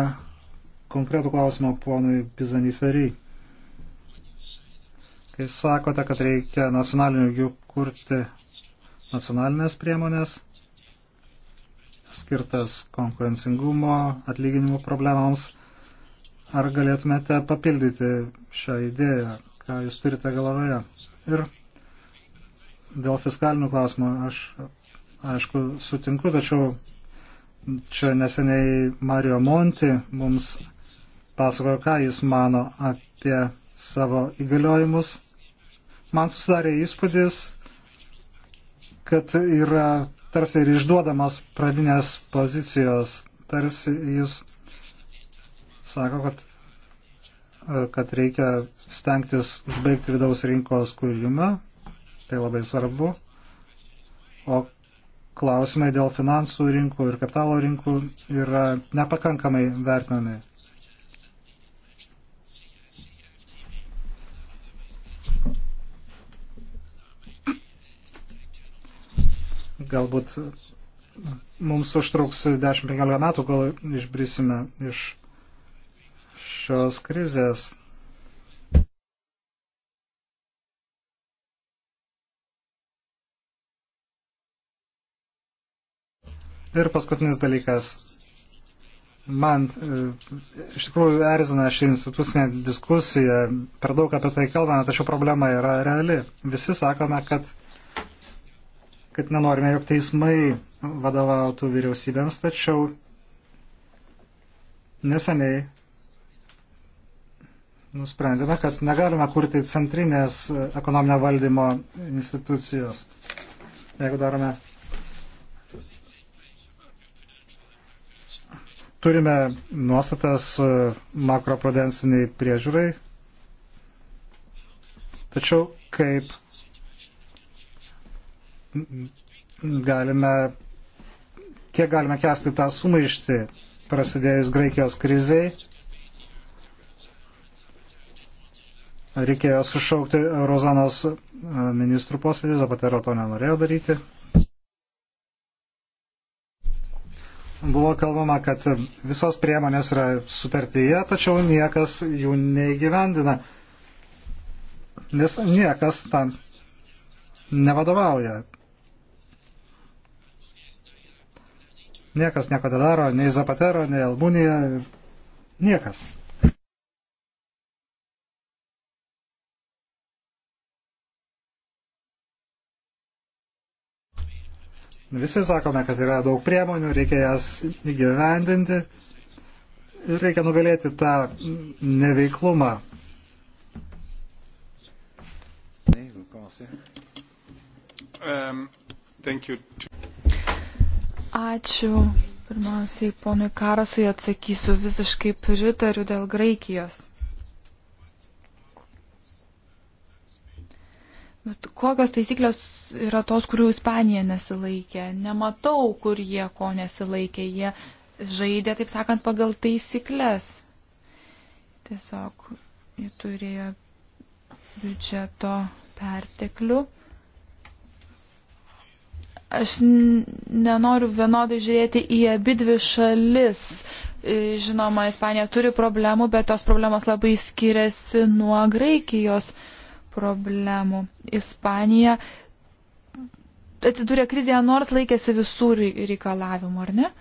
konkretų klausimą ponui Pizaniferiai. Kai sakote, kad reikia nacionalinių lygių kurti nacionalinės priemonės, skirtas konkurencingumo atlyginimų problemams, ar galėtumėte papildyti šią idėją, ką jūs turite galvoje? Ir Dėl fiskalinių klausimų aš, aišku, sutinku, tačiau čia neseniai Mario Monti mums pasakojo, ką jis mano apie savo įgaliojimus. Man susidarė įspūdis, kad yra tarsi ir išduodamas pradinės pozicijos, tarsi jis sako, kad, kad reikia stengtis užbaigti vidaus rinkos kūrimą, Tai labai svarbu. O klausimai dėl finansų rinkų ir kapitalo rinkų yra nepakankamai vertinami. Galbūt mums užtruks 10-15 metų, kol išbrisime iš šios krizės. Ir paskutinis dalykas. Man e, iš tikrųjų erzina ši institucinė diskusija, per daug apie tai kalbame, tačiau problema yra reali. Visi sakome, kad, kad nenorime, jog teismai vadovautų vyriausybėms, tačiau neseniai nusprendėme, kad negalime kurti centrinės ekonominio valdymo institucijos. Jeigu darome Turime nuostatas e, makroprudenciniai priežiūrai. Tačiau kaip galime, kiek galime kesti tą sumaištį prasidėjus Graikijos kriziai, reikėjo sušaukti Eurozonos e, ministrų posėdį, Zapatero tai to nenorėjo daryti. buvo kalbama, kad visos priemonės yra sutartyje, tačiau niekas jų neįgyvendina, nes niekas tam nevadovauja. Niekas nieko nedaro, nei Zapatero, nei Albūnija, niekas. Visi sakome, kad yra daug priemonių, reikia jas įgyvendinti ir reikia nugalėti tą neveiklumą. Um, Ačiū. Pirmiausiai, ponui Karasui atsakysiu, visiškai pritariu dėl Graikijos. Bet kokios taisyklės yra tos, kurių Ispanija nesilaikė? Nematau, kur jie ko nesilaikė. Jie žaidė, taip sakant, pagal taisyklės. Tiesiog jie turėjo biudžeto perteklių. Aš nenoriu vienodai žiūrėti į abi dvi šalis. E, žinoma, Ispanija turi problemų, bet tos problemos labai skiriasi nuo Graikijos. Uh, problemų. Ispanija atsidūrė krizėje, nors laikėsi visų reikalavimų, ar ne?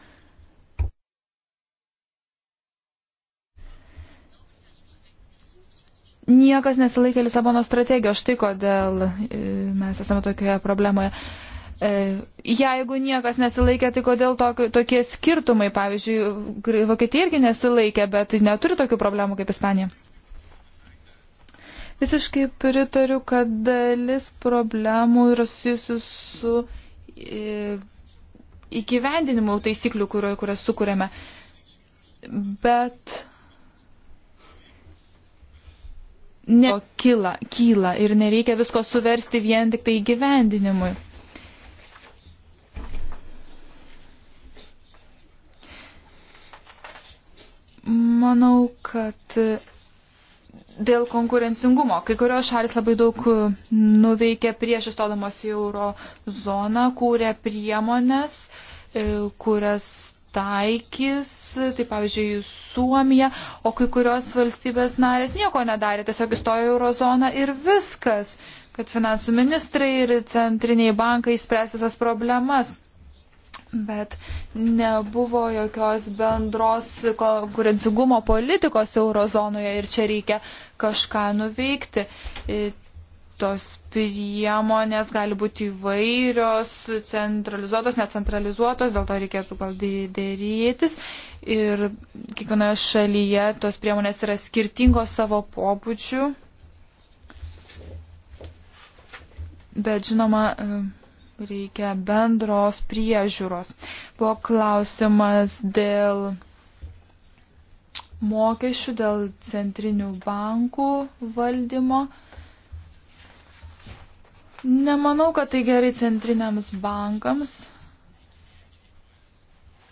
Niekas nesilaikė Lisabono strategijos, štai kodėl e, mes esame tokioje problemoje. E, jeigu niekas nesilaikė, tai kodėl tokie skirtumai, pavyzdžiui, Vokietija irgi nesilaikė, bet neturi tokių problemų kaip Ispanija. Visiškai pritariu, kad dalis problemų yra susijusi su e, įgyvendinimu taisyklių, kurias sukūrėme. Bet ne kyla, kyla ir nereikia visko suversti vien tik tai įgyvendinimui. Manau, kad dėl konkurencingumo. Kai kurios šalis labai daug e, nuveikė prieš įstodamos į euro zoną, kūrė priemonės, e, kurias taikys, tai pavyzdžiui, Suomija, o kai kurios valstybės narės nieko nedarė, tiesiog įstojo į euro zoną ir viskas, kad finansų ministrai ir centriniai bankai spręs visas problemas. Bet nebuvo jokios bendros konkurencingumo politikos eurozonoje ir čia reikia kažką nuveikti. Tos priemonės gali būti įvairios, centralizuotos, necentralizuotos, dėl to reikėtų gal dėrėtis. Ir kiekvienoje šalyje tos priemonės yra skirtingos savo pobūdžių. Bet žinoma, reikia bendros priežiūros. Buvo klausimas dėl mokesčių, dėl centrinių bankų valdymo. Nemanau, kad tai gerai centriniams bankams.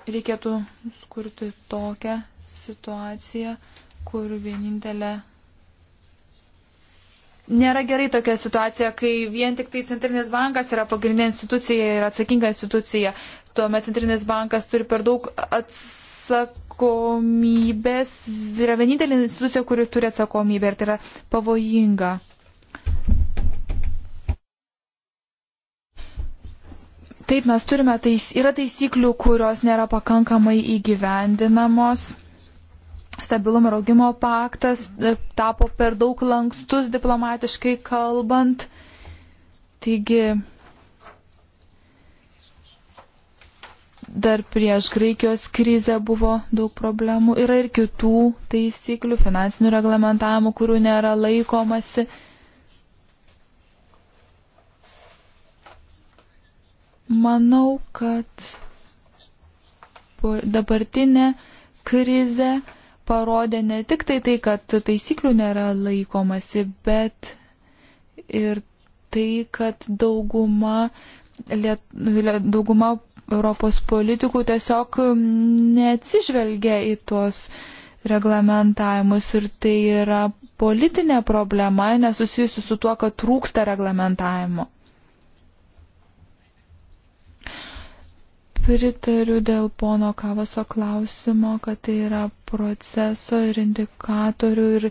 Reikėtų skurti tokią situaciją, kur vienintelė Nėra gerai tokia situacija, kai vien tik tai Centrinis bankas yra pagrindinė institucija ir atsakinga institucija. Tuomet Centrinis bankas turi per daug atsakomybės. Tai yra vienintelė institucija, kuri turi atsakomybę ir tai yra pavojinga. Taip, mes turime, tais, yra taisyklių, kurios nėra pakankamai įgyvendinamos stabilumo ir augimo paktas e, tapo per daug lankstus diplomatiškai kalbant. Taigi dar prieš Graikijos krizę buvo daug problemų. Yra ir kitų taisyklių, finansinių reglamentavimų, kurių nėra laikomasi. Manau, kad dabartinė krize parodė ne tik tai tai, kad taisyklių nėra laikomasi, bet ir tai, kad dauguma, liet, dauguma Europos politikų tiesiog neatsižvelgia į tuos reglamentavimus ir tai yra politinė problema nesusijusi su tuo, kad trūksta reglamentavimo. pritariu dėl pono Kavaso klausimo, kad tai yra proceso ir indikatorių ir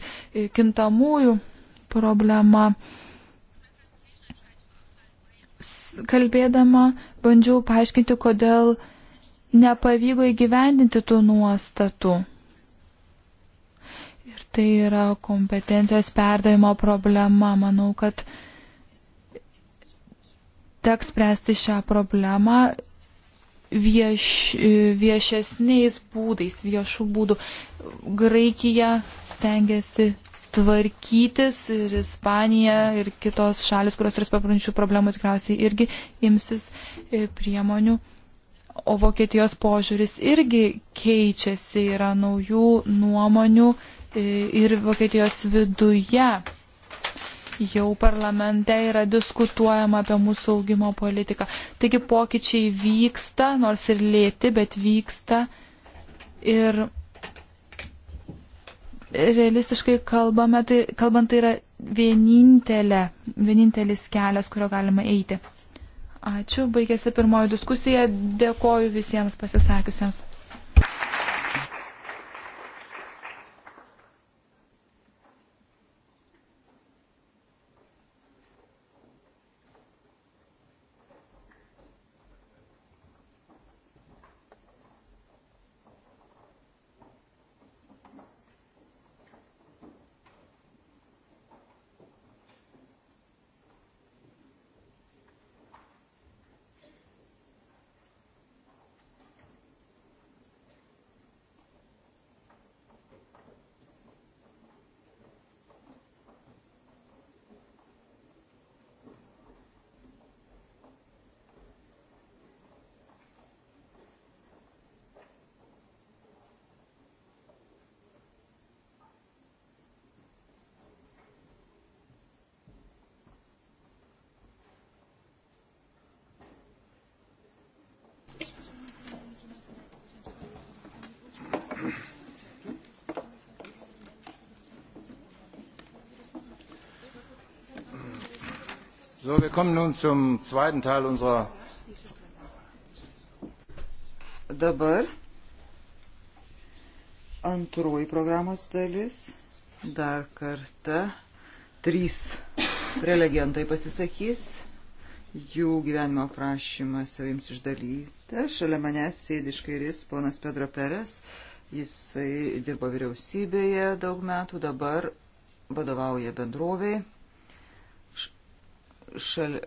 kintamųjų problema. Kalbėdama bandžiau paaiškinti, kodėl nepavyko įgyvendinti tų nuostatų. Ir tai yra kompetencijos perdavimo problema. Manau, kad teks spręsti šią problemą vieš, viešesniais būdais, viešų būdų. Graikija stengiasi tvarkytis ir Ispanija ir kitos šalis, kurios turi paprančių problemų, tikriausiai irgi imsis e, priemonių. O Vokietijos požiūris irgi keičiasi, yra naujų nuomonių e, ir Vokietijos viduje jau parlamente yra diskutuojama apie mūsų augimo politiką. Taigi pokyčiai vyksta, nors ir lėti, bet vyksta. Ir realistiškai kalbame, tai, kalbant, tai yra vienintelė, vienintelis kelias, kurio galima eiti. Ačiū, baigėsi pirmoji diskusija, dėkoju visiems pasisakiusiems. So, wir kommen nun zum zweiten Teil unserer. Dabar antroji programos dalis. Dar kartą trys prelegentai pasisakys. Jų gyvenimo aprašymas jau jums išdalyta. Šalia manęs sėdi iš kairės ponas Pedro Peres. Jisai dirbo vyriausybėje daug metų, dabar vadovauja bendroviai šalia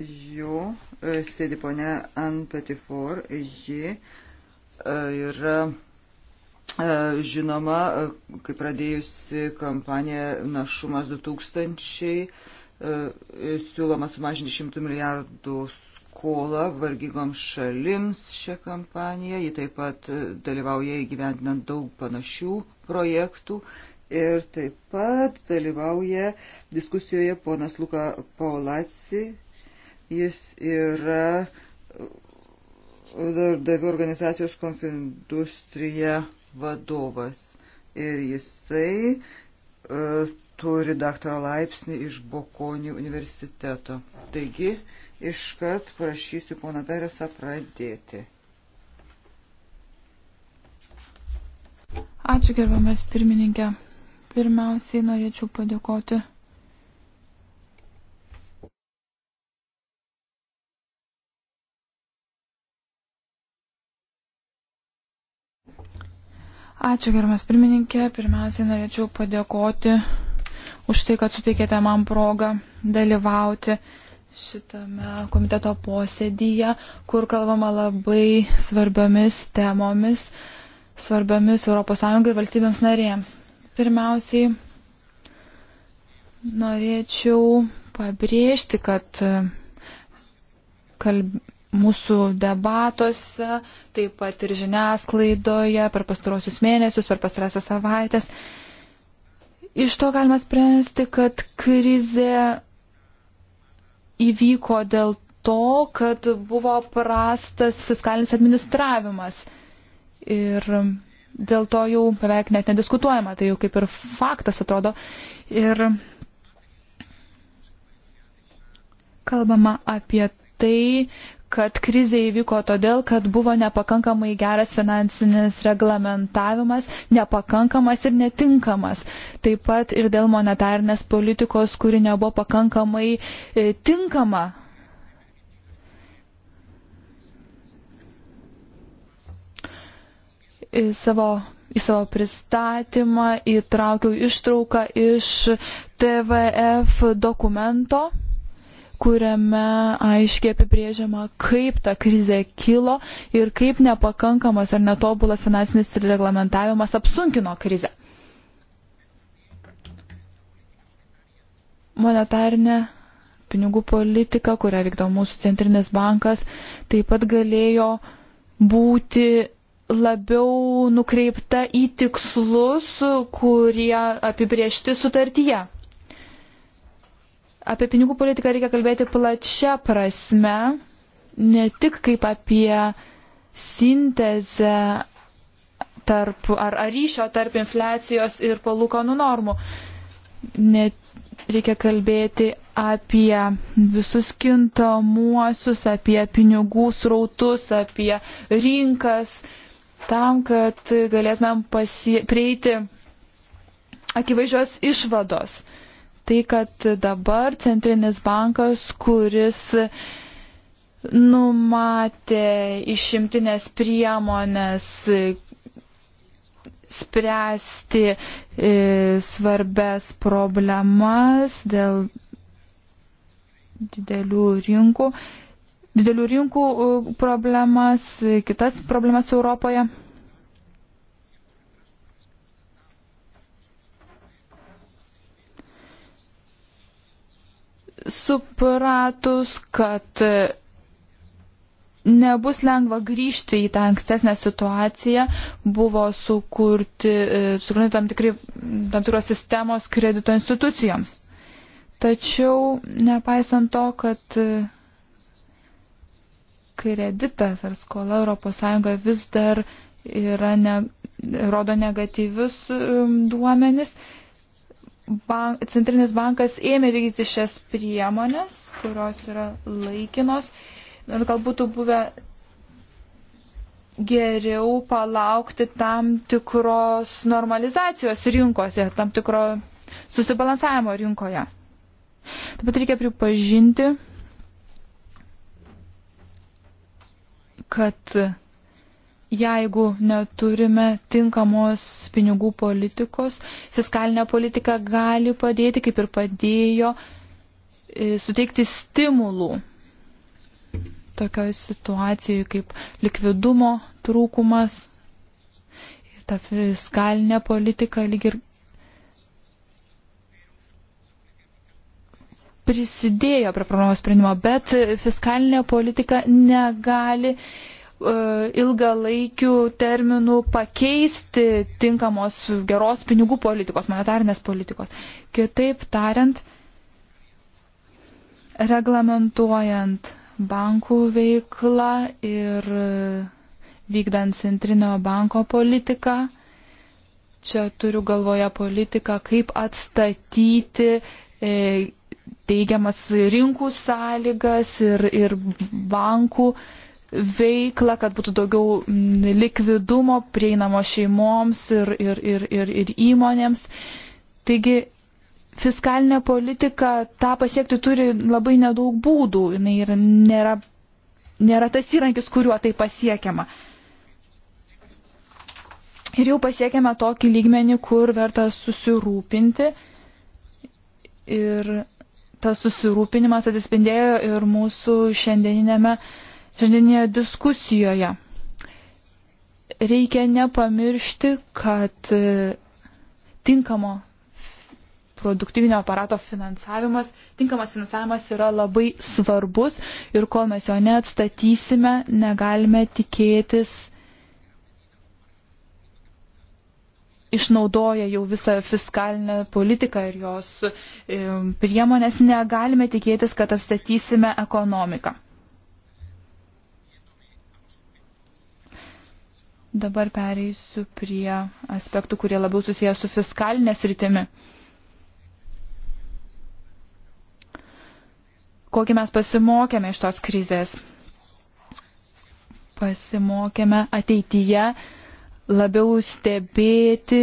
jų e, sėdi ponia Ann Petifor, ji e, yra e, žinoma, kai pradėjusi kampaniją Našumas 2000, siūloma sumažinti 100 milijardų skolą vargygoms šalims šią kampaniją. Ji taip pat dalyvauja įgyvendinant daug panašių projektų ir taip pat dalyvauja diskusijoje ponas Luka Paulaci. Jis yra uh, darbdavių organizacijos konfindustrija vadovas ir jisai uh, turi daktaro laipsnį iš Bokonių universiteto. Taigi, iškart prašysiu poną Peresą pradėti. Ačiū gerbiamas pirmininkė. Pirmiausiai norėčiau padėkoti. Ačiū, gerbiamas pirmininkė. Pirmiausiai norėčiau padėkoti už tai, kad suteikėte man progą dalyvauti šitame komiteto posėdyje, kur kalbama labai svarbiomis temomis, svarbiomis ES ir valstybėms narėms. Pirmiausiai norėčiau pabrėžti, kad kalb... mūsų debatuose, taip pat ir žiniasklaidoje per pastarosius mėnesius, per pastarąsias savaitės, iš to galima spręsti, kad krizė įvyko dėl to, kad buvo prastas fiskalinis administravimas. Ir dėl to jau beveik net nediskutuojama, tai jau kaip ir faktas atrodo. Ir kalbama apie tai, kad krizė įvyko todėl, kad buvo nepakankamai geras finansinis reglamentavimas, nepakankamas ir netinkamas. Taip pat ir dėl monetarnės politikos, kuri nebuvo pakankamai e, tinkama į savo, į savo pristatymą įtraukiau ištrauką iš TVF dokumento kuriame aiškiai apibrėžiama, kaip ta krizė kilo ir kaip nepakankamas ar netobulas finansinis reglamentavimas apsunkino krizę. Monetarinė pinigų politika, kurią vykdo mūsų centrinis bankas, taip pat galėjo būti labiau nukreipta į tikslus, kurie apibriešti sutartyje. Apie pinigų politiką reikia kalbėti plačia prasme, ne tik kaip apie sintezę tarp, ar, ar ryšio tarp infliacijos ir palūkanų normų. Ne, reikia kalbėti apie visus kintamuosius, apie pinigų srautus, apie rinkas, tam, kad galėtumėm pasie... prieiti akivaizdžios išvados. Tai, kad dabar centrinis bankas, kuris numatė išimtinės priemonės spręsti e, svarbes problemas dėl didelių rinkų, didelių rinkų problemas, kitas problemas Europoje. Supratus, kad nebus lengva grįžti į tą ankstesnę situaciją, buvo sukurti, e, sukurti tam, tikri, tam tikros sistemos kredito institucijoms. Tačiau, nepaisant to, kad e, kreditas ar skola ES vis dar yra ne, rodo negatyvius um, duomenis. Bank, Centrinis bankas ėmė vykdyti šias priemonės, kurios yra laikinos. Ir galbūt buvę geriau palaukti tam tikros normalizacijos rinkose, tam tikro susibalansavimo rinkoje. Taip pat reikia pripažinti, kad jeigu neturime tinkamos pinigų politikos, fiskalinė politika gali padėti, kaip ir padėjo, e, suteikti stimulų tokioje situacijoje kaip likvidumo trūkumas. Ir ta fiskalinė politika lyg ir prisidėjo prie problemos sprendimo, bet fiskalinė politika negali e, ilgalaikių terminų pakeisti tinkamos geros pinigų politikos, monetarinės politikos. Kitaip tariant, reglamentuojant bankų veiklą ir vykdant centrinio banko politiką, čia turiu galvoje politiką, kaip atstatyti e, teigiamas rinkų sąlygas ir, ir bankų veiklą, kad būtų daugiau likvidumo prieinamo šeimoms ir, ir, ir, ir, ir įmonėms. Taigi fiskalinė politika tą pasiekti turi labai nedaug būdų, jinai yra, nėra, nėra tas įrankis, kuriuo tai pasiekiama. Ir jau pasiekėme tokį lygmenį, kur verta susirūpinti. Ir tas susirūpinimas atsispindėjo ir mūsų šiandieninėme, šiandieninėje diskusijoje. Reikia nepamiršti, kad e, tinkamo produktyvinio aparato finansavimas, tinkamas finansavimas yra labai svarbus ir kol mes jo neatstatysime, negalime tikėtis išnaudoja jau visą fiskalinę politiką ir jos e, priemonės, negalime tikėtis, kad atstatysime ekonomiką. Dabar pereisiu prie aspektų, kurie labiau susiję su fiskalinė sritimi. Kokį mes pasimokėme iš tos krizės? Pasimokėme ateityje labiau stebėti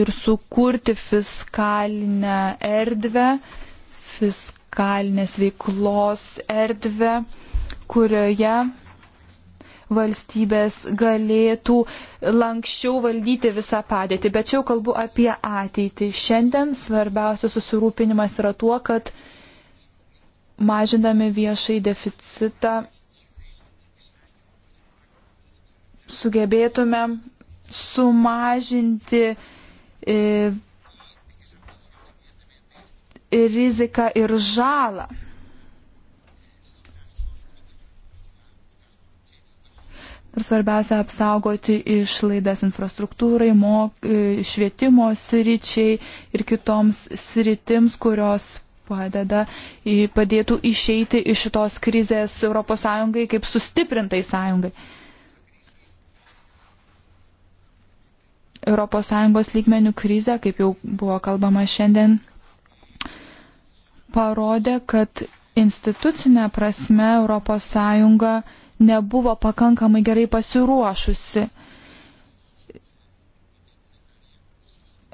ir sukurti fiskalinę erdvę, fiskalinės veiklos erdvę, kurioje valstybės galėtų lankščiau valdyti visą padėtį. Bet čia jau kalbu apie ateitį. Šiandien svarbiausias susirūpinimas yra tuo, kad mažindami viešai deficitą sugebėtume sumažinti e, riziką ir žalą. Ir svarbiausia apsaugoti išlaidas infrastruktūrai, mok, e, švietimo sričiai ir kitoms sritims, kurios padeda, padėtų išeiti iš šitos krizės ES kaip sustiprintai sąjungai. ES lygmenių krizė, kaip jau buvo kalbama šiandien, parodė, kad institucinė prasme ES nebuvo pakankamai gerai pasiruošusi.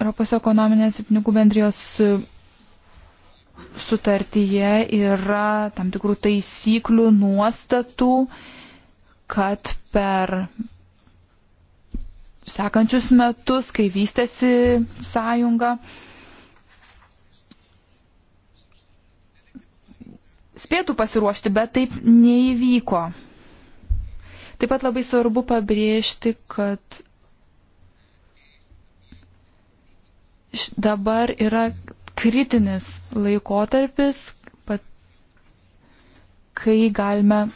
Europos ekonominės ir pinigų bendrijos sutartyje yra tam tikrų taisyklių, nuostatų, kad per sekančius metus, kai vystėsi sąjunga. Spėtų pasiruošti, bet taip neįvyko. Taip pat labai svarbu pabrėžti, kad dabar yra kritinis laikotarpis, kai galime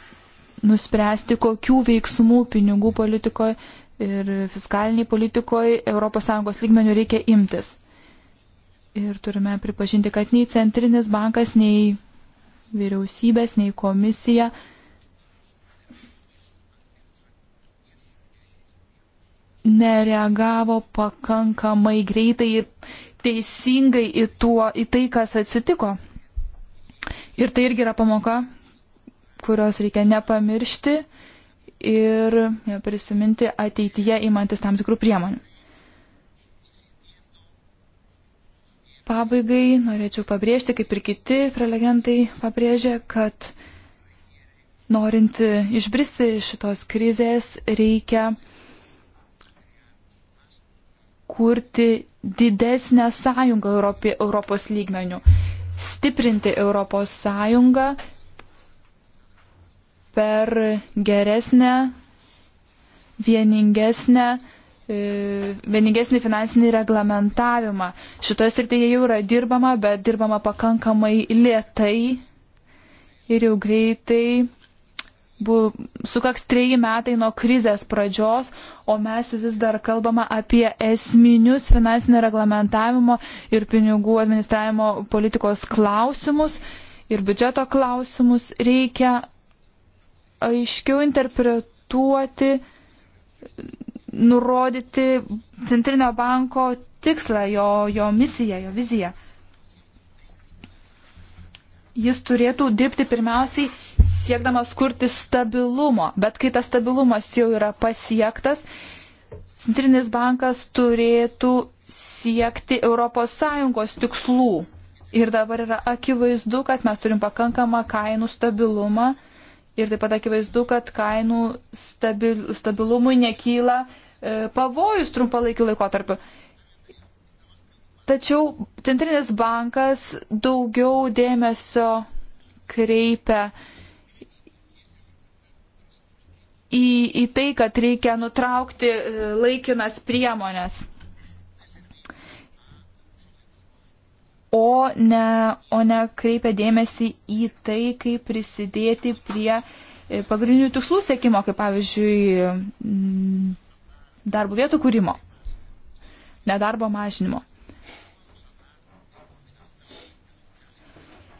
nuspręsti, kokių veiksmų pinigų politikoje ir fiskaliniai politikoje ES lygmenių reikia imtis. Ir turime pripažinti, kad nei centrinis bankas, nei vyriausybės, nei komisija nereagavo pakankamai greitai ir teisingai į, tuo, į tai, kas atsitiko. Ir tai irgi yra pamoka, kurios reikia nepamiršti ir e, prisiminti ateityje įmantis tam tikrų priemonių. Pabaigai norėčiau pabrėžti, kaip ir kiti prelegentai pabrėžė, kad norint išbristi iš šitos krizės reikia kurti didesnę sąjungą Europė, Europos lygmenių, stiprinti Europos sąjungą, per geresnę, vieningesnę, e, vieningesnį finansinį reglamentavimą. Šitoje srityje jau yra dirbama, bet dirbama pakankamai lietai ir jau greitai bu, sukaks treji metai nuo krizės pradžios, o mes vis dar kalbame apie esminius finansinio reglamentavimo ir pinigų administravimo politikos klausimus ir biudžeto klausimus. Reikia aiškiau interpretuoti, nurodyti Centrinio banko tikslą, jo, jo misiją, jo viziją. Jis turėtų dirbti pirmiausiai siekdamas kurti stabilumo, bet kai tas stabilumas jau yra pasiektas, Centrinis bankas turėtų siekti ES tikslų. Ir dabar yra akivaizdu, kad mes turim pakankamą kainų stabilumą, ir taip pat akivaizdu, kad kainų stabil, stabilumui nekyla e, pavojus trumpalaikiu laikotarpiu. Tačiau Centrinis bankas daugiau dėmesio kreipia į, į tai, kad reikia nutraukti e, laikinas priemonės. o ne, o ne kreipia dėmesį į tai, kaip prisidėti prie e, pagrindinių tikslų sėkimo, kaip pavyzdžiui mm, darbo vietų kūrimo, nedarbo mažinimo.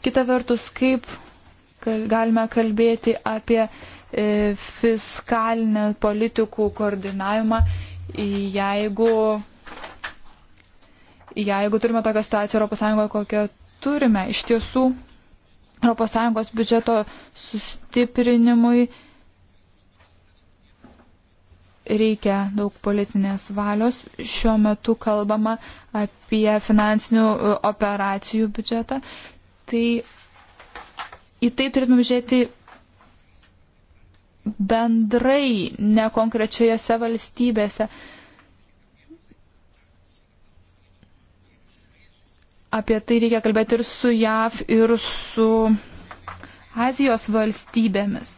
Kita vertus, kaip galime kalbėti apie e, fiskalinę politikų koordinavimą, jeigu jeigu turime tokią situaciją ES, kokią turime, iš tiesų ES biudžeto sustiprinimui reikia daug politinės valios. Šiuo metu kalbama apie finansinių e, operacijų biudžetą. Tai į tai turėtume žiūrėti bendrai, ne konkrečioje valstybėse. Uh, apie tai reikia kalbėti ir su JAV, ir su Azijos valstybėmis.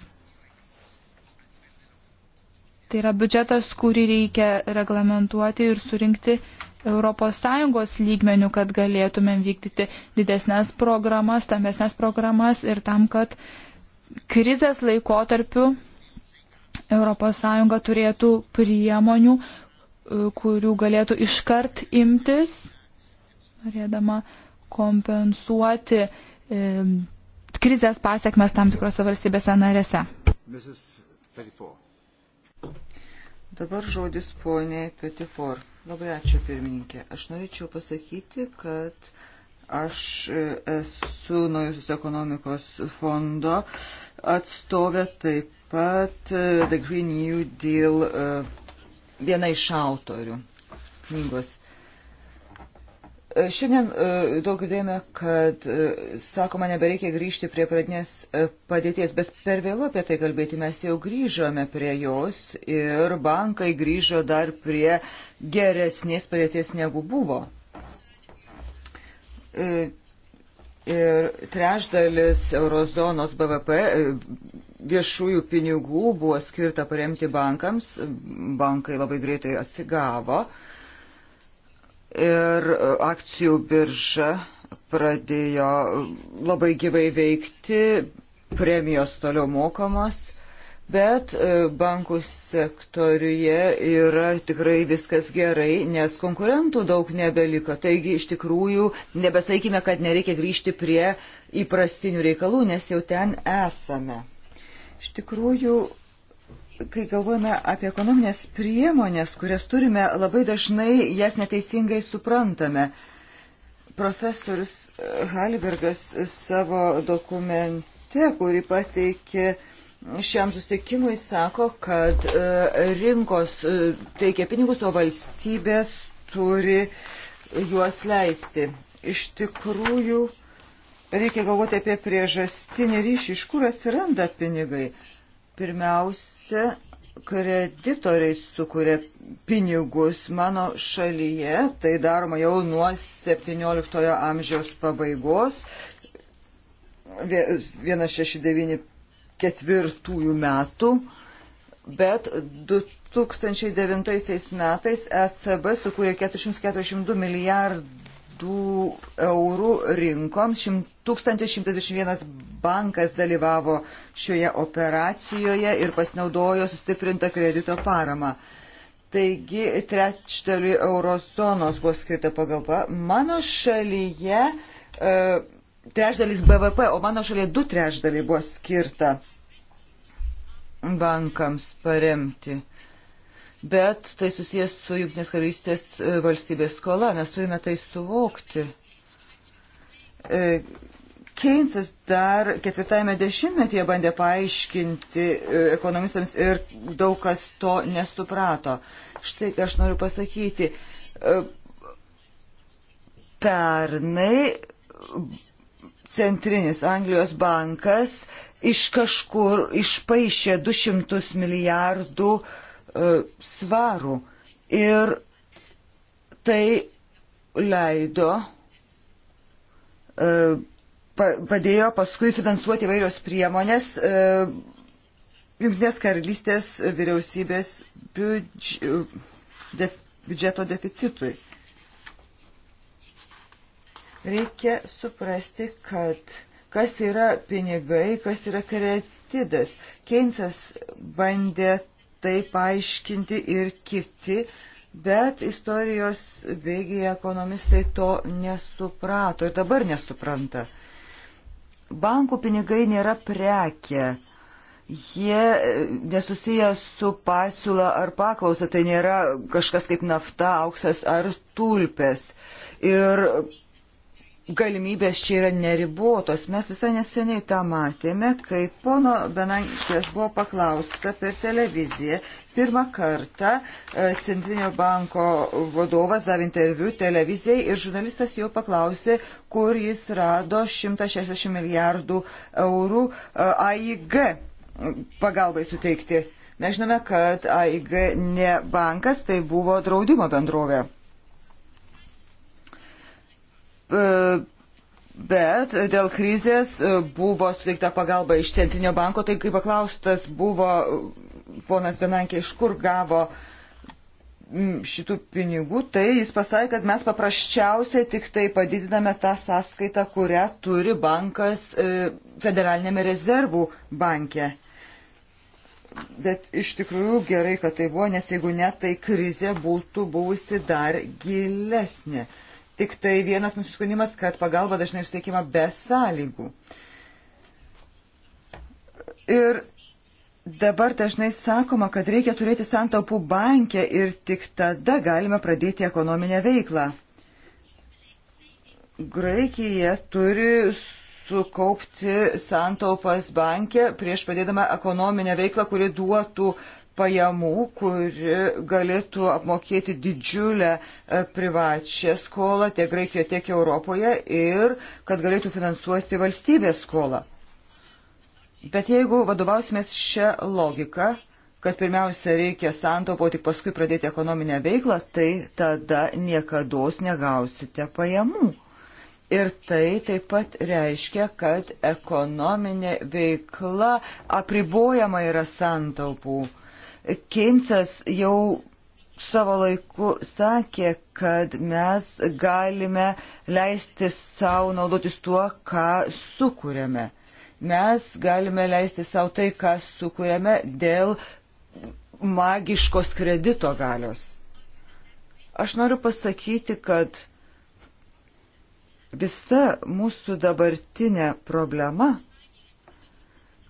Tai yra biudžetas, kurį reikia reglamentuoti ir surinkti ES lygmenių, kad galėtumėm vykdyti didesnės programas, tamesnės programas ir tam, kad krizės laikotarpiu ES turėtų priemonių, e, kurių galėtų iškart imtis norėdama kompensuoti e, krizės pasiekmes tam tikrose valstybėse narėse. Dabar žodis poniai Petifor. Labai ačiū pirmininkė. Aš norėčiau pasakyti, kad aš e, esu Naujusios ekonomikos fondo atstovė, taip pat e, The Green New Deal e, viena iš autorių knygos. E, šiandien e, daug girdėjome, kad, e, sakoma, nebereikia grįžti prie pradinės padėties, bet per vėlu apie tai kalbėti mes jau grįžome prie jos ir bankai grįžo dar prie geresnės padėties negu buvo. Ir trešdalis eurozonos BVP viešųjų pinigų buvo skirta paremti bankams, bankai labai greitai atsigavo ir akcijų birža pradėjo labai gyvai veikti, premijos toliau mokamos, bet e, bankų sektoriuje yra tikrai viskas gerai, nes konkurentų daug nebeliko. Taigi iš tikrųjų nebesakykime, kad nereikia grįžti prie įprastinių reikalų, nes jau ten esame. Iš tikrųjų, kai galvojame apie ekonominės priemonės, kurias turime, labai dažnai jas neteisingai suprantame. Profesorius Halbergas savo dokumente, kurį pateikė šiam susitikimui, sako, kad e, rinkos e, teikia pinigus, o valstybės turi juos leisti. Iš tikrųjų, reikia galvoti apie priežastinį ryšį, iš kur atsiranda pinigai. Pirmiausia, kreditoriai sukuria pinigus mano šalyje, tai daroma jau nuo 17 amžiaus pabaigos, 169 ketvirtųjų metų, bet 2009 metais ECB sukūrė 442 milijardų milijardų eurų rinkoms. 1121 bankas dalyvavo šioje operacijoje ir pasinaudojo sustiprintą kredito paramą. Taigi trečdaliui eurozonos buvo skirta pagalba. Mano šalyje e, trečdalis BVP, o mano šalyje du trečdaliai buvo skirta bankams paremti bet tai susijęs su Junktinės karalystės e, valstybės skola. Mes turime tai suvokti. E, Keynesas dar ketvirtajame dešimtmetyje bandė paaiškinti e, ekonomistams ir daug kas to nesuprato. Štai ką aš noriu pasakyti. Pernai centrinis Anglijos bankas iš kažkur išpaišė 200 milijardų uh, E, svarų. Ir tai leido, e, padėjo paskui finansuoti vairios priemonės e, Junktinės karalystės vyriausybės biudž... def... biudžeto deficitui. Reikia suprasti, kad kas yra pinigai, kas yra kreditas. Keinsas bandė tai paaiškinti ir kiti, bet istorijos bėgėje ekonomistai to nesuprato ir dabar nesupranta. Bankų pinigai nėra prekė jie e, nesusiję su pasiūla ar paklausa, tai nėra kažkas kaip nafta, auksas ar tulpės. Ir galimybės čia yra neribotos. Mes visai neseniai tą matėme, kai pono Benankės buvo paklausta per televiziją. Pirmą kartą e, Centrinio banko vadovas davė interviu televizijai ir žurnalistas jo paklausė, kur jis rado 160 milijardų eurų e, AIG pagalbai suteikti. Mes žinome, kad AIG ne bankas, tai buvo draudimo bendrovė. Bet dėl krizės e, buvo suteikta pagalba iš Centrinio banko, tai kai paklaustas buvo e, ponas Benankė, iš kur gavo šitų pinigų, tai jis pasakė, kad mes paprasčiausiai tik tai padidiname tą sąskaitą, kurią turi bankas e, federalinėme rezervų banke. Bet iš tikrųjų gerai, kad tai buvo, nes jeigu ne, tai krizė būtų buvusi dar gilesnė tik tai vienas nusiskundimas, kad pagalba dažnai suteikima be sąlygų. Ir dabar dažnai sakoma, kad reikia turėti santaupų bankę ir tik tada galime pradėti ekonominę veiklą. Graikija turi sukaupti santaupas bankę prieš padėdama ekonominę veiklą, kuri duotų pajamų, kuri galėtų apmokėti didžiulę e, privačią skolą tiek Graikijoje, tiek Europoje ir kad galėtų finansuoti valstybės skolą. Bet jeigu vadovausimės šią logiką, kad pirmiausia reikia santopo, tik paskui pradėti ekonominę veiklą, tai tada niekada negausite pajamų. Ir tai taip pat reiškia, kad ekonominė veikla apribojama yra santaupų. Keinsas jau savo laiku sakė, kad mes galime leisti savo naudotis tuo, ką sukūrėme. Mes galime leisti savo tai, ką sukūrėme dėl magiškos kredito galios. Aš noriu pasakyti, kad visa mūsų dabartinė problema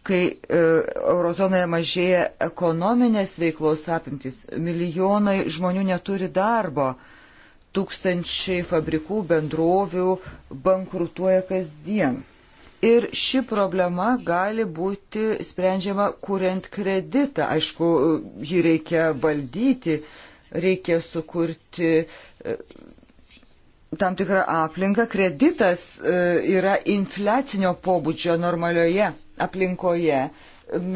kai e, eurozonoje mažėja ekonominės veiklos apimtis, milijonai žmonių neturi darbo, tūkstančiai fabrikų bendrovių bankrutuoja kasdien. Ir ši problema gali būti sprendžiama kuriant kreditą. Aišku, jį reikia valdyti, reikia sukurti e, tam tikrą aplinką. Kreditas e, yra inflecinio pobūdžio normalioje aplinkoje.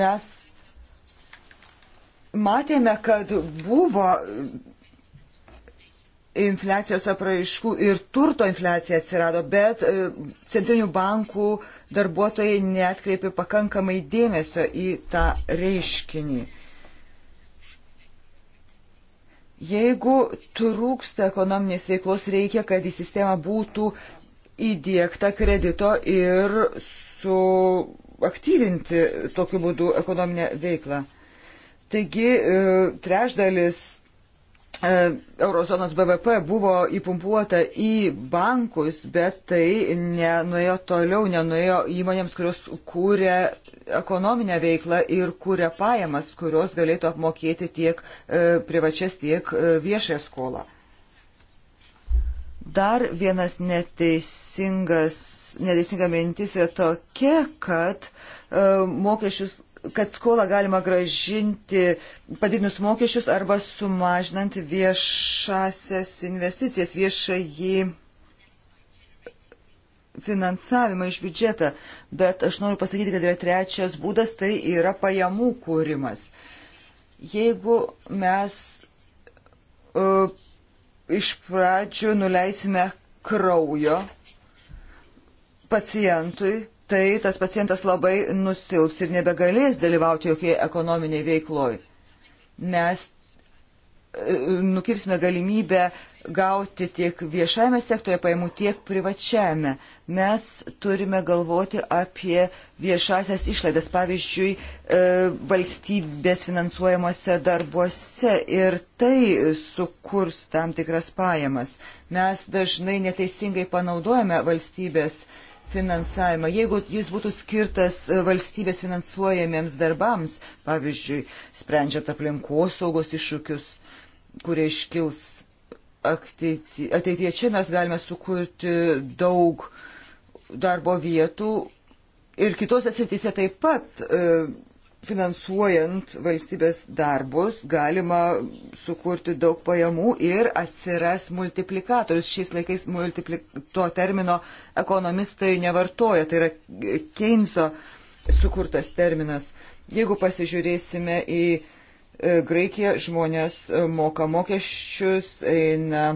Mes matėme, kad buvo infliacijos apraiškų ir turto infliacija atsirado, bet e, centrinių bankų darbuotojai netkreipė pakankamai dėmesio į tą reiškinį. Jeigu trūksta ekonominės veiklos, reikia, kad į sistemą būtų įdėkta kredito ir su aktyvinti tokiu būdu ekonominę veiklą. Taigi e, trešdalis e, Eurozonos BVP buvo įpumpuota į bankus, bet tai nenuėjo toliau, nenuėjo įmonėms, kurios kūrė ekonominę veiklą ir kūrė pajamas, kurios galėtų apmokėti tiek e, privačias, tiek viešąją skolą. Dar vienas neteisingas nedėsinga mintis yra tokia, kad e, mokesčius kad skolą galima gražinti padidinus mokesčius arba sumažinant viešasias investicijas, viešąjį finansavimą iš biudžetą. Bet aš noriu pasakyti, kad yra trečias būdas, tai yra pajamų kūrimas. Jeigu mes uh, iš pradžių nuleisime kraujo pacientui, tai tas pacientas labai nusilps ir nebegalės dalyvauti jokiai ekonominiai veikloj. Mes e, nukirsime galimybę gauti tiek viešajame sektoje paimų, tiek privačiame. Mes turime galvoti apie viešasias išlaidas, pavyzdžiui, e, valstybės finansuojamuose darbuose ir tai sukurs tam tikras pajamas. Mes dažnai neteisingai panaudojame valstybės uh, finansavimą. Jeigu jis būtų skirtas e, valstybės finansuojamiems darbams, pavyzdžiui, sprendžiant aplinkosaugos iššūkius, kurie iškils ateityje, ateityje čia mes galime sukurti daug darbo vietų ir kitose srityse taip pat. E, finansuojant valstybės darbus galima sukurti daug pajamų ir atsiras multiplikatorius. Šiais laikais multipli... to termino ekonomistai nevartoja, tai yra Keinso sukurtas terminas. Jeigu pasižiūrėsime į e, Graikiją, žmonės e, moka mokesčius, eina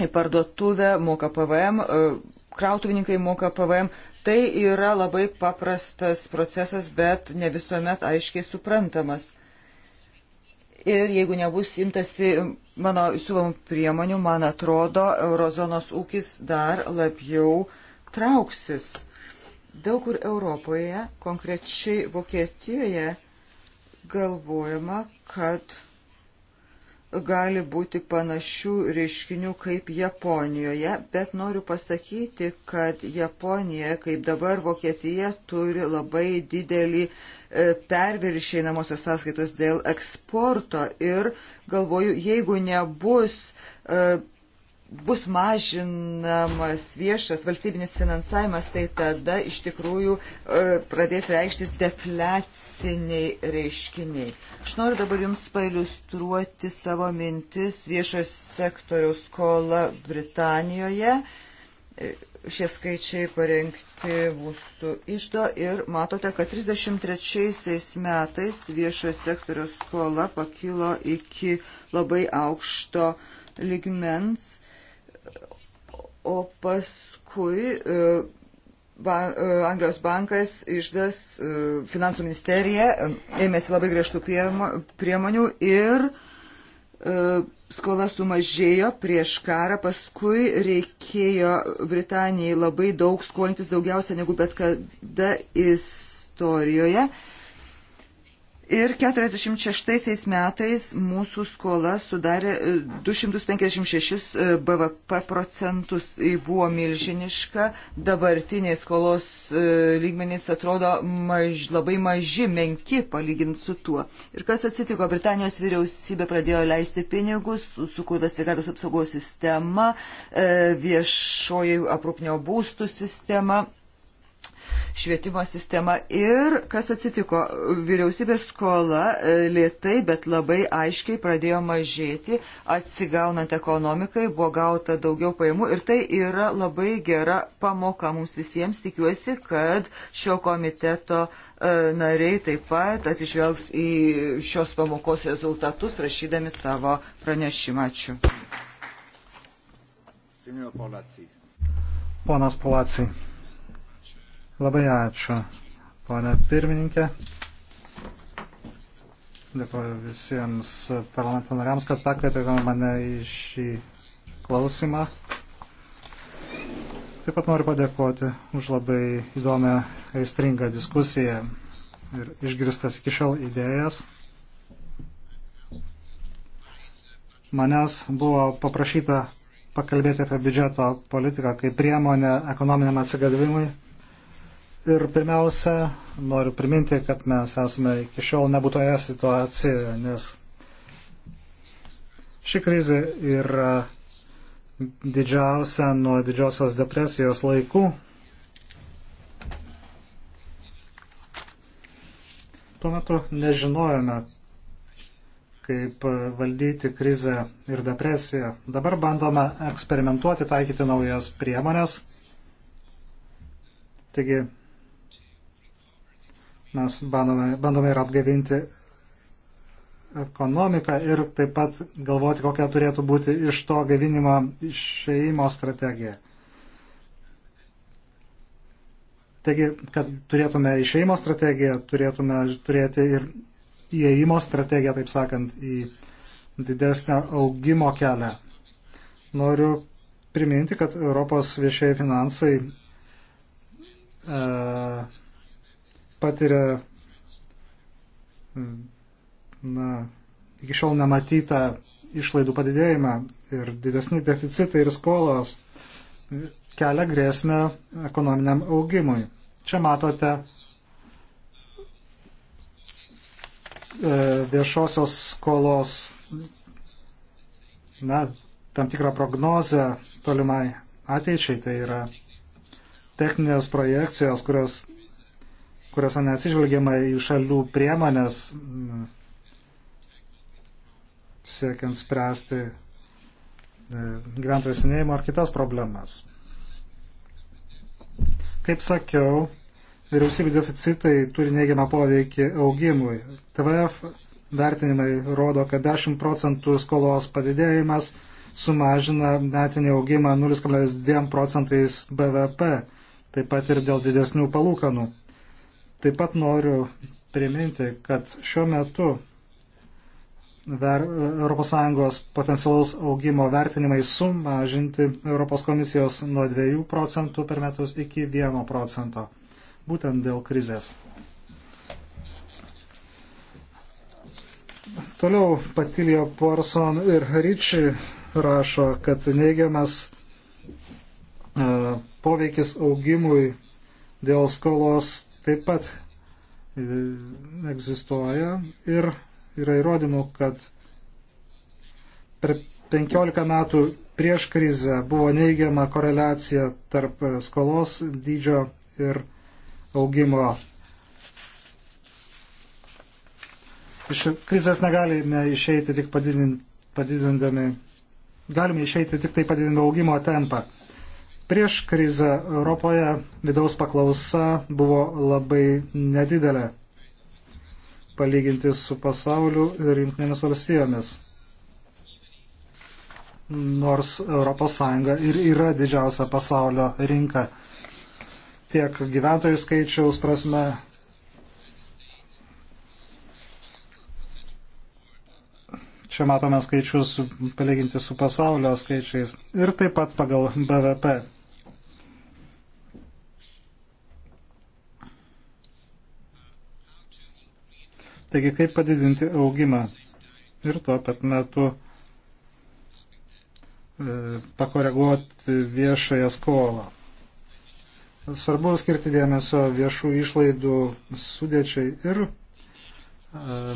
į parduotuvę, moka PVM, e, krautuvininkai moka PVM, Tai yra labai paprastas procesas, bet ne visuomet aiškiai suprantamas. Ir jeigu nebus imtasi mano siūlomų priemonių, man atrodo, eurozonos ūkis dar labiau trauksis. Daug kur Europoje, konkrečiai Vokietijoje, galvojama, kad gali būti panašių reiškinių kaip Japonijoje, bet noriu pasakyti, kad Japonija, kaip dabar Vokietija, turi labai didelį e, perviršį einamosios sąskaitos dėl eksporto ir galvoju, jeigu nebus e, bus mažinamas viešas valstybinis finansavimas, tai tada iš tikrųjų e, pradės reikštis defleciniai reiškiniai. Aš noriu dabar Jums pailustruoti savo mintis viešojo sektoriaus skola Britanijoje. E, šie skaičiai parengti mūsų išdo ir matote, kad 33 metais viešojo sektoriaus skola pakilo iki labai aukšto lygmens O paskui e, Ban, e, Anglijos bankas, išdas, e, finansų ministerija ėmėsi labai griežtų priemonių ir skola sumažėjo prieš karą, paskui reikėjo Britanijai labai daug skolintis, daugiausia negu bet kada istorijoje. Ir 46 metais mūsų skola sudarė 256 e, e, BVP procentus, tai buvo milžiniška, dabartiniai skolos e, lygmenys atrodo maž, labai maži, menki palyginti su tuo. Ir kas atsitiko, Britanijos vyriausybė pradėjo leisti pinigus, sukurta sveikatos apsaugos sistema, viešoji aprūpnio būstų sistema švietimo sistema. Ir kas atsitiko? Vyriausybės skola e, lietai, bet labai aiškiai pradėjo mažėti, atsigaunant ekonomikai, buvo gauta daugiau pajamų ir tai yra labai gera pamoka mums visiems. Tikiuosi, kad šio komiteto e, nariai taip pat atsižvelgs į šios pamokos rezultatus, rašydami savo pranešimą. Ačiū. Ponas Palacijai. Labai ačiū, ponė pirmininkė. Dėkuoju visiems parlamento nariams, kad pakvietėte mane į šį klausimą. Taip pat noriu padėkoti už labai įdomią, aistringą diskusiją ir išgirstas iki šiol idėjas. Manęs buvo paprašyta pakalbėti apie biudžeto politiką kaip priemonę ekonominiam atsigavimui Ir pirmiausia, noriu priminti, kad mes esame iki šiol nebūtoje situacijoje, nes ši krizė yra didžiausia nuo didžiosios depresijos laikų. Tuo metu nežinojome, kaip valdyti krizę ir depresiją. Dabar bandome eksperimentuoti, taikyti naujas priemonės. Taigi Mes bandome, bandome ir atgaivinti ekonomiką ir taip pat galvoti, kokia turėtų būti iš to gaivinimo išeimo strategija. Taigi, kad turėtume išeimo strategiją, turėtume turėti ir įėjimo strategiją, taip sakant, į didesnę augimo kelią. Noriu priminti, kad Europos viešieji finansai uh, e, patiria na, iki šiol nematytą išlaidų padidėjimą ir didesni deficitai ir skolos kelia grėsmę ekonominiam augimui. Čia matote e, viešosios skolos na, tam tikrą prognozę tolimai ateičiai, tai yra techninės projekcijos, kurios kuriuose nesižvelgiama į šalių priemonės mm, siekiant spręsti e, gyventojų senėjimo ar kitas problemas. Kaip sakiau, vyriausybių deficitai turi neigiamą poveikį augimui. TVF vertinimai rodo, kad 10 procentų skolos padidėjimas sumažina metinį augimą 0,2 procentais BVP, taip pat ir dėl didesnių palūkanų. Taip pat noriu priminti, kad šiuo metu ES potencialaus augimo vertinimai sumažinti ES komisijos nuo 2 procentų per metus iki 1 procento, būtent dėl krizės. Toliau Patilio Porson ir Riči rašo, kad neigiamas e, poveikis augimui dėl skolos taip pat e, egzistuoja ir yra įrodymų, kad per 15 metų prieš krizę buvo neigiama koreliacija tarp e, skolos dydžio ir augimo. Iš krizės negalime išeiti tik padidindami, galime išeiti tik tai padidindami augimo tempą. Prieš krizę Europoje vidaus paklausa buvo labai nedidelė palyginti su pasauliu ir jungtinėmis valstijomis. Nors ES ir yra didžiausia pasaulio rinka tiek gyventojų skaičiaus prasme, Čia matome skaičius palyginti su pasaulio skaičiais ir taip pat pagal BVP. Taigi, kaip padidinti augimą ir tuo pat metu e, pakoreguoti viešąją skolą. Svarbu skirti dėmesio viešų išlaidų sudėčiai ir e,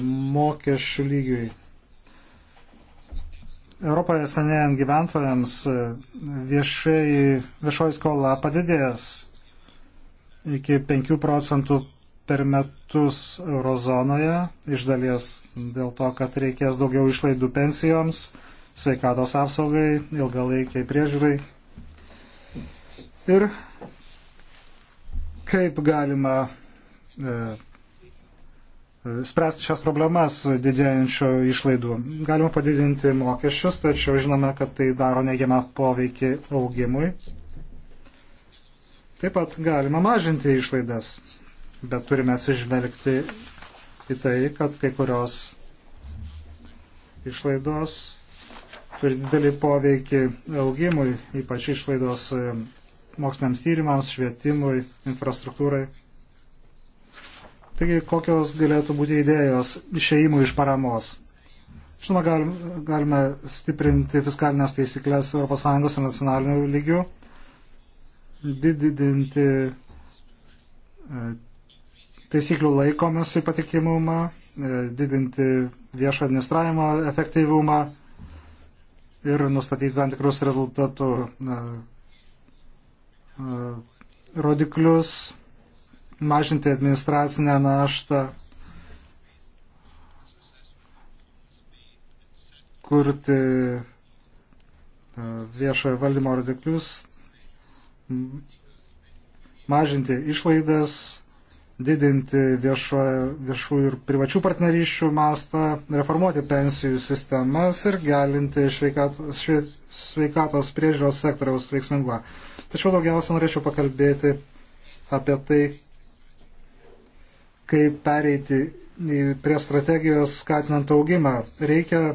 mokesčių lygiui. Europoje senėjant gyventojams e, viešai, viešoji skola padidės iki 5 procentų per metus eurozonoje, iš dalies dėl to, kad reikės daugiau išlaidų pensijoms, sveikatos apsaugai, ilgalaikiai priežiūrai. Ir kaip galima e, e spręsti šias problemas didėjančio išlaidų. Galima padidinti mokesčius, tačiau žinome, kad tai daro neigiamą poveikį augimui. Taip pat galima mažinti išlaidas bet turime atsižvelgti į tai, kad kai kurios išlaidos turi didelį poveikį augimui, ypač išlaidos e, moksliniams tyrimams, švietimui, infrastruktūrai. Taigi, kokios galėtų būti idėjos išeimų iš paramos? Žinoma, galime stiprinti fiskalinės taisyklės ES ir nacionalinių lygių, didinti e, taisyklių laikomasi patikimumą, e, didinti viešo administravimo efektyvumą ir nustatyti tam tikrus rezultatų e, e, rodiklius, mažinti administracinę naštą, kurti viešojo valdymo rodiklius, mažinti išlaidas, didinti viešo, viešų ir privačių partnerysčių mastą, reformuoti pensijų sistemas ir galinti sveikatos, sveikatos priežiūros sektoriaus veiksmingumą. Tačiau daugiausia norėčiau pakalbėti apie tai, kaip pereiti prie strategijos skatinant augimą. Reikia e,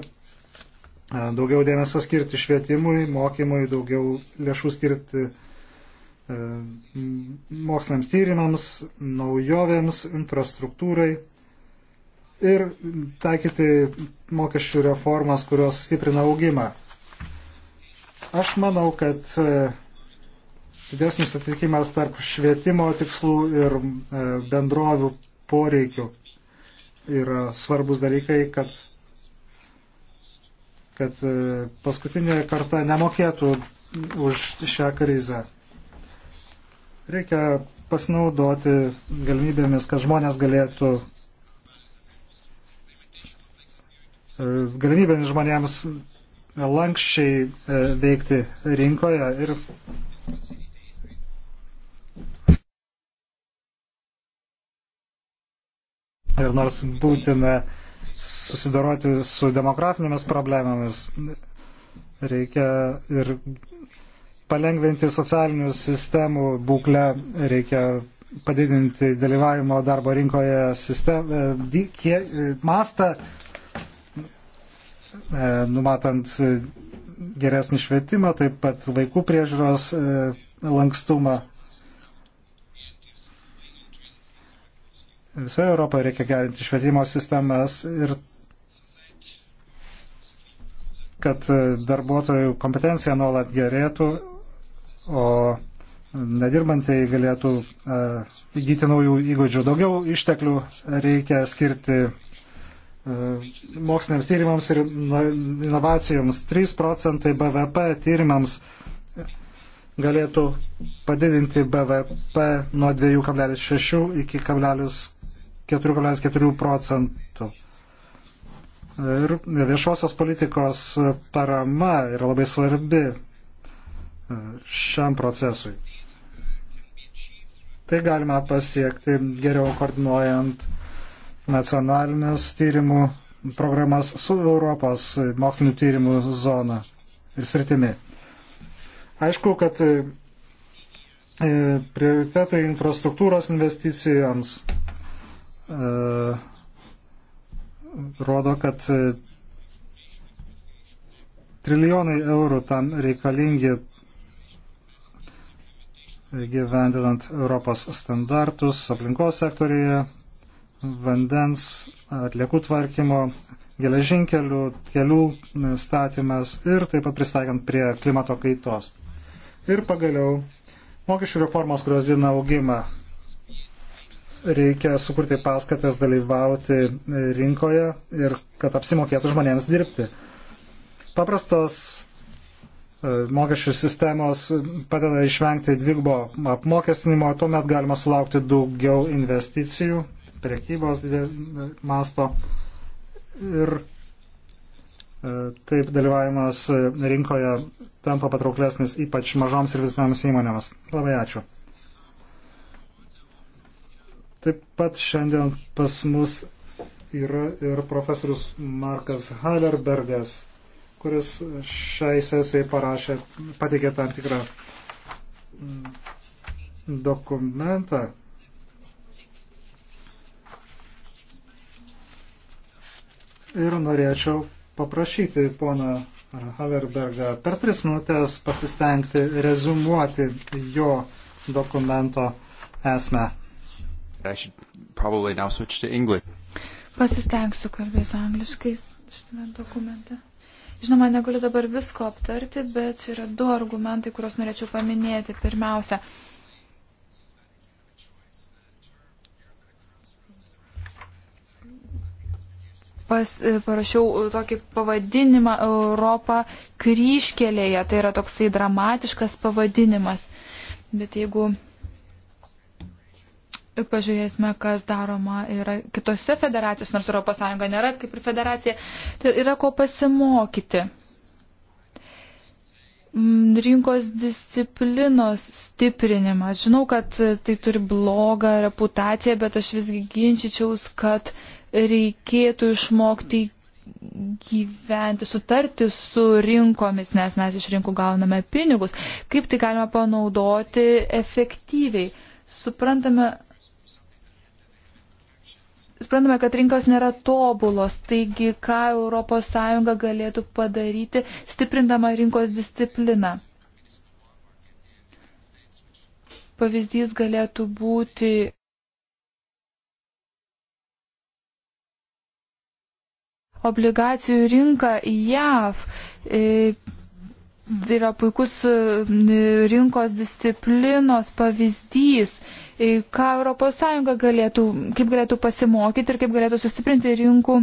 daugiau dėmesio skirti švietimui, mokymui, daugiau lėšų skirti E, moksliniams tyrimams, naujovėms, infrastruktūrai ir taikyti mokesčių reformas, kurios stiprina augimą. Aš manau, kad e, didesnis atitikimas tarp švietimo tikslų ir e, bendrovių poreikių yra svarbus dalykai, kad, kad paskutinė karta nemokėtų už šią krizę. Reikia pasinaudoti galimybėmis, kad žmonės galėtų e, galimybėmis žmonėms lankščiai e, veikti rinkoje ir ir nors būtina susidoroti su demografinėmis problemomis, reikia ir palengventi socialinių sistemų būklę, reikia padidinti dalyvavimo darbo rinkoje sistem, e, kie, e, mastą, e, numatant geresnį švietimą, taip pat vaikų priežiūros lankstumą. Visoje Europoje reikia gerinti švietimo sistemas ir kad darbuotojų kompetencija nuolat gerėtų o nedirbantieji galėtų e, įgyti naujų įgūdžių. Daugiau išteklių reikia skirti e, moksliniams tyrimams ir inovacijoms. 3 procentai BVP tyrimams galėtų padidinti BVP nuo 2,6 iki 4,4 procentų. Ir viešosios politikos parama yra labai svarbi šiam procesui. Tai galima pasiekti geriau koordinuojant nacionalinės tyrimų programas su Europos mokslinių tyrimų zona ir sritimi. Aišku, kad e, prioritetai infrastruktūros investicijoms e, rodo, kad e, trilijonai eurų tam reikalingi gyvendinant Europos standartus aplinkos sektorėje, vandens, atliekų tvarkymo, geležinkelių, kelių e, statymas ir taip pat pristaikant prie klimato kaitos. Ir pagaliau, mokesčių reformos, kurios dina augimą, reikia sukurti paskatas dalyvauti e, rinkoje ir kad apsimokėtų žmonėms dirbti. Paprastos E, mokesčių sistemos padeda išvengti dvigubo apmokestinimo, tuomet galima sulaukti daugiau investicijų, priekybos e, masto ir e, taip dalyvavimas rinkoje tampa patrauklesnis ypač mažoms ir vidutinėms įmonėms. Labai ačiū. Taip pat šiandien pas mus yra ir profesorius Markas Halerbergas kuris šiai sesijai parašė, pateikė tam tikrą mm, dokumentą. Ir norėčiau paprašyti poną Haverbergą per tris minutės pasistengti rezumuoti jo dokumento esmę. Pasistengsiu kalbės angliškai šitame dokumente. Žinoma, negaliu dabar visko aptarti, bet yra du argumentai, kuriuos norėčiau paminėti. Pirmiausia, pas, e, parašiau tokį pavadinimą Europą kryškelėje. Tai yra toksai dramatiškas pavadinimas. Bet jeigu pažiūrėsime, kas daroma yra kitose federacijos, nors ES nėra kaip ir federacija, tai yra ko pasimokyti. Mm, rinkos disciplinos stiprinimas. Žinau, kad tai turi blogą reputaciją, bet aš visgi ginčičiaus, kad reikėtų išmokti gyventi, sutarti su rinkomis, nes mes iš rinkų gauname pinigus. Kaip tai galima panaudoti efektyviai? Suprantame, Suprantame, kad rinkos nėra tobulos, taigi ką ES galėtų padaryti, stiprindama rinkos discipliną. Pavyzdys galėtų būti. Obligacijų rinka JAV e, yra puikus e, rinkos disciplinos pavyzdys ką ES galėtų, kaip galėtų pasimokyti ir kaip galėtų sustiprinti rinkų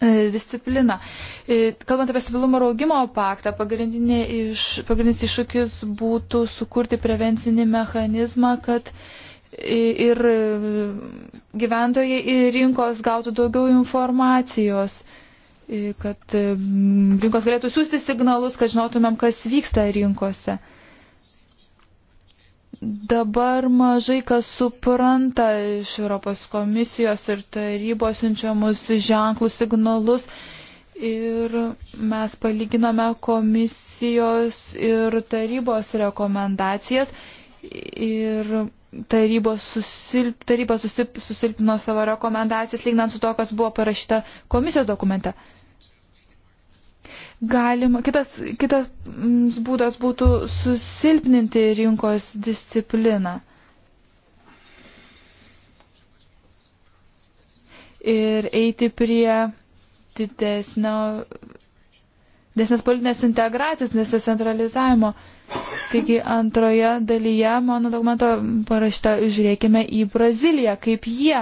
e, discipliną. E, kalbant apie stabilumo ir augimo paktą, iš, pagrindinis iššūkis būtų sukurti prevencinį mechanizmą, kad ir gyventojai ir rinkos gautų daugiau informacijos kad rinkos galėtų siūsti signalus, kad žinotumėm, kas vyksta rinkose. Dabar mažai kas supranta iš Europos komisijos ir tarybos siunčiamus ženklus, signalus. Ir mes palyginome komisijos ir tarybos rekomendacijas. Ir tarybos susilp, taryba susilp, susilpino savo rekomendacijas, lygnant su to, kas buvo parašyta komisijos dokumente galima, kitas, kitas mm, būdas būtų susilpninti rinkos discipliną. Ir eiti prie didesnio, didesnės politinės integracijos, nesucentralizavimo. Taigi antroje dalyje mano dokumento parašta, žiūrėkime į Braziliją, kaip jie,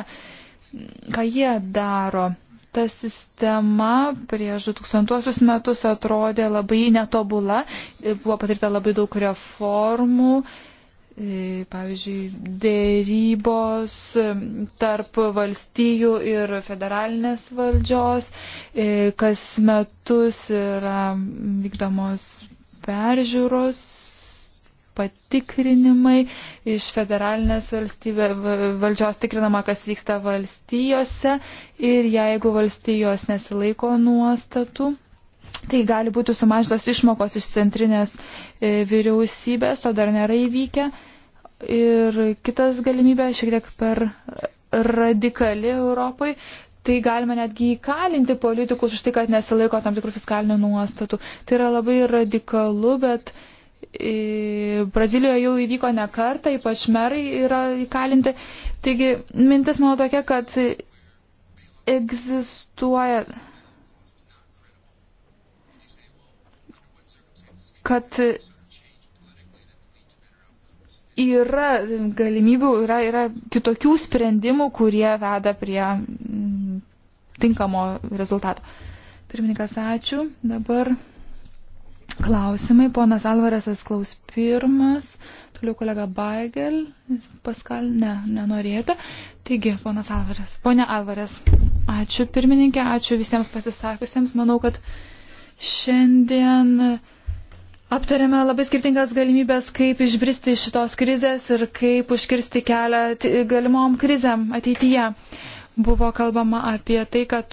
ką jie daro ta sistema prieš 2000 metus atrodė labai netobula, buvo patirta labai daug reformų, e, pavyzdžiui, dėrybos e, tarp valstijų ir federalinės valdžios, e, kas metus yra vykdomos peržiūros patikrinimai, iš federalinės valstybė, valdžios tikrinama, kas vyksta valstijose ir jeigu valstijos nesilaiko nuostatų. Tai gali būti sumažintos išmokos iš centrinės e, vyriausybės, to dar nėra įvykę. Ir kitas galimybė, šiek tiek per radikali Europai, tai galima netgi įkalinti politikus už tai, kad nesilaiko tam tikrų fiskalinių nuostatų. Tai yra labai radikalu, bet uh, Brazilijoje jau įvyko ne kartą, ypač merai yra įkalinti. Taigi mintis mano tokia, kad egzistuoja. kad yra galimybių, yra, yra kitokių sprendimų, kurie veda prie mm, tinkamo rezultato. Pirmininkas, ačiū. Dabar Klausimai, ponas Alvarėsas klaus pirmas, toliau kolega Baigel, Paskal, ne, nenorėtų. Taigi, ponas Alvarės, ponia Alvarės, ačiū pirmininkė, ačiū visiems pasisakusiems. Manau, kad šiandien Aptarėme labai skirtingas galimybės, kaip išbristi iš šitos krizės ir kaip užkirsti kelią galimom krizėm ateityje. Buvo kalbama apie tai, kad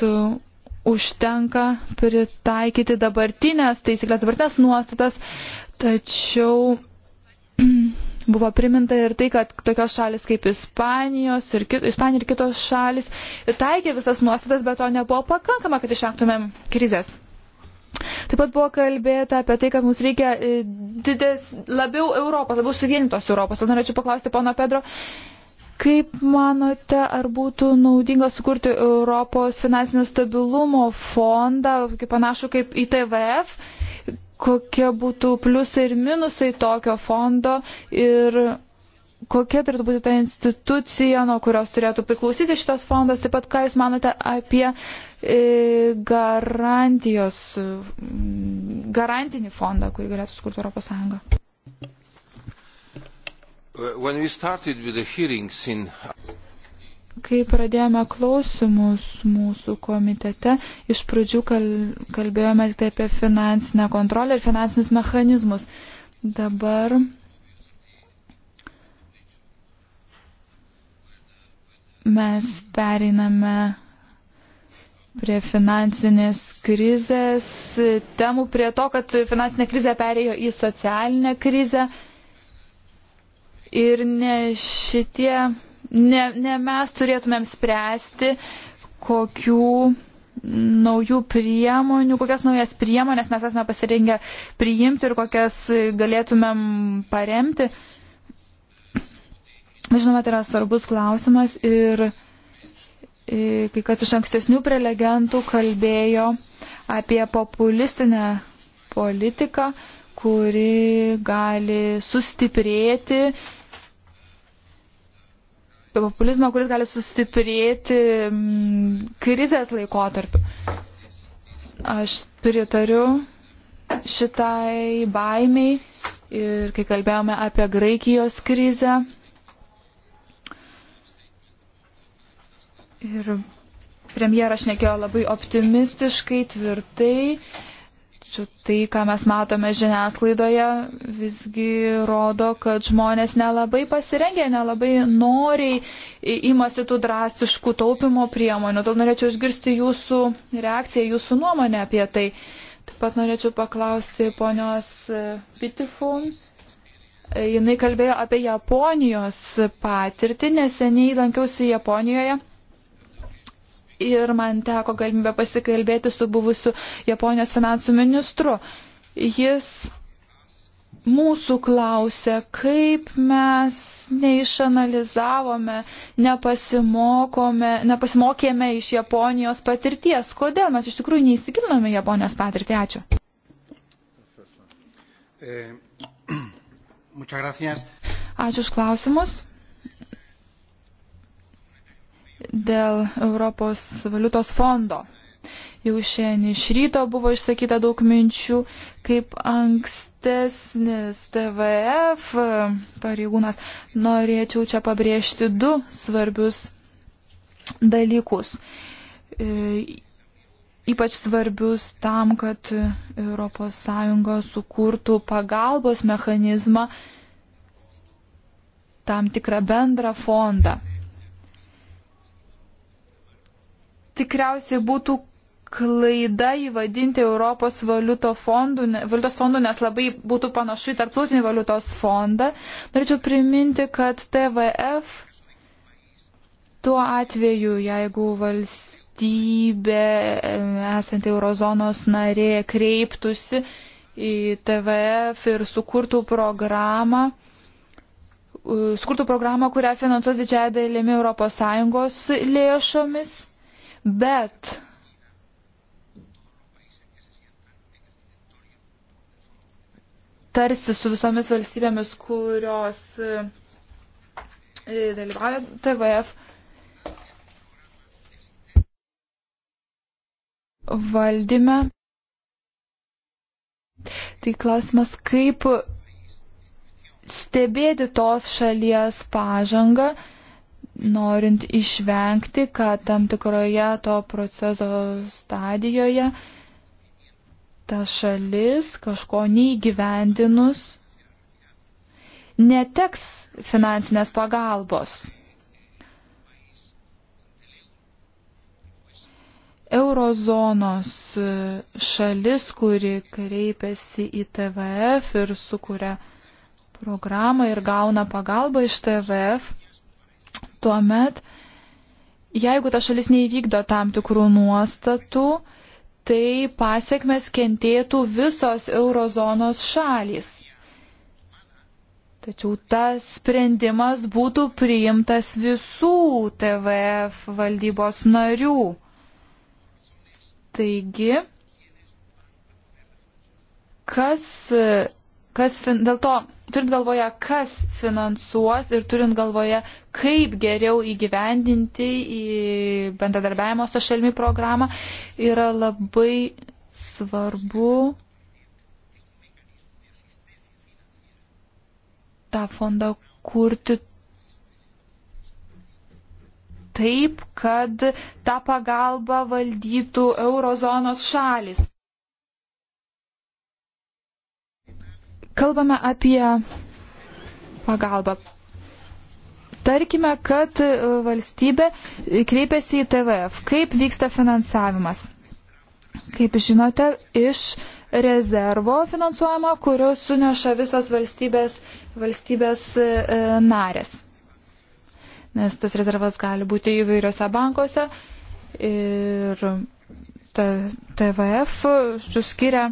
užtenka pritaikyti dabartinės taisyklės, dabartinės nuostatas, tačiau buvo priminta ir tai, kad tokios šalis kaip Ispanijos ir, kit, Ispanija ir kitos šalis taikė visas nuostatas, bet to nebuvo pakankama, kad išvengtumėm krizės. Taip pat buvo kalbėta apie tai, kad mums reikia e, didės, labiau Europos, labiau suvienintos Europos. Norėčiau paklausti pono Pedro, Kaip manote, ar būtų naudinga sukurti Europos finansinio stabilumo fondą, kaip panašu kaip į TVF, kokie būtų pliusai ir minusai tokio fondo ir kokia turėtų būti ta institucija, nuo kurios turėtų priklausyti šitas fondas, taip pat ką Jūs manote apie e, garantijos, garantinį fondą, kurį galėtų sukurti Europos Sąjunga? Uh, in... Kai pradėjome klausimus mūsų komitete, iš pradžių kalbėjome tik apie finansinę kontrolę ir finansinius mechanizmus. Dabar mes periname prie finansinės krizės temų, prie to, kad finansinė krizė perėjo į socialinę krizę. Ir ne šitie, ne, ne mes turėtumėm spręsti, kokių naujų priemonių, kokias naujas priemonės mes esame pasirengę priimti ir kokias galėtumėm paremti. Žinoma, tai yra svarbus klausimas ir e, kai kas iš ankstesnių prelegentų kalbėjo apie populistinę politiką, kuri gali sustiprėti populizmą, kuris gali sustiprėti mm, krizės laikotarpiu. Aš pritariu šitai baimiai ir kai kalbėjome apie Graikijos krizę ir premjeras šnekėjo labai optimistiškai, tvirtai Tačiau tai, ką mes matome žiniasklaidoje, visgi rodo, kad žmonės nelabai pasirengė, nelabai noriai imasi tų drastiškų taupimo priemonių. Tad norėčiau išgirsti jūsų reakciją, jūsų nuomonę apie tai. Taip pat norėčiau paklausti ponios e, Pitifums. E, jinai kalbėjo apie Japonijos patirtį, neseniai lankiausi Japonijoje ir man teko galimybę pasikalbėti su buvusiu Japonijos finansų ministru. Jis mūsų klausė, kaip mes neišanalizavome, nepasimokėme iš Japonijos patirties. Kodėl mes iš tikrųjų neįsigilinome Japonijos patirtį? Ačiū. Eh, Ačiū už klausimus dėl Europos valiutos fondo. Jau šiandien iš ryto buvo išsakyta daug minčių, kaip ankstesnis TVF e, pareigūnas. Norėčiau čia pabrėžti du svarbius dalykus. E, ypač svarbius tam, kad ES sukurtų pagalbos mechanizmą tam tikrą bendrą fondą. tikriausiai būtų klaida įvadinti Europos fondų, valiutos fondų, nes labai būtų panašu į tarptautinį valiutos fondą. Norėčiau priminti, kad TVF tuo atveju, jeigu valstybė esanti eurozonos narė kreiptųsi į TVF ir sukurtų programą, sukurtų programą, kurią finansuos didžiąją dalimi ES lėšomis bet tarsi su visomis valstybėmis, kurios e, dalyvauja TVF, valdyme. Tai klausimas, kaip stebėti tos šalies pažangą norint išvengti, kad tam tikroje to proceso stadijoje ta šalis kažko neįgyvendinus neteks finansinės pagalbos. Eurozonos šalis, kuri kreipiasi į TVF ir sukuria programą ir gauna pagalbą iš TVF, tuomet, jeigu ta šalis neįvykdo tam tikrų nuostatų, tai pasiekmes kentėtų visos eurozonos šalys. Tačiau tas sprendimas būtų priimtas visų TVF valdybos narių. Taigi, kas, kas fin, dėl to turint galvoje, kas finansuos ir turint galvoje, kaip geriau įgyvendinti į bendradarbiavimo su šalmi programą, yra labai svarbu tą fondą kurti taip, kad tą pagalbą valdytų eurozonos šalis. Kalbame apie pagalbą. Tarkime, kad e, valstybė kreipiasi į TVF. Kaip vyksta finansavimas? Kaip žinote, iš rezervo finansuojama, kurios suneša visos valstybės, valstybės e, e, narės. Nes tas rezervas gali būti įvairiose bankuose ir ta TVF skiria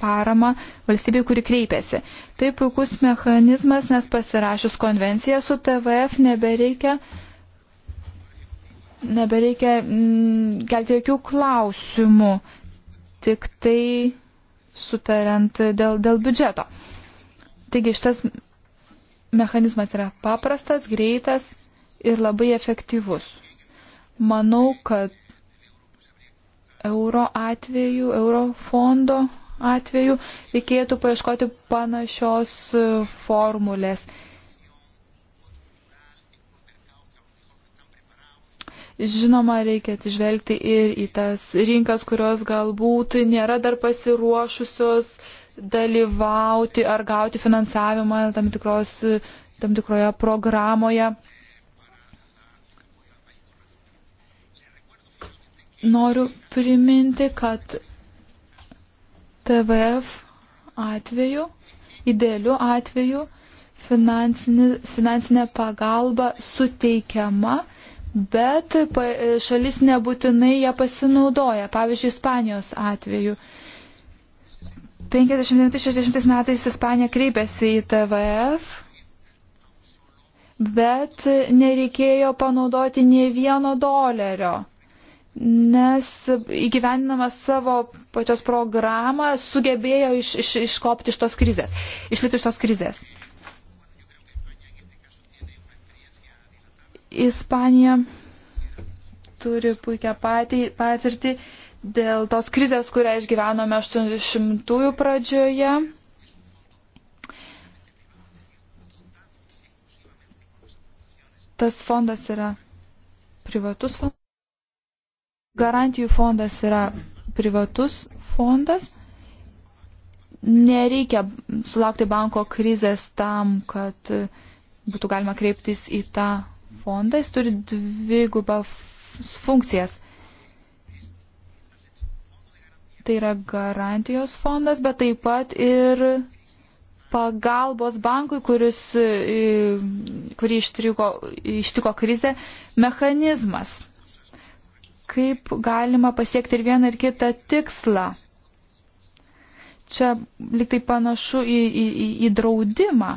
paramą valstybei, kuri kreipiasi. Tai puikus mechanizmas, nes pasirašius konvenciją su TVF nebereikia, nebereikia mm, kelti jokių klausimų, tik tai sutariant dėl, dėl biudžeto. Taigi šitas mechanizmas yra paprastas, greitas ir labai efektyvus. Manau, kad euro atveju, euro fondo atveju reikėtų paieškoti panašios e, formulės. Žinoma, reikia atsižvelgti ir į tas rinkas, kurios galbūt nėra dar pasiruošusios dalyvauti ar gauti finansavimą tam, tikros, e, tam tikroje programoje. Noriu priminti, kad TVF atveju, idealiu atveju, finansinė, finansinė pagalba suteikiama, bet šalis nebūtinai ją pasinaudoja. Pavyzdžiui, Ispanijos atveju. 59-60 metais Ispanija kreipėsi į TVF bet nereikėjo panaudoti nei vieno dolerio nes įgyvendinama savo pačios programą sugebėjo iš, iš, iškopti iš tos krizės, išlipti iš tos krizės. Ispanija turi puikią patirtį dėl tos krizės, kurią išgyvenome 80-ųjų pradžioje. Tas fondas yra privatus fondas. Garantijų fondas yra privatus fondas. Nereikia sulaukti banko krizės tam, kad būtų galima kreiptis į tą fondą. Jis turi dvi gubas funkcijas. Tai yra garantijos fondas, bet taip pat ir pagalbos bankui, kuris, kurį ištiko, ištiko krizė, mechanizmas kaip galima pasiekti ir vieną ir kitą tikslą. Čia liktai panašu į, į, į, į draudimą.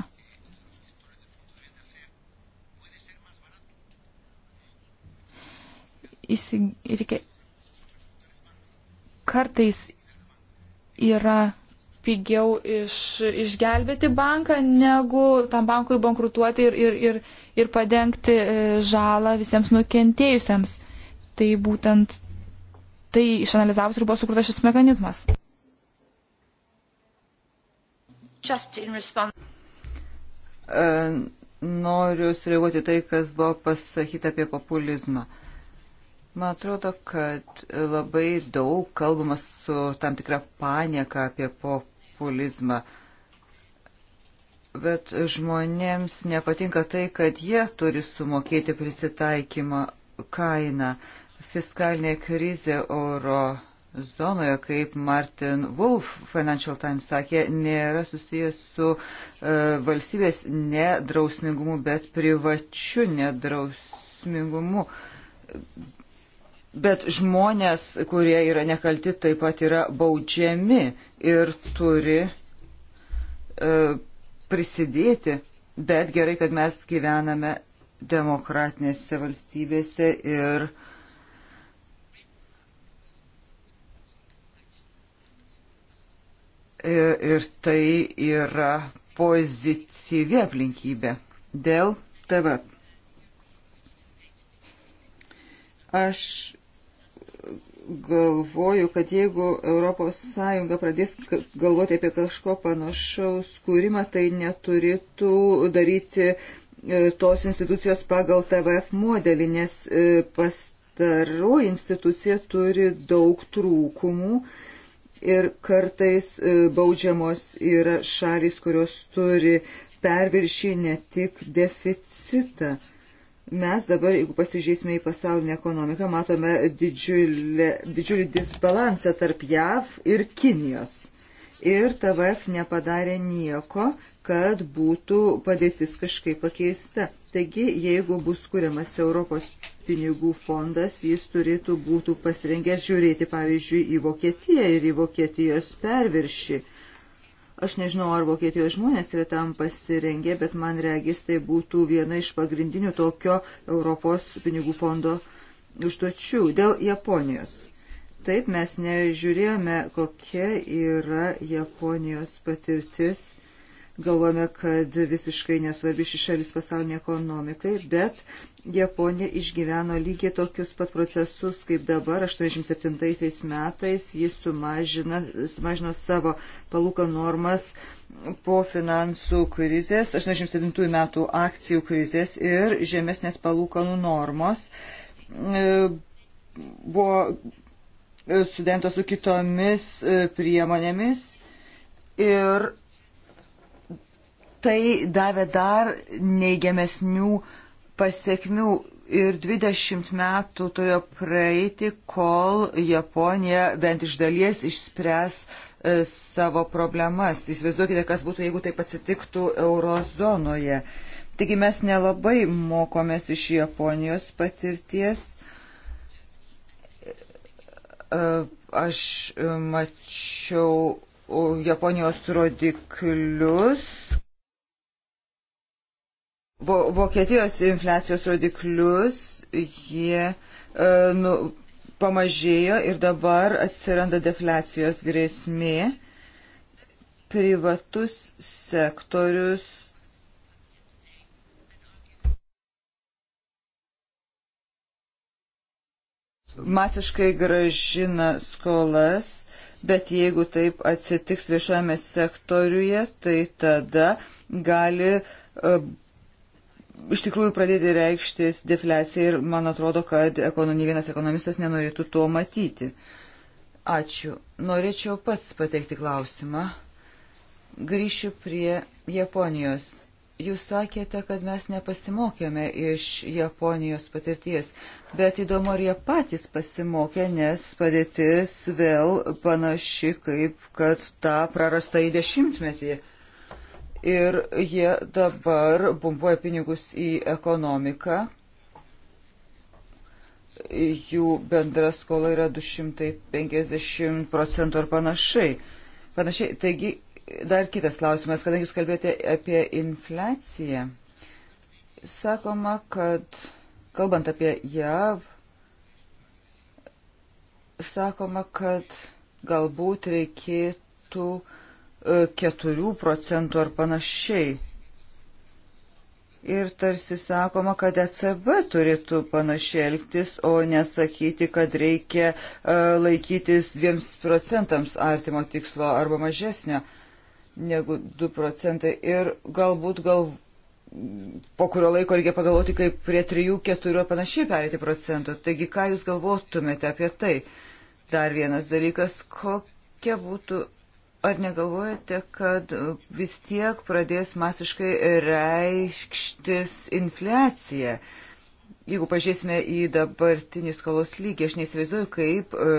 Įsig... Reikia... Kartais yra pigiau iš, išgelbėti banką, negu tam bankui bankrutuoti ir, ir, ir, ir padengti e, žalą visiems nukentėjusiems tai būtent tai išanalizavus ir buvo sukurtas šis mechanizmas. E, noriu sureaguoti tai, kas buvo pasakyta apie populizmą. Man atrodo, kad labai daug kalbama su tam tikra panieka apie populizmą. Bet žmonėms nepatinka tai, kad jie turi sumokėti prisitaikymą kainą. Uh, fiskalinė krizė euro zonoje, kaip Martin Wolf Financial Times sakė, nėra susijęs su e, valstybės nedrausmingumu, bet privačiu nedrausmingumu. Bet žmonės, kurie yra nekalti, taip pat yra baudžiami ir turi e, prisidėti. Bet gerai, kad mes gyvename demokratinėse valstybėse ir e, E, ir tai yra pozityvi aplinkybė dėl TV. Aš galvoju, kad jeigu ES pradės galvoti apie kažko panašaus kūrimą, tai neturėtų daryti e, tos institucijos pagal TVF modelį, nes e, pastaroji institucija turi daug trūkumų ir kartais e, baudžiamos yra šalis, kurios turi perviršį, ne tik deficitą. Mes dabar, jeigu pasižiūrėsime į pasaulinę ekonomiką, matome didžiulį, didžiulį disbalansą tarp JAV ir Kinijos. Ir TVF nepadarė nieko, kad būtų padėtis kažkaip pakeista. Taigi, jeigu bus kuriamas Europos pinigų fondas, jis turėtų būti pasirengęs žiūrėti, pavyzdžiui, į Vokietiją ir į Vokietijos perviršį. Aš nežinau, ar Vokietijos žmonės yra tam pasirengę, bet man regis tai būtų viena iš pagrindinių tokio Europos pinigų fondo užduočių dėl Japonijos. Taip mes nežiūrėjome, kokia yra Japonijos patirtis galvojame, kad visiškai nesvarbi šis šalis pasaulinė ekonomikai, bet Japonija išgyveno lygiai tokius pat procesus kaip dabar, 87 metais jis sumažina, sumažino savo palūką normas po finansų krizės, 87 metų akcijų krizės ir žemesnės palūkanų normos e, buvo sudentos su kitomis e, priemonėmis ir tai davė dar neigiamesnių pasiekmių ir 20 metų turėjo praeiti, kol Japonija bent iš dalies išspręs e, savo problemas. Įsivaizduokite, kas būtų, jeigu taip atsitiktų eurozonoje. Taigi mes nelabai mokomės iš Japonijos patirties. E, aš e, mačiau Japonijos rodiklius, Vokietijos infliacijos rodiklius, jie e, nu, pamažėjo ir dabar atsiranda defliacijos grėsmė. Privatus sektorius masiškai gražina skolas, bet jeigu taip atsitiks viešame sektoriuje, tai tada gali e, iš tikrųjų pradėti reikštis defliacija ir man atrodo, kad ekonomi, vienas ekonomistas nenorėtų to matyti. Ačiū. Norėčiau pats pateikti klausimą. Grįšiu prie Japonijos. Jūs sakėte, kad mes nepasimokėme iš Japonijos patirties, bet įdomu, ar jie patys pasimokė, nes padėtis vėl panaši kaip kad tą prarastą į dešimtmetį. Uh, ir jie dabar bumbuoja pinigus į ekonomiką. Jų bendra skola yra 250 procentų ar panašiai. Panašiai, taigi dar kitas klausimas, kadangi jūs kalbėjote apie infliaciją. Sakoma, kad kalbant apie JAV, sakoma, kad galbūt reikėtų uh, 4 procentų ar panašiai. Ir tarsi sakoma, kad ECB turėtų panašiai elgtis, o nesakyti, kad reikia uh, laikytis 2 procentams artimo tikslo arba mažesnio negu 2 procentai. Ir galbūt gal, po kurio laiko reikia pagalvoti, kaip prie 3-4 panašiai perėti procentų. Taigi, ką Jūs galvotumėte apie tai? Dar vienas dalykas, kokia būtų Ar negalvojate, kad vis tiek pradės masiškai reikštis infliacija? Jeigu pažiūrėsime į dabartinį skolos lygį, aš neįsivaizduoju, kaip e,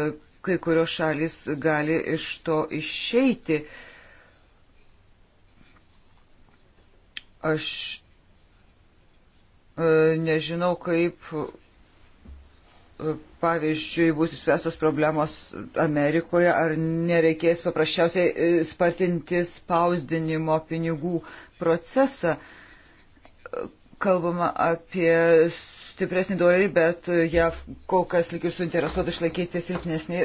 kai kurios šalis gali iš to išeiti. Aš e, nežinau, kaip e, pavyzdžiui, bus išspręstos problemos Amerikoje, ar nereikės paprasčiausiai e, spartinti spausdinimo pinigų procesą. Kalbama apie stipresnį dolerį, bet JAV kol kas lik ir suinteresuota išlaikyti silpnesnį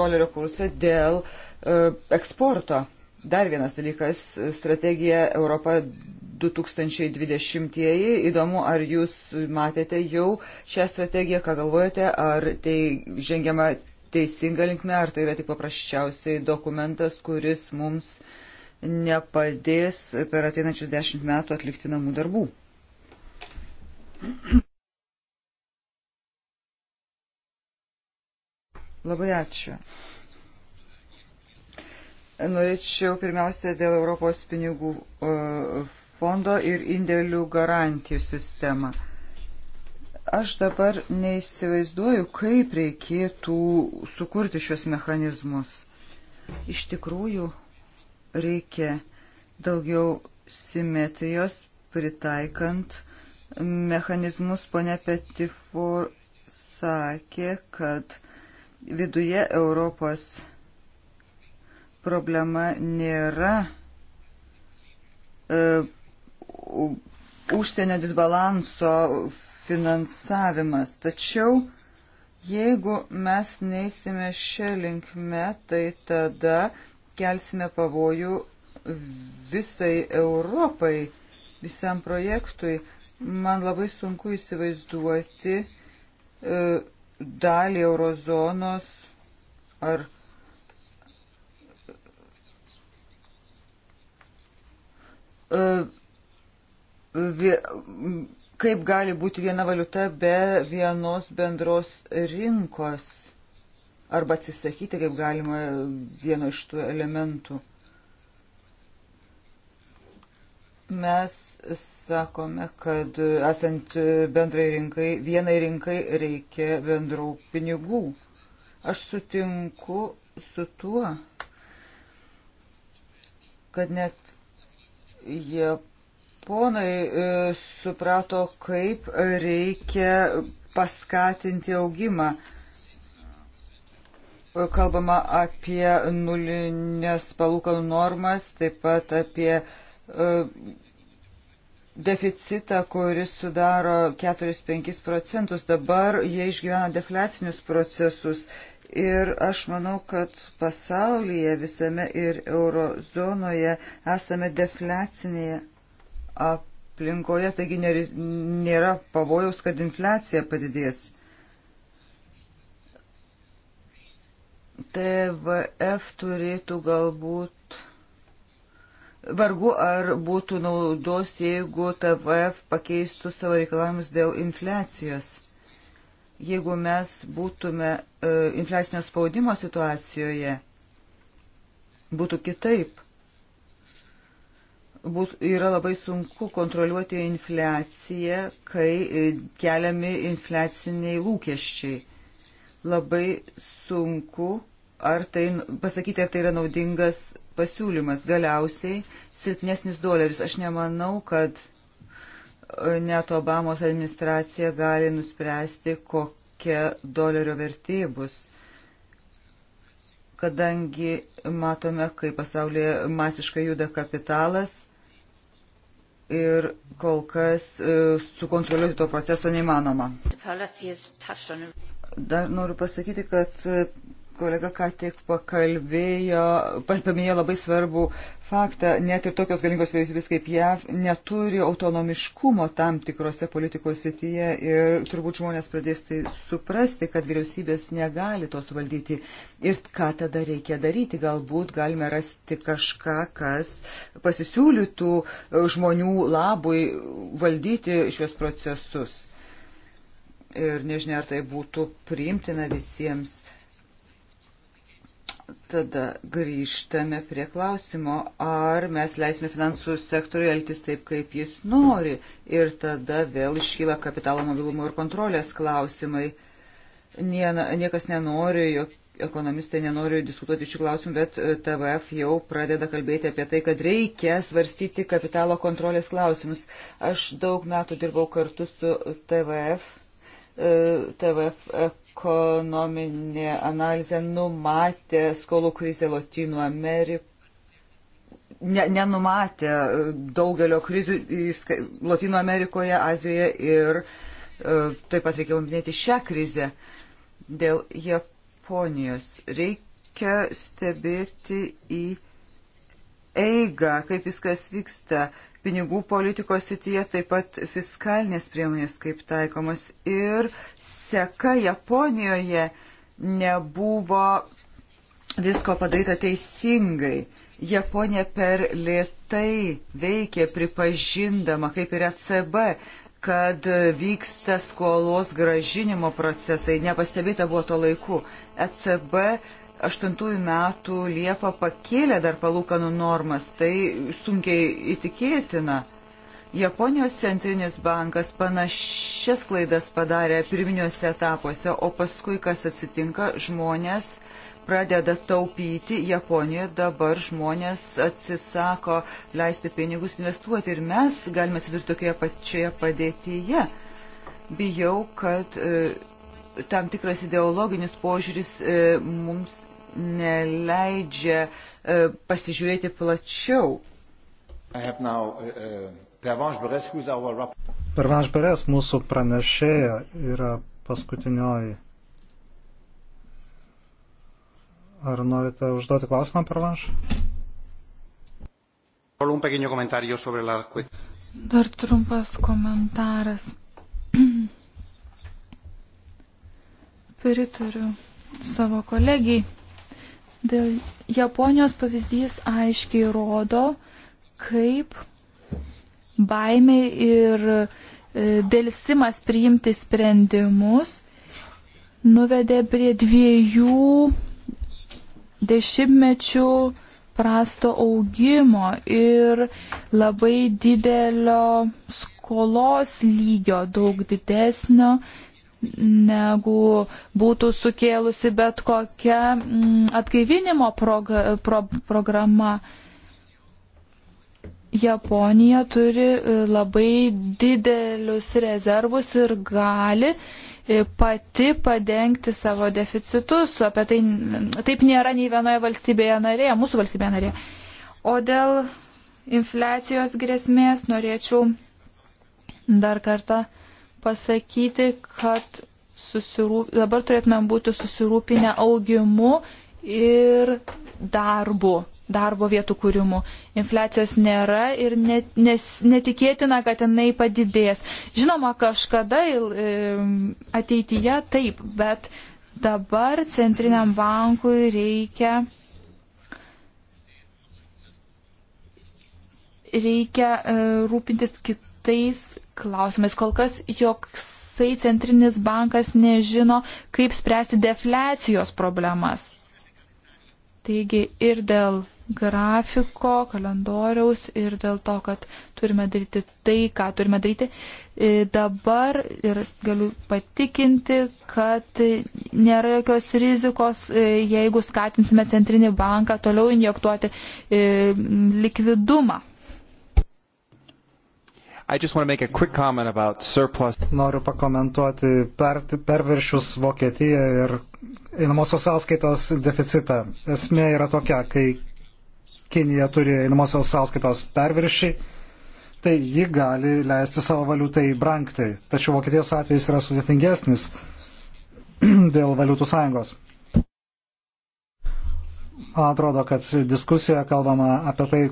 dolerio kursą dėl e, eksporto Dar vienas dalykas - strategija Europa 2020-ieji. Įdomu, ar jūs matėte jau šią strategiją, ką galvojate, ar tai žengiama teisinga linkme, ar tai yra tik paprasčiausiai dokumentas, kuris mums nepadės per ateinančius dešimt metų atlikti namų darbų. Labai ačiū. Norėčiau pirmiausia dėl Europos pinigų e, fondo ir indėlių garantijų sistemą. Aš dabar neįsivaizduoju, kaip reikėtų sukurti šios mechanizmus. Iš tikrųjų, reikia daugiau simetrijos pritaikant mechanizmus. Pone Petifor sakė, kad viduje Europos problema nėra e, užsienio disbalanso finansavimas. Tačiau jeigu mes neįsime šią linkmę, tai tada kelsime pavojų visai Europai, visam projektui. Man labai sunku įsivaizduoti e, dalį eurozonos ar E, kaip gali būti viena valiuta be vienos bendros rinkos arba atsisakyti, kaip galima, vieno iš tų elementų. Mes sakome, kad esant bendrai rinkai, vienai rinkai reikia bendrų pinigų. Aš sutinku su tuo, kad net Japonai e, suprato, kaip reikia paskatinti augimą. Kalbama apie nulinės palūkanų normas, taip pat apie e, deficitą, kuris sudaro 4-5 procentus. Dabar jie išgyvena defliacinius procesus Ir aš manau, kad pasaulyje visame ir eurozonoje esame deflecinėje aplinkoje, taigi nėra pavojaus, kad infliacija padidės. TVF turėtų galbūt vargu ar būtų naudos, jeigu TVF pakeistų savo reikalavimus dėl infliacijos jeigu mes būtume e, infliacinio spaudimo situacijoje, būtų kitaip. Būt, yra labai sunku kontroliuoti infliaciją, kai e, keliami infliaciniai lūkesčiai. Labai sunku ar tai, pasakyti, ar tai yra naudingas pasiūlymas. Galiausiai silpnesnis doleris. Aš nemanau, kad net Obamos administracija gali nuspręsti, kokia dolerio vertė bus. Kadangi matome, kaip pasaulyje masiškai juda kapitalas ir kol kas e, sukontroliuoti to proceso neįmanoma. Dar noriu pasakyti, kad kolega ką tik pakalbėjo, paminėjo labai svarbų faktą, net ir tokios galingos vyriausybės kaip JAV neturi autonomiškumo tam tikrose politikos srityje ir turbūt žmonės pradės tai suprasti, kad vyriausybės negali to suvaldyti ir ką tada reikia daryti. Galbūt galime rasti kažką, kas pasisiūlytų žmonių labui valdyti šios procesus. Ir nežinia, ar tai būtų priimtina visiems Tada grįžtame prie klausimo, ar mes leisime finansų sektoriui elgtis taip, kaip jis nori. Ir tada vėl iškyla kapitalo mobilumo ir kontrolės klausimai. Nie, niekas nenori, jok, ekonomistai nenori diskutuoti šių klausimų, bet e, TVF jau pradeda kalbėti apie tai, kad reikia svarstyti kapitalo kontrolės klausimus. Aš daug metų dirbau kartu su TVF, e, TVF ekonominė analizė numatė skolų krizę Latinų Amerikoje. Ne, nenumatė e, daugelio krizių Latino Amerikoje, Azijoje ir e, taip pat reikia paminėti šią krizę dėl Japonijos. Reikia stebėti į eigą, kaip viskas vyksta. E, pinigų politikos sityje, taip pat fiskalinės priemonės kaip taikomas. Ir seka Japonijoje nebuvo visko padaryta teisingai. Japonija per lietai veikė pripažindama, kaip ir ECB, kad vyksta skolos gražinimo procesai. Nepastebėta buvo to laiku. ECB 2008 metų Liepa pakėlė dar palūkanų normas, tai sunkiai įtikėtina. Japonijos centrinis bankas panašias klaidas padarė pirminiuose etapuose, o paskui kas atsitinka, žmonės pradeda taupyti, Japonijoje dabar žmonės atsisako leisti pinigus investuoti ir mes galime svirti tokioje pačioje padėtyje. Bijau, kad e, tam tikras ideologinis požiūris e, mums neleidžia e, pasižiūrėti plačiau. Now, uh, uh Pervanš Beres, mūsų pranešėja, yra paskutinioji. Ar norite užduoti klausimą, Pervanš? Dar trumpas komentaras. Pritariu savo kolegijai. Dėl Japonijos pavyzdys aiškiai rodo, kaip baimė ir e, dėlsimas priimti sprendimus nuvedė prie dviejų dešimtmečių prasto augimo ir labai didelio skolos lygio, daug didesnio negu būtų sukėlusi bet kokia mm, atgaivinimo prog pro programa. Japonija turi e, labai didelius rezervus ir gali e, pati padengti savo deficitus. Apie tai taip nėra nei vienoje valstybėje narėje, mūsų valstybėje narėje. O dėl infliacijos grėsmės norėčiau dar kartą uh, pasakyti, kad susirūp... dabar turėtumėm būti susirūpinę augimu ir darbu, darbo vietų kūrimu. Infliacijos nėra ir net, nes, netikėtina, kad jinai padidės. Žinoma, kažkada ateityje taip, bet dabar centriniam bankui reikia. Reikia e, rūpintis kitais klausimais. Kol kas joksai centrinis bankas nežino, kaip spręsti defliacijos problemas. Taigi ir dėl grafiko, kalendoriaus ir dėl to, kad turime daryti tai, ką turime daryti. E, dabar ir galiu patikinti, kad nėra jokios rizikos, e, jeigu skatinsime centrinį banką toliau injektuoti e, likvidumą Noriu pakomentuoti per, perviršius Vokietiją ir einamosios sąskaitos deficitą. Esmė yra tokia, kai Kinija turi einamosios sąskaitos perviršį, tai ji gali leisti savo valiutai brangti. Tačiau Vokietijos atvejis yra sudėtingesnis dėl valiutų sąjungos. Man atrodo, kad diskusija kalbama apie tai,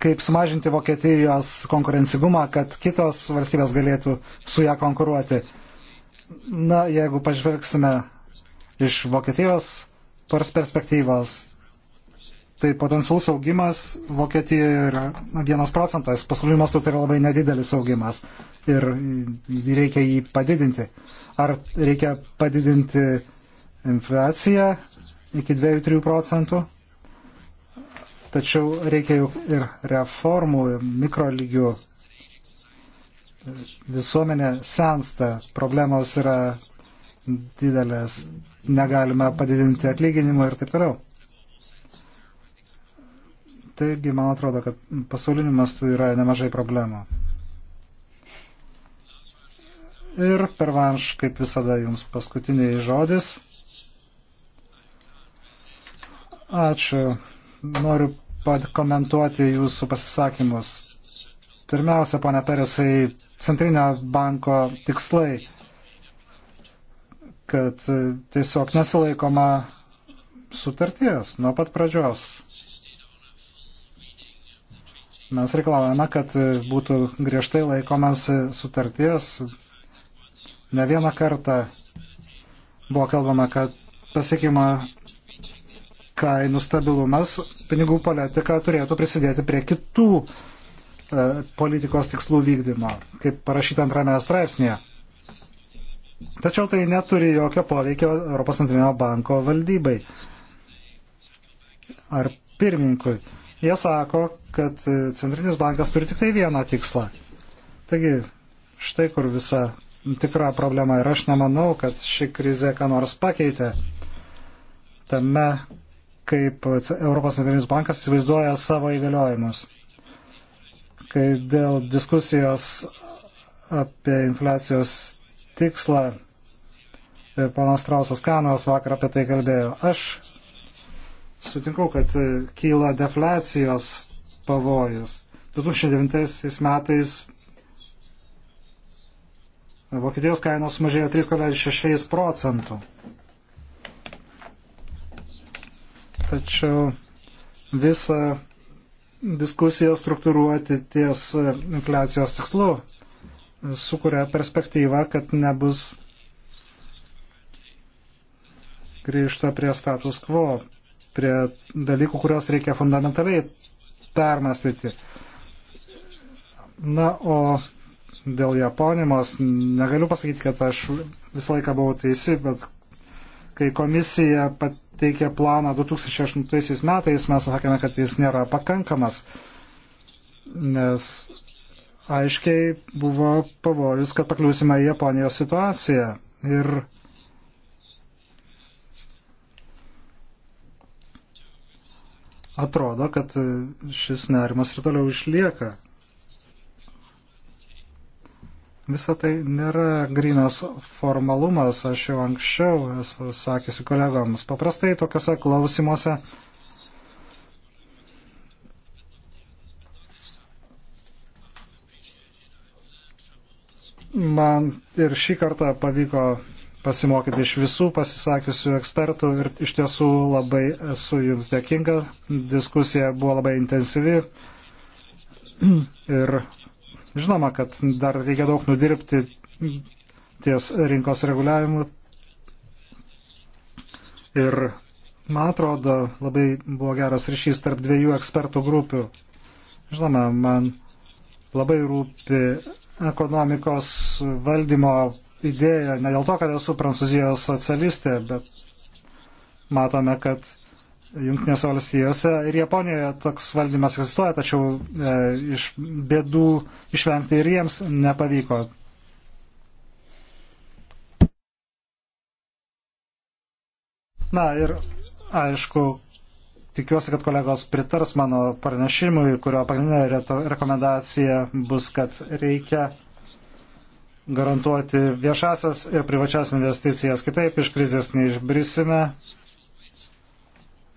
kaip sumažinti Vokietijos konkurencigumą, kad kitos valstybės galėtų su ją konkuruoti. Na, jeigu pažvelgsime iš Vokietijos tos perspektyvos, tai potencialus augimas Vokietijoje yra 1 procentas, pasauliniu mastu tai yra labai nedidelis augimas ir reikia jį padidinti. Ar reikia padidinti infliaciją iki 2-3 procentų? Tačiau reikia juk ir reformų mikrolygių. Visuomenė sensta, problemos yra didelės, negalime padidinti atlyginimų ir taip toliau. Taigi, man atrodo, kad pasauliniu mastu yra nemažai problemų. Ir per vanš, kaip visada, jums paskutiniai žodis. Ačiū noriu komentuoti jūsų pasisakymus. Pirmiausia, ponia Peresai, centrinio banko tikslai, kad tiesiog nesilaikoma sutarties nuo pat pradžios. Mes reikalavome, kad būtų griežtai laikomas sutarties. Ne vieną kartą buvo kalbama, kad pasiekima kainų stabilumas, pinigų politika turėtų prisidėti prie kitų e, politikos tikslų vykdymo, kaip parašyta antrame straipsnėje. Tačiau tai neturi jokio poveikio Europos centrinio banko valdybai ar pirmininkui. Jie sako, kad centrinis bankas turi tik tai vieną tikslą. Taigi, štai kur visa tikra problema ir aš nemanau, kad ši krize ką nors pakeitė tame kaip Europos centrinis bankas įsivaizduoja savo įgaliojimus. Kai dėl diskusijos apie infliacijos tikslą, e, panas Trausas Kanas vakar apie tai kalbėjo. Aš sutinku, kad e, kyla defliacijos pavojus. 2009 metais Vokietijos kainos sumažėjo 3,6 procentų. tačiau visą diskusiją struktūruoti ties infliacijos tikslu sukuria perspektyvą, kad nebus grįžta prie status quo, prie dalykų, kuriuos reikia fundamentaliai permastyti. Na, o dėl Japonimos negaliu pasakyti, kad aš visą laiką buvau teisi, bet kai komisija pat pateikė planą 2008 metais, mes sakėme, kad jis nėra pakankamas, nes aiškiai buvo pavojus, kad pakliūsime į Japonijos situaciją. Ir atrodo, kad šis nerimas ir toliau išlieka. Visą tai nėra grinas formalumas, aš jau anksčiau esu sakysiu kolegoms. Paprastai tokiuose klausimuose man ir šį kartą pavyko pasimokyti iš visų pasisakiusių ekspertų ir iš tiesų labai esu jums dėkinga. Diskusija buvo labai intensyvi ir Žinoma, kad dar reikia daug nudirbti ties rinkos reguliavimu. Ir man atrodo, labai buvo geras ryšys tarp dviejų ekspertų grupių. Žinoma, man labai rūpi ekonomikos valdymo idėja, ne dėl to, kad esu prancūzijos socialistė, bet matome, kad Junktinės valstijose ir Japonijoje toks valdymas egzistuoja, tačiau e, iš bėdų išvengti ir jiems nepavyko. Na ir aišku, tikiuosi, kad kolegos pritars mano pranešimui, kurio pagrindinė rekomendacija bus, kad reikia garantuoti viešasias ir privačias investicijas. Kitaip iš krizės neišbrisime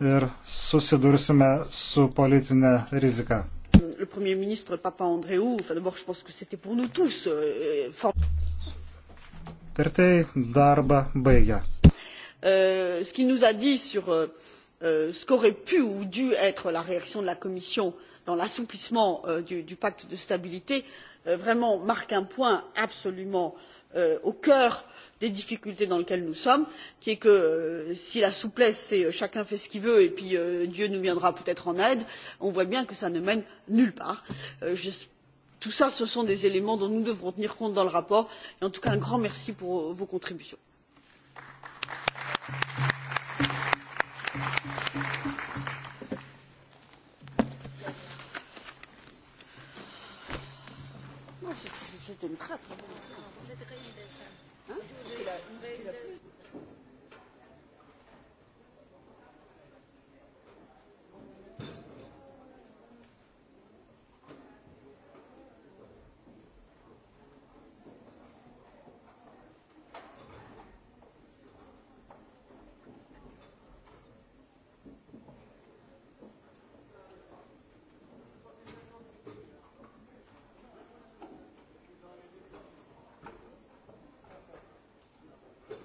ir susidursime su politinė rizika. Le Premier ministre Papa Andréou, enfin, d'abord, je pense que c'était pour nous tous. Euh, for... Per tai darbą baigia. Euh, ce qu'il nous a dit sur euh, euh, ce qu'aurait pu ou dû être la réaction de la commission dans l'assouplissement euh, du, du pacte de stabilité euh, vraiment marque un point absolument euh, au cœur des difficultés dans lesquelles nous sommes qui est que euh, si la souplesse c'est euh, chacun fait ce qu'il veut et puis euh, dieu nous viendra peut être en aide on voit bien que cela ne mène nulle part. tout cela ce sont des éléments dont nous devrons tenir compte dans le rapport et en tout cas un grand merci pour vos contributions. c'était une trappe. Cette réunion Hein tu l'as prise